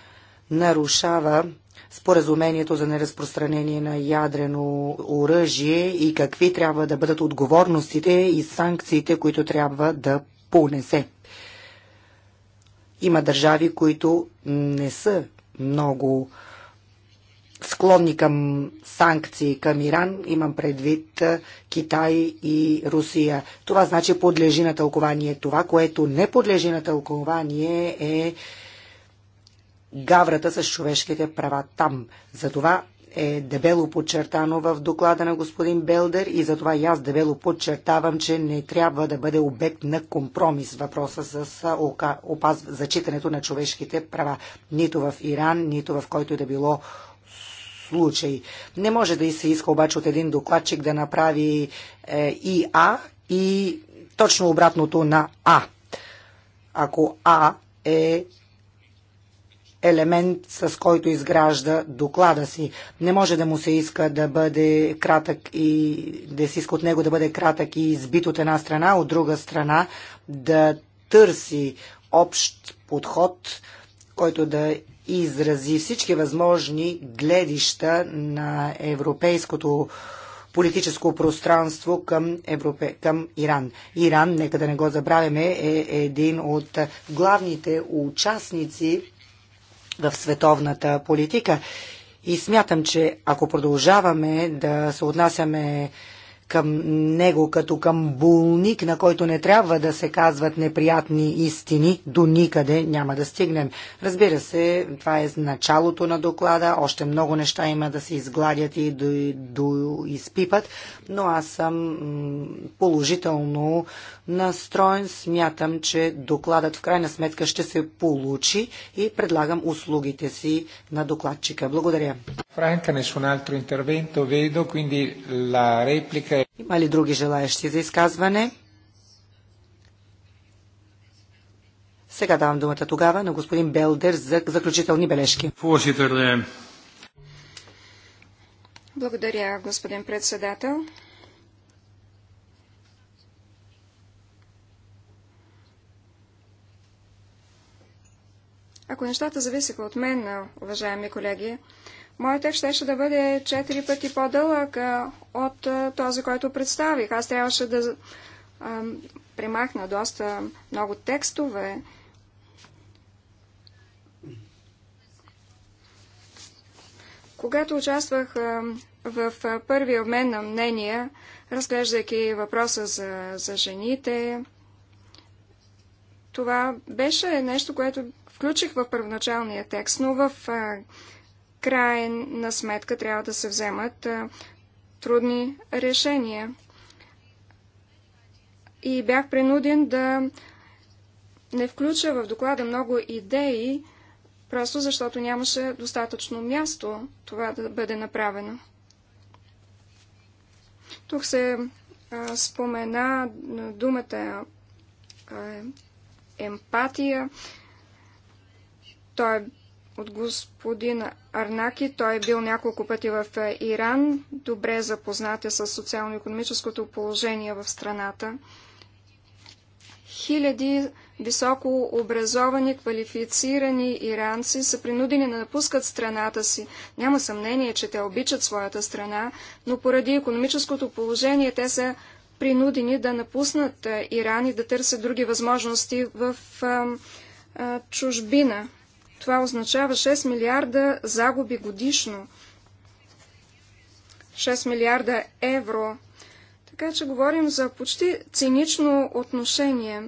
C: нарушава споразумението за неразпространение на ядрено оръжие и какви трябва да бъдат отговорностите и санкциите, които трябва да понесе. Има държави, които не са много склонни към санкции към Иран, имам предвид Китай и Русия. Това значи подлежи на тълкование. Това, което не подлежи на тълкование е гаврата с човешките права там. Затова е дебело подчертано в доклада на господин Белдер и затова и аз дебело подчертавам, че не трябва да бъде обект на компромис въпроса с опаз... зачитането на човешките права. Нито в Иран, нито в който и да било случай. Не може да и се иска обаче от един докладчик да направи е, и А, и точно обратното на А. Ако А е елемент, с който изгражда доклада си. Не може да му се иска да бъде кратък и да се иска от него да бъде кратък и избит от една страна, от друга страна да търси общ подход, който да изрази всички възможни гледища на европейското политическо пространство към, Европе, към Иран. Иран, нека да не го забравяме, е един от главните участници в световната политика. И смятам, че ако продължаваме да се отнасяме към него като към булник, на който не трябва да се казват неприятни истини, до никъде няма да стигнем. Разбира се, това е началото на доклада, още много неща има да се изгладят и до, до изпипат, но аз съм положително настроен. Смятам, че докладът в крайна сметка ще се получи и предлагам услугите си на докладчика. Благодаря.
B: Франка, nessun altro intervento vedo, quindi la replica...
C: Има ли други желаящи за изказване? Сега давам думата тогава на господин Белдер за заключителни бележки.
B: Eh,
A: Благодаря, господин председател. Ако нещата зависеха от мен, уважаеми колеги, моят текст щеше да бъде четири пъти по-дълъг от този, който представих. Аз трябваше да а, примахна доста много текстове. Когато участвах в първия обмен на мнения, разглеждайки въпроса за, за жените, това беше нещо, което включих в първоначалния текст, но в крайна сметка трябва да се вземат трудни решения. И бях принуден да не включа в доклада много идеи, просто защото нямаше достатъчно място това да бъде направено. Тук се а, спомена думата а, емпатия. Той е от господин Арнаки. Той е бил няколко пъти в е, Иран. Добре запознат е с социално-економическото положение в страната. Хиляди високо образовани, квалифицирани иранци са принудени да напускат страната си. Няма съмнение, че те обичат своята страна, но поради економическото положение те са принудени да напуснат е, Иран и да търсят други възможности в а, а, чужбина. Това означава 6 милиарда загуби годишно. 6 милиарда евро. Така че говорим за почти цинично отношение.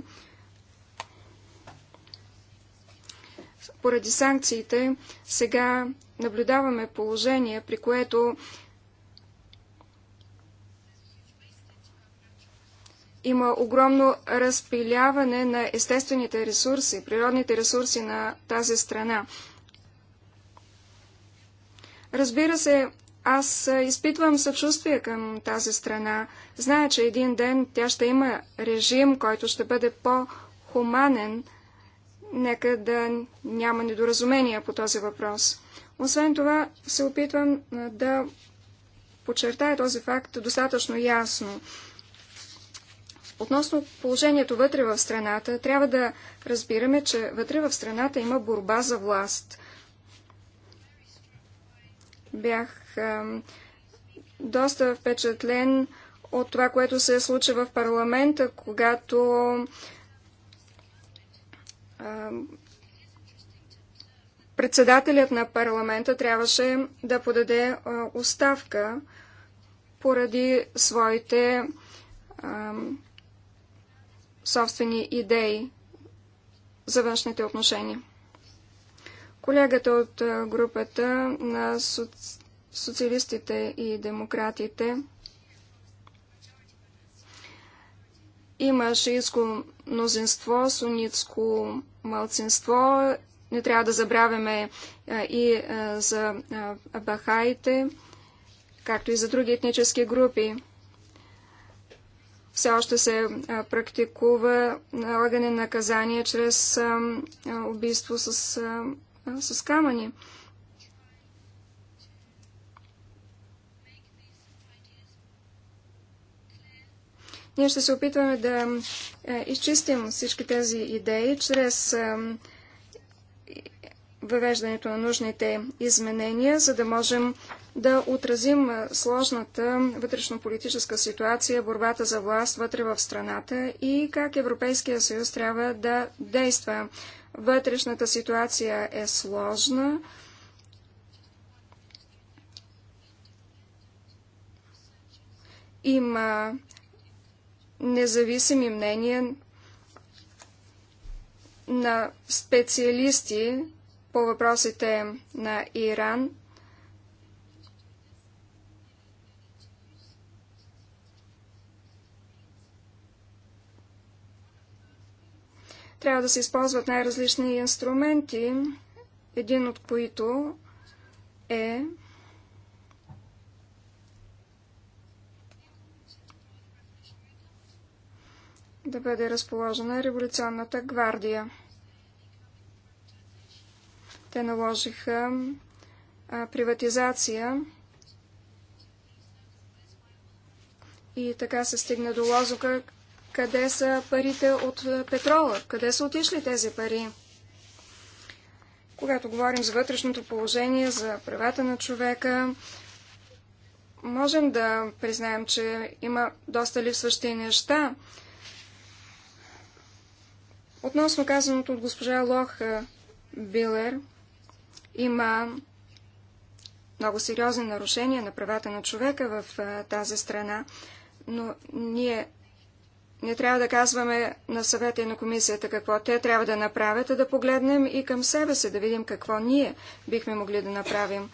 A: Поради санкциите сега наблюдаваме положение, при което Има огромно разпиляване на естествените ресурси, природните ресурси на тази страна. Разбира се, аз изпитвам съчувствие към тази страна. Зная, че един ден тя ще има режим, който ще бъде по-хуманен. Нека да няма недоразумения по този въпрос. Освен това, се опитвам да подчертая този факт достатъчно ясно. Относно положението вътре в страната, трябва да разбираме, че вътре в страната има борба за власт. Бях а, доста впечатлен от това, което се случи в парламента, когато а, председателят на парламента трябваше да подаде а, оставка поради своите собствени идеи за външните отношения. Колегата от групата на соци... социалистите и демократите има шиитско мнозинство, сунитско малцинство. Не трябва да забравяме и за бахаите, както и за други етнически групи все още се практикува налагане на наказание чрез убийство с, с камъни. Ние ще се опитваме да изчистим всички тези идеи чрез въвеждането на нужните изменения, за да можем да отразим сложната вътрешно-политическа ситуация, борбата за власт вътре в страната и как Европейския съюз трябва да действа. Вътрешната ситуация е сложна. Има независими мнения на специалисти по въпросите на Иран, Трябва да се използват най-различни инструменти, един от които е да бъде разположена революционната гвардия. Те наложиха а, приватизация и така се стигна до лозука къде са парите от е, петрола, къде са отишли тези пари. Когато говорим за вътрешното положение, за правата на човека, можем да признаем, че има доста липсващи неща. Относно казаното от госпожа Лох е, Билер, има много сериозни нарушения на правата на човека в е, тази страна, но ние не трябва да казваме на съвета и на комисията какво те трябва да направят, а да погледнем и към себе си, да видим какво ние бихме могли да направим.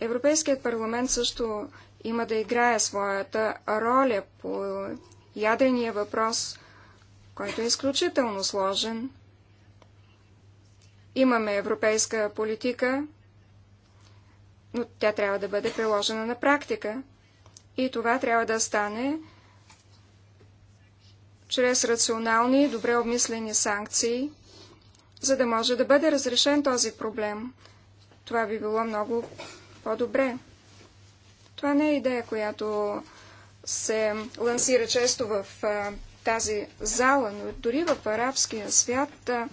A: Европейският парламент също има да играе своята роля по ядрения въпрос, който е изключително сложен. Имаме европейска политика, но тя трябва да бъде приложена на практика. И това трябва да стане чрез рационални и добре обмислени санкции, за да може да бъде разрешен този проблем. Това би било много по-добре. Това не е идея, която се лансира често в а, тази зала, но дори в арабския свят а,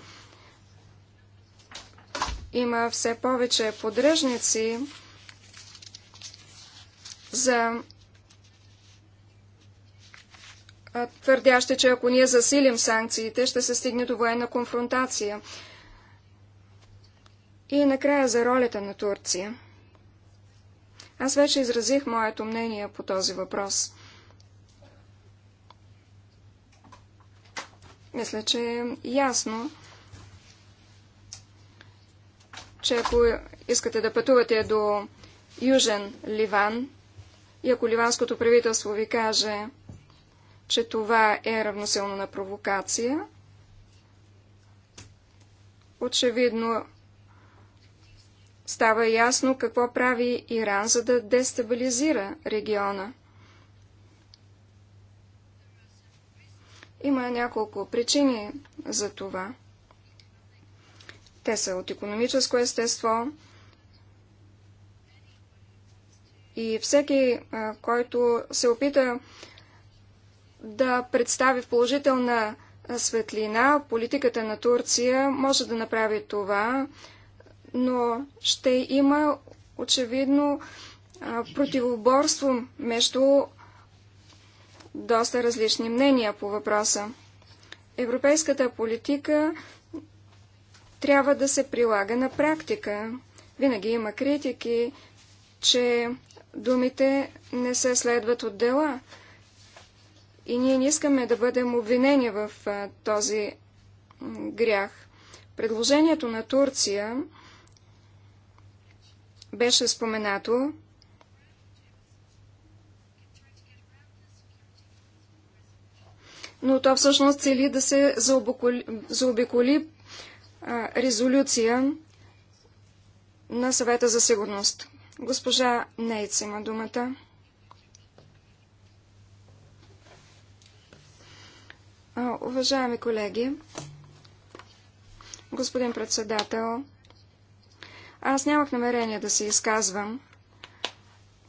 A: има все повече подръжници за твърдящи, че ако ние засилим санкциите, ще се стигне до военна конфронтация. И накрая за ролята на Турция. Аз вече изразих моето мнение по този въпрос. Мисля, че е ясно, че ако искате да пътувате до Южен Ливан и ако ливанското правителство ви каже, че това е равносилно на провокация. Очевидно става ясно какво прави Иран, за да дестабилизира региона. Има няколко причини за това. Те са от економическо естество и всеки, който се опита да представи в положителна светлина политиката на Турция. Може да направи това, но ще има очевидно противоборство между доста различни мнения по въпроса. Европейската политика трябва да се прилага на практика. Винаги има критики, че думите не се следват от дела. И ние не искаме да бъдем обвинени в този грях. Предложението на Турция беше споменато. Но то всъщност цели да се заобиколи, заобиколи а, резолюция на съвета за сигурност. Госпожа Нейц има думата. Уважаеми колеги, господин председател, аз нямах намерение да се изказвам.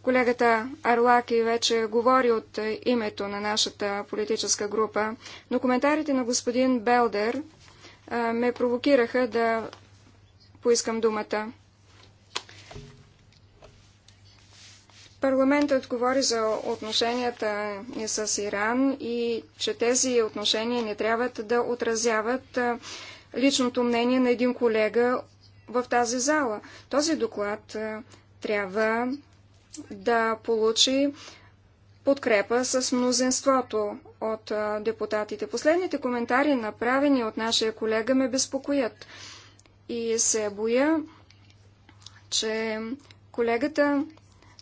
A: Колегата Арлаки вече говори от името на нашата политическа група, но коментарите на господин Белдер ме провокираха да поискам думата. Парламентът говори за отношенията ни с Иран и че тези отношения не трябва да отразяват личното мнение на един колега в тази зала. Този доклад трябва да получи подкрепа с мнозинството от депутатите. Последните коментари, направени от нашия колега, ме безпокоят. И се боя, че колегата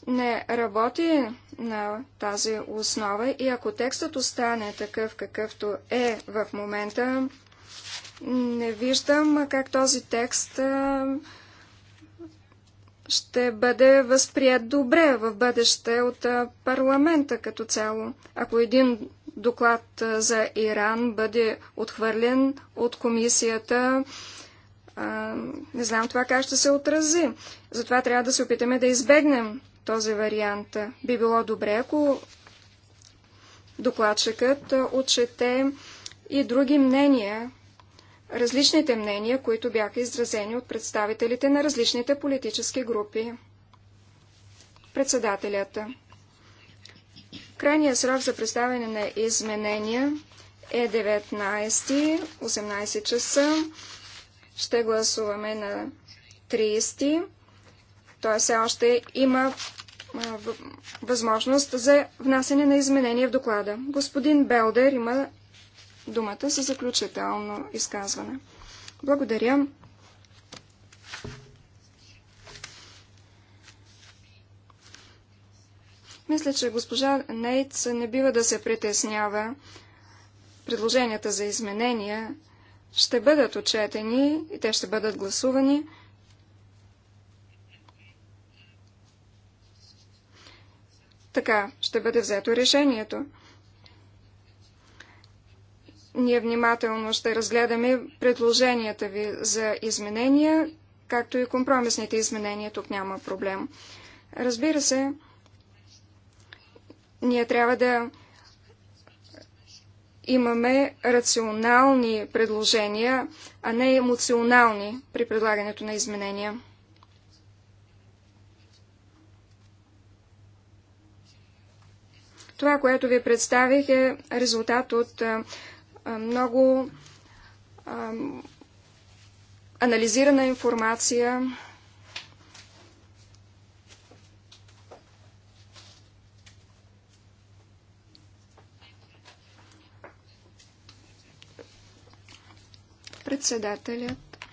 A: не работи на тази основа и ако текстът остане такъв какъвто е в момента, не виждам как този текст ще бъде възприят добре в бъдеще от парламента като цяло. Ако един доклад за Иран бъде отхвърлен от комисията, не знам това как ще се отрази. Затова трябва да се опитаме да избегнем този вариант. Би било добре, ако докладчикът отчете и други мнения, различните мнения, които бяха изразени от представителите на различните политически групи. Председателята. Крайният срок за представяне на изменения е 19-18 часа. Ще гласуваме на 30, т.е. все още има възможност за внасене на изменения в доклада. Господин Белдер има думата за заключително изказване. Благодаря. Мисля, че госпожа Нейтс не бива да се притеснява. Предложенията за изменения ще бъдат отчетени и те ще бъдат гласувани. Така ще бъде взето решението. Ние внимателно ще разгледаме предложенията ви за изменения, както и компромисните изменения. Тук няма проблем. Разбира се, ние трябва да имаме рационални предложения, а не емоционални при предлагането на изменения. Това, което ви представих е резултат от много анализирана информация, председателят.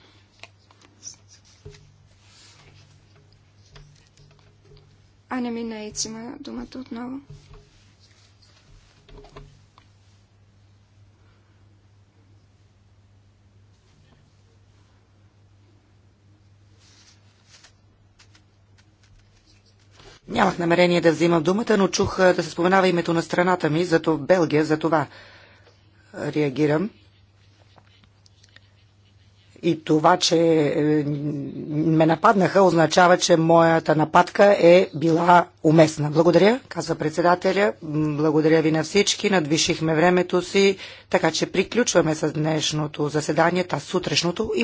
A: Аня Минейц има думата отново.
C: Нямах намерение да взимам думата, но чух да се споменава името на страната ми, зато Белгия, за това реагирам. И това, че е, ме нападнаха, означава, че моята нападка е била уместна. Благодаря, казва председателя. Благодаря ви на всички. Надвишихме времето си, така че приключваме с днешното заседание, та сутрешното и